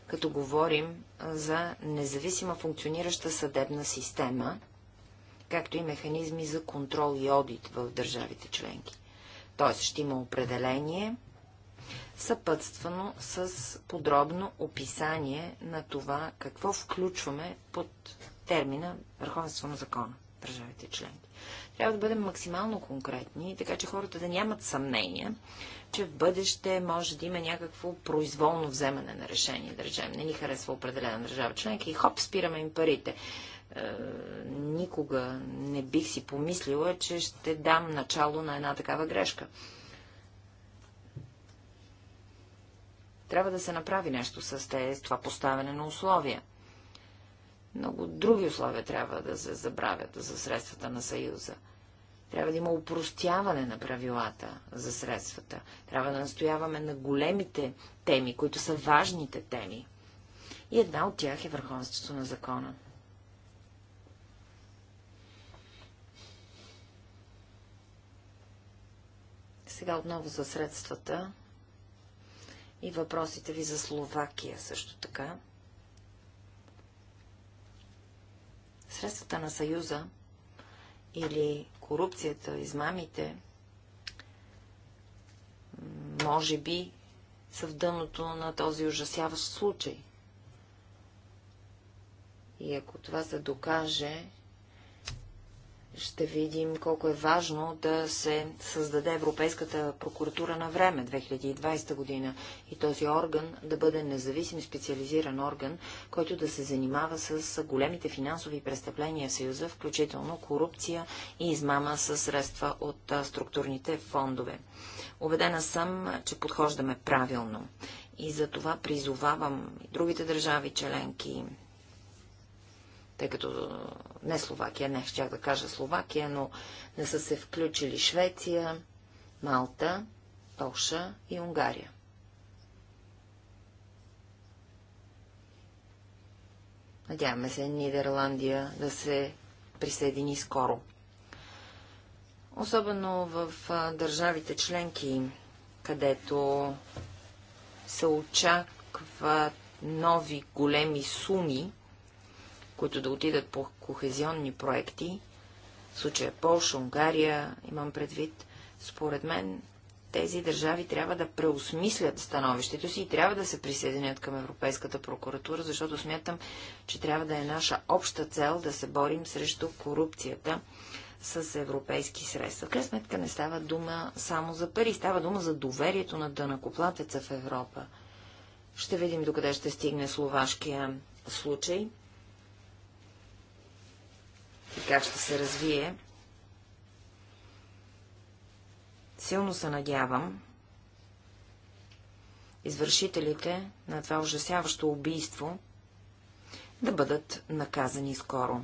като говорим за независима функционираща съдебна система, както и механизми за контрол и одит в държавите членки. Тоест ще има определение, съпътствано с подробно описание на това, какво включваме под термина върховенство на закона държавите членки. Трябва да бъдем максимално конкретни, така че хората да нямат съмнение, че в бъдеще може да има някакво произволно вземане на решение, да речем. Не ни харесва определена държава членка и хоп, спираме им парите. Е, никога не бих си помислила, че ще дам начало на една такава грешка. Трябва да се направи нещо с, те, с това поставяне на условия. Много други условия трябва да се забравят за средствата на Съюза. Трябва да има упростяване на правилата за средствата. Трябва да настояваме на големите теми, които са важните теми. И една от тях е върховенството на закона. Сега отново за средствата и въпросите ви за Словакия също така. Средствата на Съюза или корупцията, измамите, може би са в дъното на този ужасяващ случай. И ако това се докаже, ще видим колко е важно да се създаде Европейската прокуратура на време 2020 година и този орган да бъде независим специализиран орган, който да се занимава с големите финансови престъпления в Съюза, включително корупция и измама с средства от структурните фондове. Обедена съм, че подхождаме правилно и за това призовавам и другите държави членки, тъй като не Словакия, не щях да кажа Словакия, но не са се включили Швеция, Малта, Полша и Унгария. Надяваме се Нидерландия да се присъедини скоро. Особено в държавите членки, където се очакват нови големи суми, които да отидат по кохезионни проекти, в случая Полша, Унгария, имам предвид, според мен тези държави трябва да преосмислят становището си и трябва да се присъединят към Европейската прокуратура, защото смятам, че трябва да е наша обща цел да се борим срещу корупцията с европейски средства. В крайна сметка не става дума само за пари, става дума за доверието на дънакоплатеца в Европа. Ще видим докъде ще стигне словашкия случай и как ще се развие. Силно се надявам извършителите на това ужасяващо убийство да бъдат наказани скоро.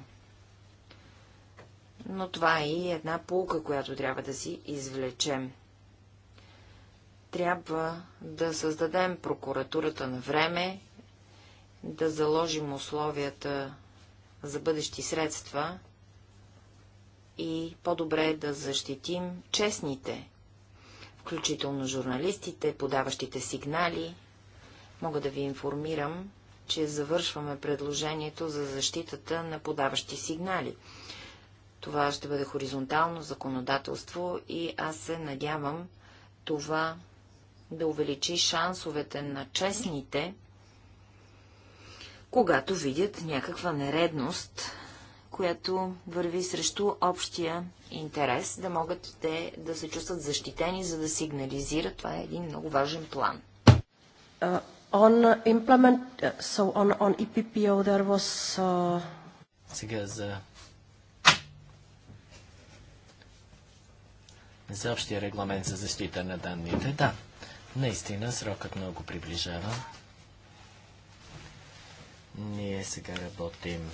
Но това е и една полка, която трябва да си извлечем. Трябва да създадем прокуратурата на време, да заложим условията за бъдещи средства и по-добре да защитим честните, включително журналистите, подаващите сигнали. Мога да ви информирам, че завършваме предложението за защитата на подаващи сигнали. Това ще бъде хоризонтално законодателство и аз се надявам това да увеличи шансовете на честните, когато видят някаква нередност която върви срещу общия интерес, да могат те да се чувстват защитени, за да сигнализират. Това е един много важен план. Uh, on implement, uh, so on, on EPPO there was... Uh... Сега за... За общия регламент за защита на данните, да. Наистина, срокът много приближава. Ние сега работим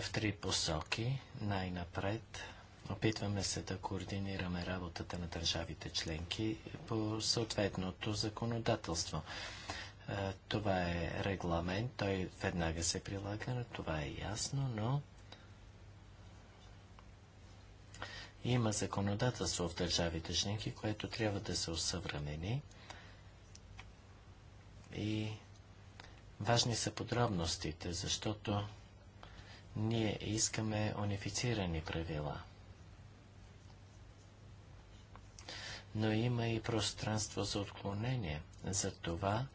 в три посоки. Най-напред опитваме се да координираме работата на държавите членки по съответното законодателство. Е, това е регламент, той веднага се прилага, това е ясно, но има законодателство в държавите членки, което трябва да се усъвремени и важни са подробностите, защото ние искаме унифицирани правила. Но има и пространство за отклонение. Затова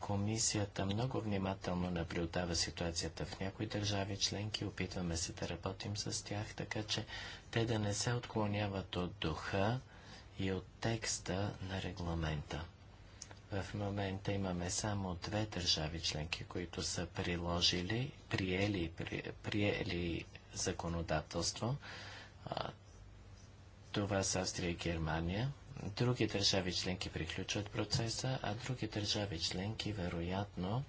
комисията много внимателно наблюдава ситуацията в някои държави членки. Опитваме се да работим с тях, така че те да не се отклоняват от духа и от текста на регламента. В момента имаме само две държави членки, които са приложили, приели, при, приели законодателство. А, това са Австрия и Германия. Други държави членки приключват процеса, а други държави членки вероятно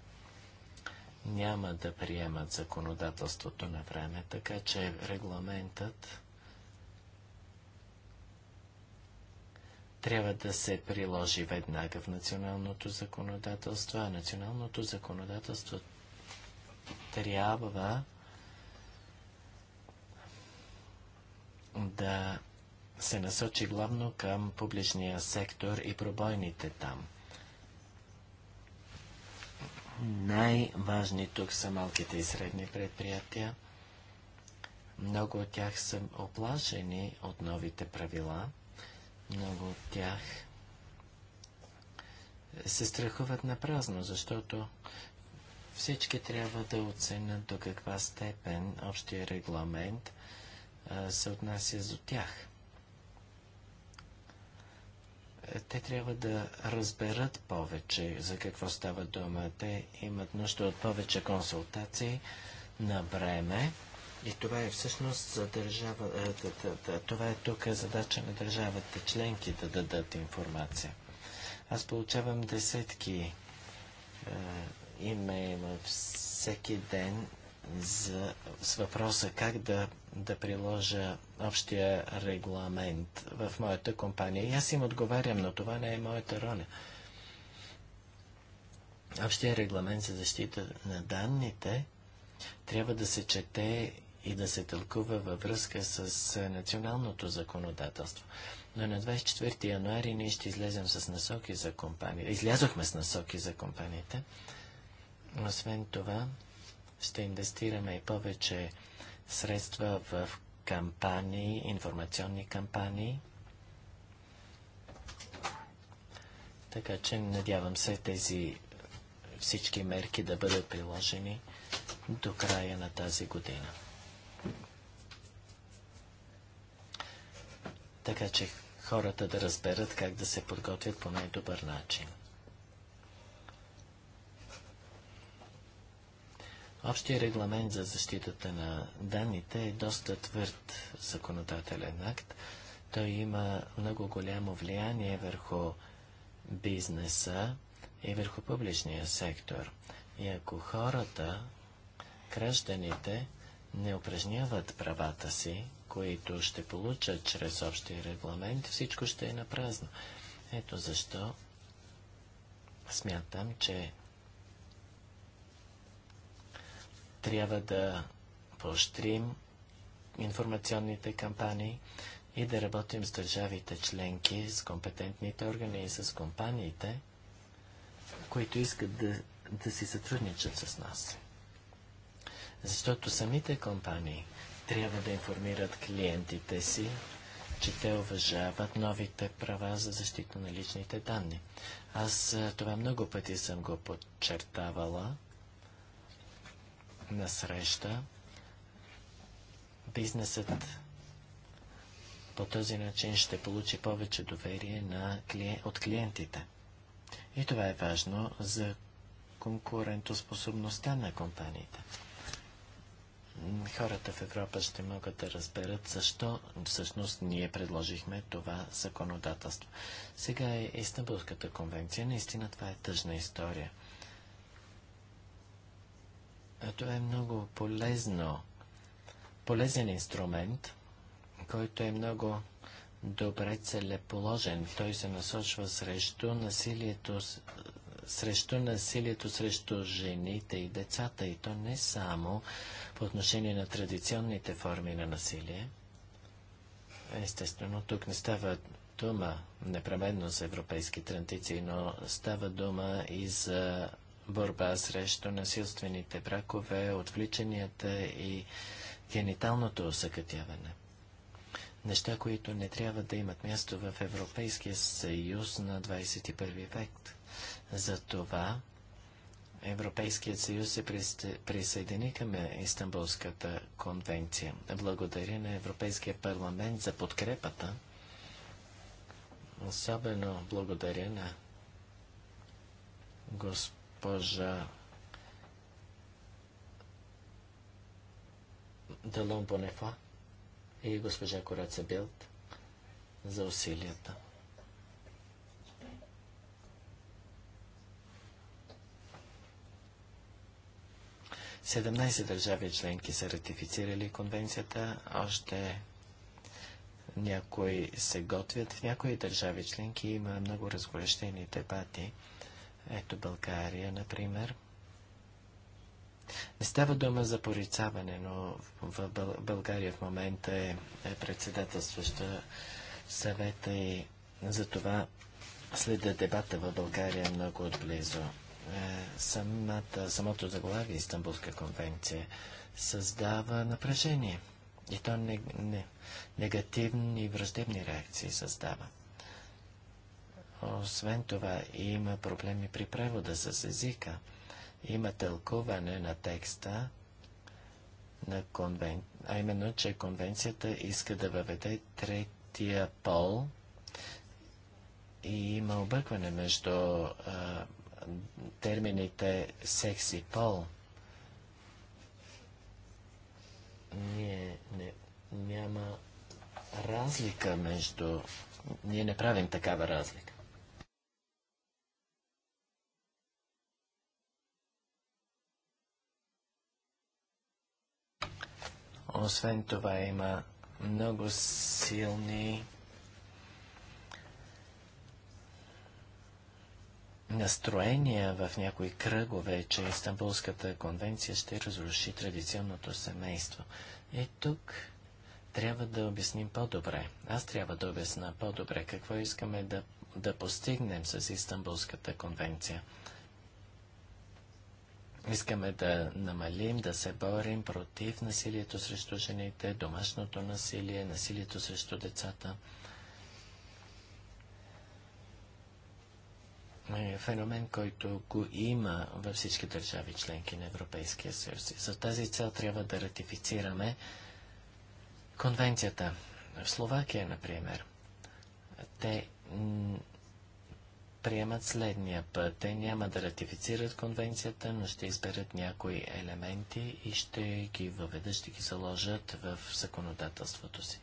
няма да приемат законодателството на време, така че регламентът трябва да се приложи веднага в националното законодателство, а националното законодателство трябва да се насочи главно към публичния сектор и пробойните там. Най-важни тук са малките и средни предприятия. Много от тях са оплашени от новите правила – много от тях се страхуват на празно, защото всички трябва да оценят до каква степен общия регламент се отнася за тях. Е, те трябва да разберат повече за какво става дума. Те имат нужда от повече консултации на време и това е всъщност за държава, е, това е тук задача на държавата членки да дадат информация. Аз получавам десетки е, имейла всеки ден за, с въпроса как да, да приложа общия регламент в моята компания. И аз им отговарям, но това не е моята роля. Общия регламент за защита на данните трябва да се чете и да се тълкува във връзка с националното законодателство. Но на 24 януари ние ще излезем с насоки за компаниите. Излязохме с насоки за компаниите. Освен това, ще инвестираме и повече средства в кампании, информационни кампании. Така че надявам се тези всички мерки да бъдат приложени до края на тази година. така че хората да разберат как да се подготвят по най-добър начин. Общия регламент за защитата на данните е доста твърд законодателен акт. Той има много голямо влияние върху бизнеса и върху публичния сектор. И ако хората, гражданите, не упражняват правата си, които ще получат чрез общия регламент, всичко ще е на празно. Ето защо смятам, че трябва да поощрим информационните кампании и да работим с държавите членки, с компетентните органи и с компаниите, които искат да, да си сътрудничат с нас. Защото самите компании трябва да информират клиентите си, че те уважават новите права за защита на личните данни. Аз това много пъти съм го подчертавала на среща. Бизнесът по този начин ще получи повече доверие на клиент, от клиентите. И това е важно за конкурентоспособността на компаниите хората в Европа ще могат да разберат защо всъщност ние предложихме това законодателство. Сега е Истанбулската конвенция. Наистина това е тъжна история. А това е много полезно, полезен инструмент, който е много добре целеположен. Той се насочва срещу насилието срещу насилието срещу жените и децата, и то не само по отношение на традиционните форми на насилие. Естествено, тук не става дума непременно за европейски традиции, но става дума и за борба срещу насилствените бракове, отвличанията и гениталното осъкътяване. Неща, които не трябва да имат място в Европейския съюз на 21 век. За това Европейският съюз се присъедини към Истанбулската конвенция. Благодаря на Европейския парламент за подкрепата. Особено благодаря на госпожа Далон Бонефа и госпожа Кораца Билт за усилията. 17 държави членки са ратифицирали конвенцията, още някои се готвят. В някои държави членки има много разгорещени дебати. Ето България, например. Не става дума за порицаване, но в България в момента е, е, председателстваща съвета и затова следа дебата в България много отблизо. Е, самата, самото заглавие Истанбулска конвенция създава напрежение. И то не, не, негативни и враждебни реакции създава. Освен това, има проблеми при превода с езика. Има тълкуване на текста, на конвен... а именно, че конвенцията иска да въведе третия пол и има объркване между а, термините секс и пол. Ние не, няма разлика между... Ние не правим такава разлика. Освен това има много силни настроения в някои кръгове, че Истанбулската конвенция ще разруши традиционното семейство. И е, тук трябва да обясним по-добре. Аз трябва да обясна по-добре какво искаме да, да постигнем с Истанбулската конвенция. Искаме да намалим, да се борим против насилието срещу жените, домашното насилие, насилието срещу децата – Е, феномен, който го има във всички държави членки на Европейския съюз. За тази цел трябва да ратифицираме конвенцията. В Словакия, например, те приемат следния път. Те няма да ратифицират конвенцията, но ще изберат някои елементи и ще ги въведат, ще ги заложат в законодателството си.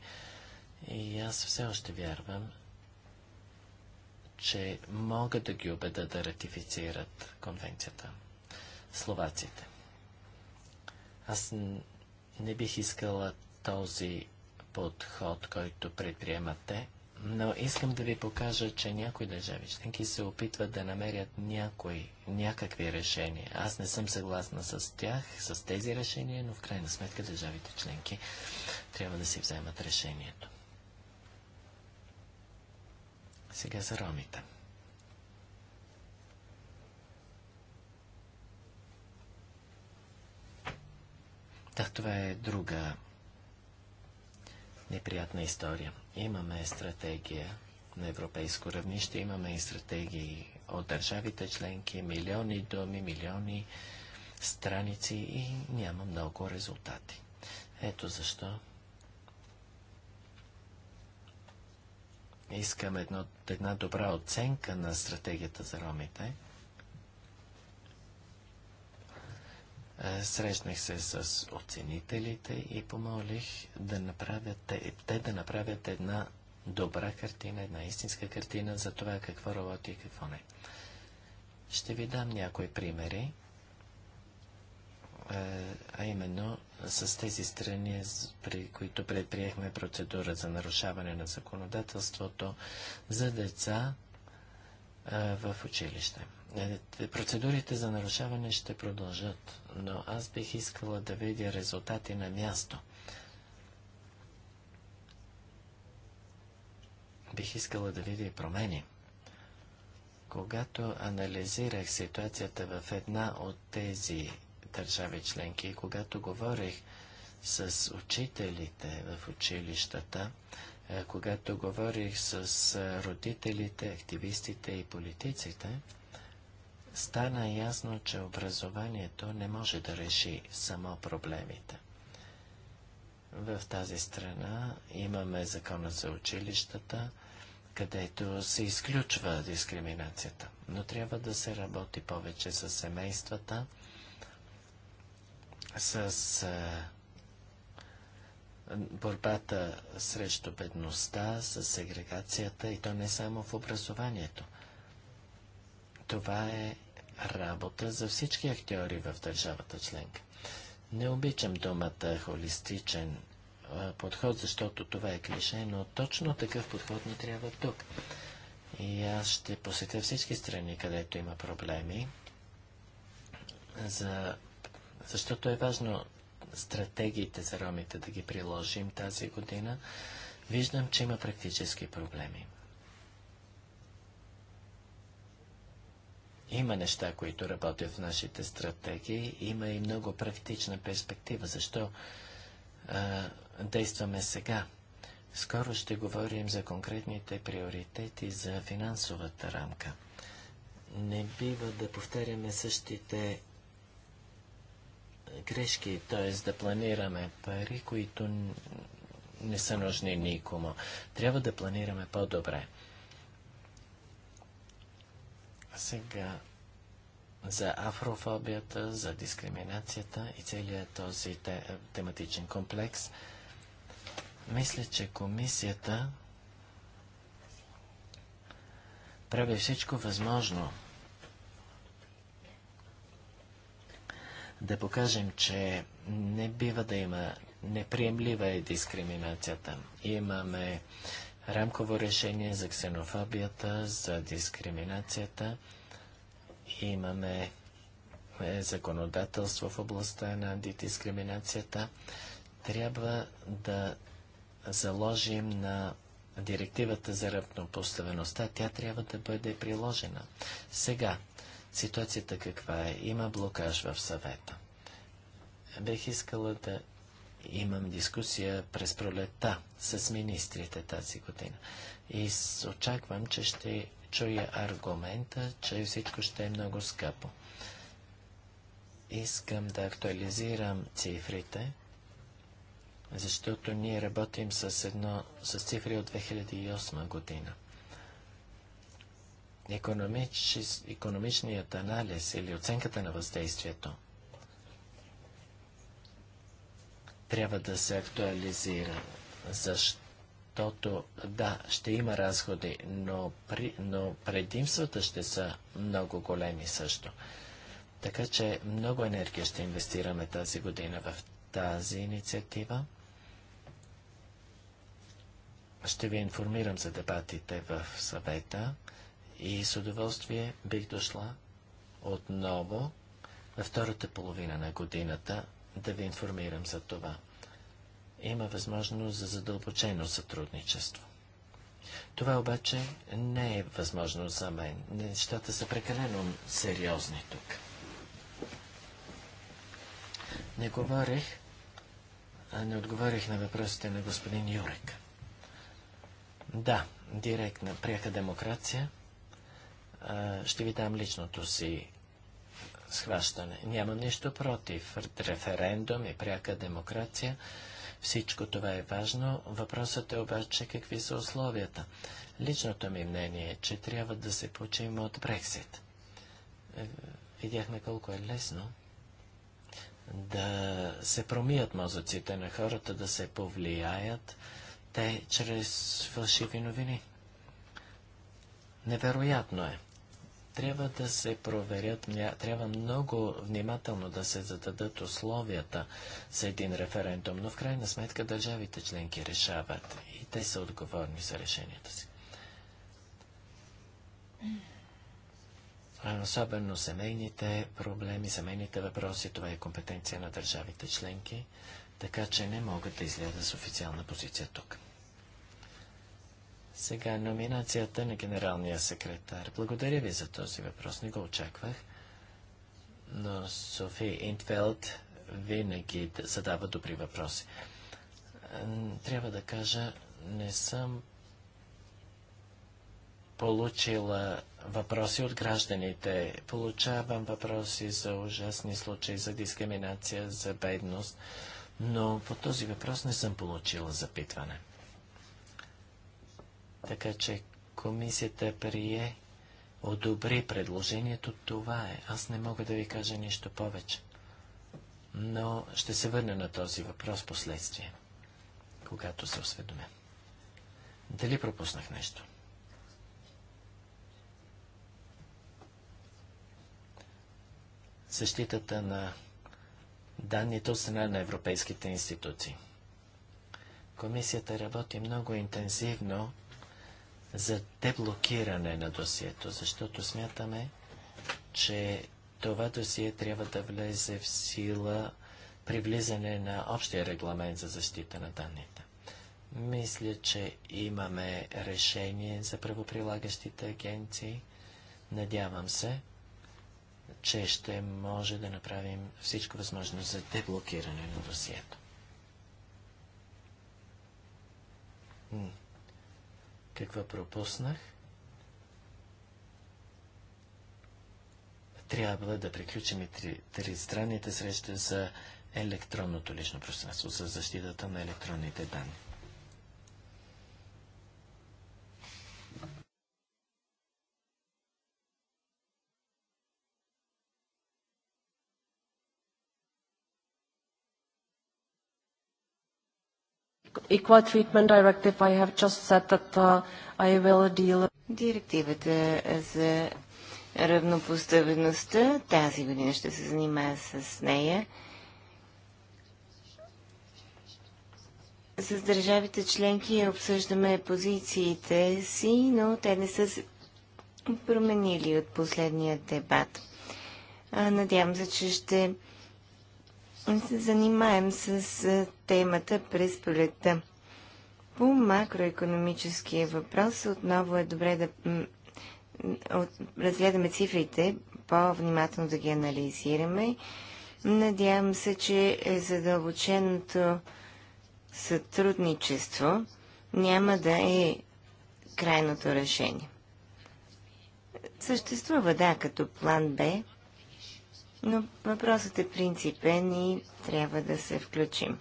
И аз все още вярвам, че могат да ги убедат да ратифицират конвенцията. Словаците. Аз не бих искала този подход, който предприемате, но искам да ви покажа, че някои държави членки се опитват да намерят някои, някакви решения. Аз не съм съгласна с тях, с тези решения, но в крайна сметка държавите членки трябва да си вземат решението. Сега за ромите. Да, това е друга неприятна история. Имаме стратегия на европейско равнище, имаме и стратегии от държавите членки, милиони думи, милиони страници и няма много резултати. Ето защо искам едно, една добра оценка на стратегията за ромите. Е, срещнах се с оценителите и помолих да направят, те, те да направят една добра картина, една истинска картина за това какво работи и какво не. Ще ви дам някои примери а именно с тези страни, при които предприехме процедура за нарушаване на законодателството за деца а, в училище. Е, процедурите за нарушаване ще продължат, но аз бих искала да видя резултати на място. Бих искала да видя и промени. Когато анализирах ситуацията в една от тези държави членки. И когато говорих с учителите в училищата, е, когато говорих с е, родителите, активистите и политиците, стана ясно, че образованието не може да реши само проблемите. В тази страна имаме закона за училищата, където се изключва дискриминацията, но трябва да се работи повече с семействата, с борбата срещу бедността, с сегрегацията и то не само в образованието. Това е работа за всички актьори в държавата членка. Не обичам думата холистичен подход, защото това е клише, но точно такъв подход ни трябва тук. И аз ще посетя всички страни, където има проблеми за защото е важно стратегиите за ромите да ги приложим тази година, виждам, че има практически проблеми. Има неща, които работят в нашите стратегии, има и много практична перспектива. Защо а, действаме сега? Скоро ще говорим за конкретните приоритети за финансовата рамка. Не бива да повтаряме същите грешки, т.е. да планираме пари, които не са нужни никому. Трябва да планираме по-добре. Сега за афрофобията, за дискриминацията и целият този те, тематичен комплекс. Мисля, че комисията прави всичко възможно да покажем, че не бива да има неприемлива е дискриминацията. Имаме рамково решение за ксенофобията, за дискриминацията. Имаме е, законодателство в областта на антидискриминацията. Трябва да заложим на директивата за ръпнопоставеността. Тя трябва да бъде приложена. Сега, Ситуацията каква е? Има блокаж в съвета. Бех искала да имам дискусия през пролета с министрите тази година. И очаквам, че ще чуя аргумента, че всичко ще е много скъпо. Искам да актуализирам цифрите, защото ние работим с, едно, с цифри от 2008 година – економич, економичният анализ или оценката на въздействието трябва да се актуализира, защото да, ще има разходи, но, при, но предимствата ще са много големи също. Така че много енергия ще инвестираме тази година в тази инициатива. Ще ви информирам за дебатите в съвета и с удоволствие бих дошла отново на втората половина на годината да ви информирам за това. Има възможност за задълбочено сътрудничество. Това обаче не е възможно за мен. Нещата са прекалено сериозни тук. Не говорих, не отговорих на въпросите на господин Юрек. Да, директна, пряка демокрация – ще ви дам личното си схващане. Нямам нищо против референдум и пряка демокрация. Всичко това е важно. Въпросът е обаче какви са условията. Личното ми мнение е, че трябва да се получим от Брексит. Е, видяхме колко е лесно да се промият мозъците на хората, да се повлияят те чрез фалшиви новини. Невероятно е. Трябва да се проверят, трябва много внимателно да се зададат условията за един референдум, но в крайна сметка държавите членки решават и те са отговорни за решенията си. Особено семейните проблеми, семейните въпроси, това е компетенция на държавите членки, така че не могат да изляза с официална позиция тук. Сега номинацията на генералния секретар. Благодаря ви за този въпрос, не го очаквах. Но Софи Интфелд винаги задава добри въпроси. Трябва да кажа, не съм получила въпроси от гражданите. Получавам въпроси за ужасни случаи, за дискриминация, за бедност, но по този въпрос не съм получила запитване. Така че комисията прие, одобри предложението, това е. Аз не мога да ви кажа нищо повече. Но ще се върна на този въпрос последствие, когато се осведомя. Дали пропуснах нещо? Същитата на данните от страна на европейските институции. Комисията работи много интензивно за деблокиране на досието, защото смятаме, че това досие трябва да влезе в сила при влизане на общия регламент за защита на данните. Мисля, че имаме решение за правоприлагащите агенции. Надявам се, че ще може да направим всичко възможно за деблокиране на досието. Какво пропуснах? Трябва да приключим и три, три странните срещи за електронното лично пространство, за защитата на електронните данни. Equal Treatment Directive, I have just said that uh, I will deal... Директивата за равнопоставеността, тази година ще се занимая с нея. С държавите членки обсъждаме позициите си, но те не са променили от последния дебат. Надявам се, че ще се занимаем с темата през пролетта. По макроекономическия въпрос отново е добре да разгледаме цифрите, по-внимателно да ги анализираме. Надявам се, че е задълбоченото сътрудничество няма да е крайното решение. Съществува, да, като план Б, но въпросът е принципен и трябва да се включим.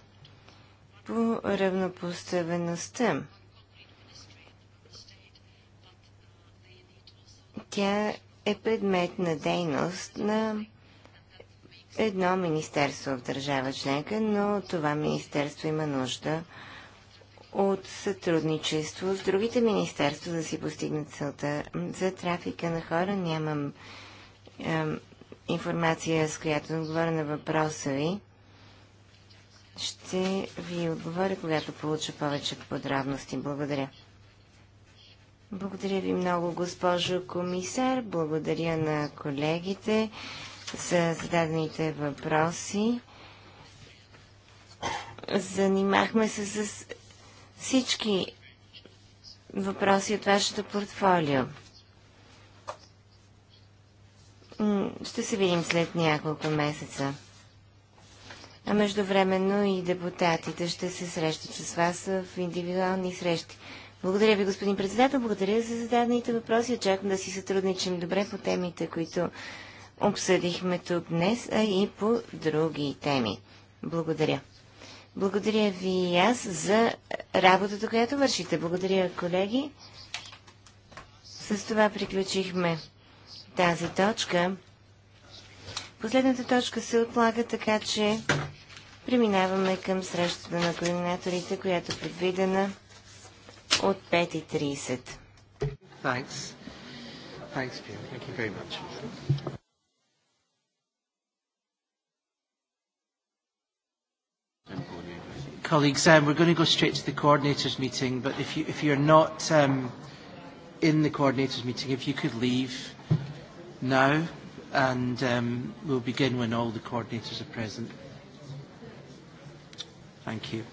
По равнопоставеността. Тя е предмет на дейност на едно министерство в държава членка, но това министерство има нужда от сътрудничество с другите министерства да си постигнат целта. За трафика на хора нямам ем, информация, с която отговоря на въпроса ви. Ще ви отговоря, когато получа повече подробности. Благодаря. Благодаря ви много, госпожо комисар. Благодаря на колегите за зададените въпроси. Занимахме се с всички въпроси от вашето портфолио. Ще се видим след няколко месеца. А междувременно и депутатите ще се срещат с вас в индивидуални срещи. Благодаря ви, господин председател. Благодаря за зададените въпроси. Очаквам да си сътрудничим добре по темите, които обсъдихме тук днес, а и по други теми. Благодаря. Благодаря ви и аз за работата, която вършите. Благодаря, колеги. С това приключихме тази точка. Последната точка се отлага, така че преминаваме към срещата на координаторите, която е предвидена от 5.30. colleagues, um, we're going to go straight to the coordinators meeting, but if, you, if you're not um, in the coordinators meeting, if you could leave now, and um, we'll begin when all the coordinators are present. Thank you.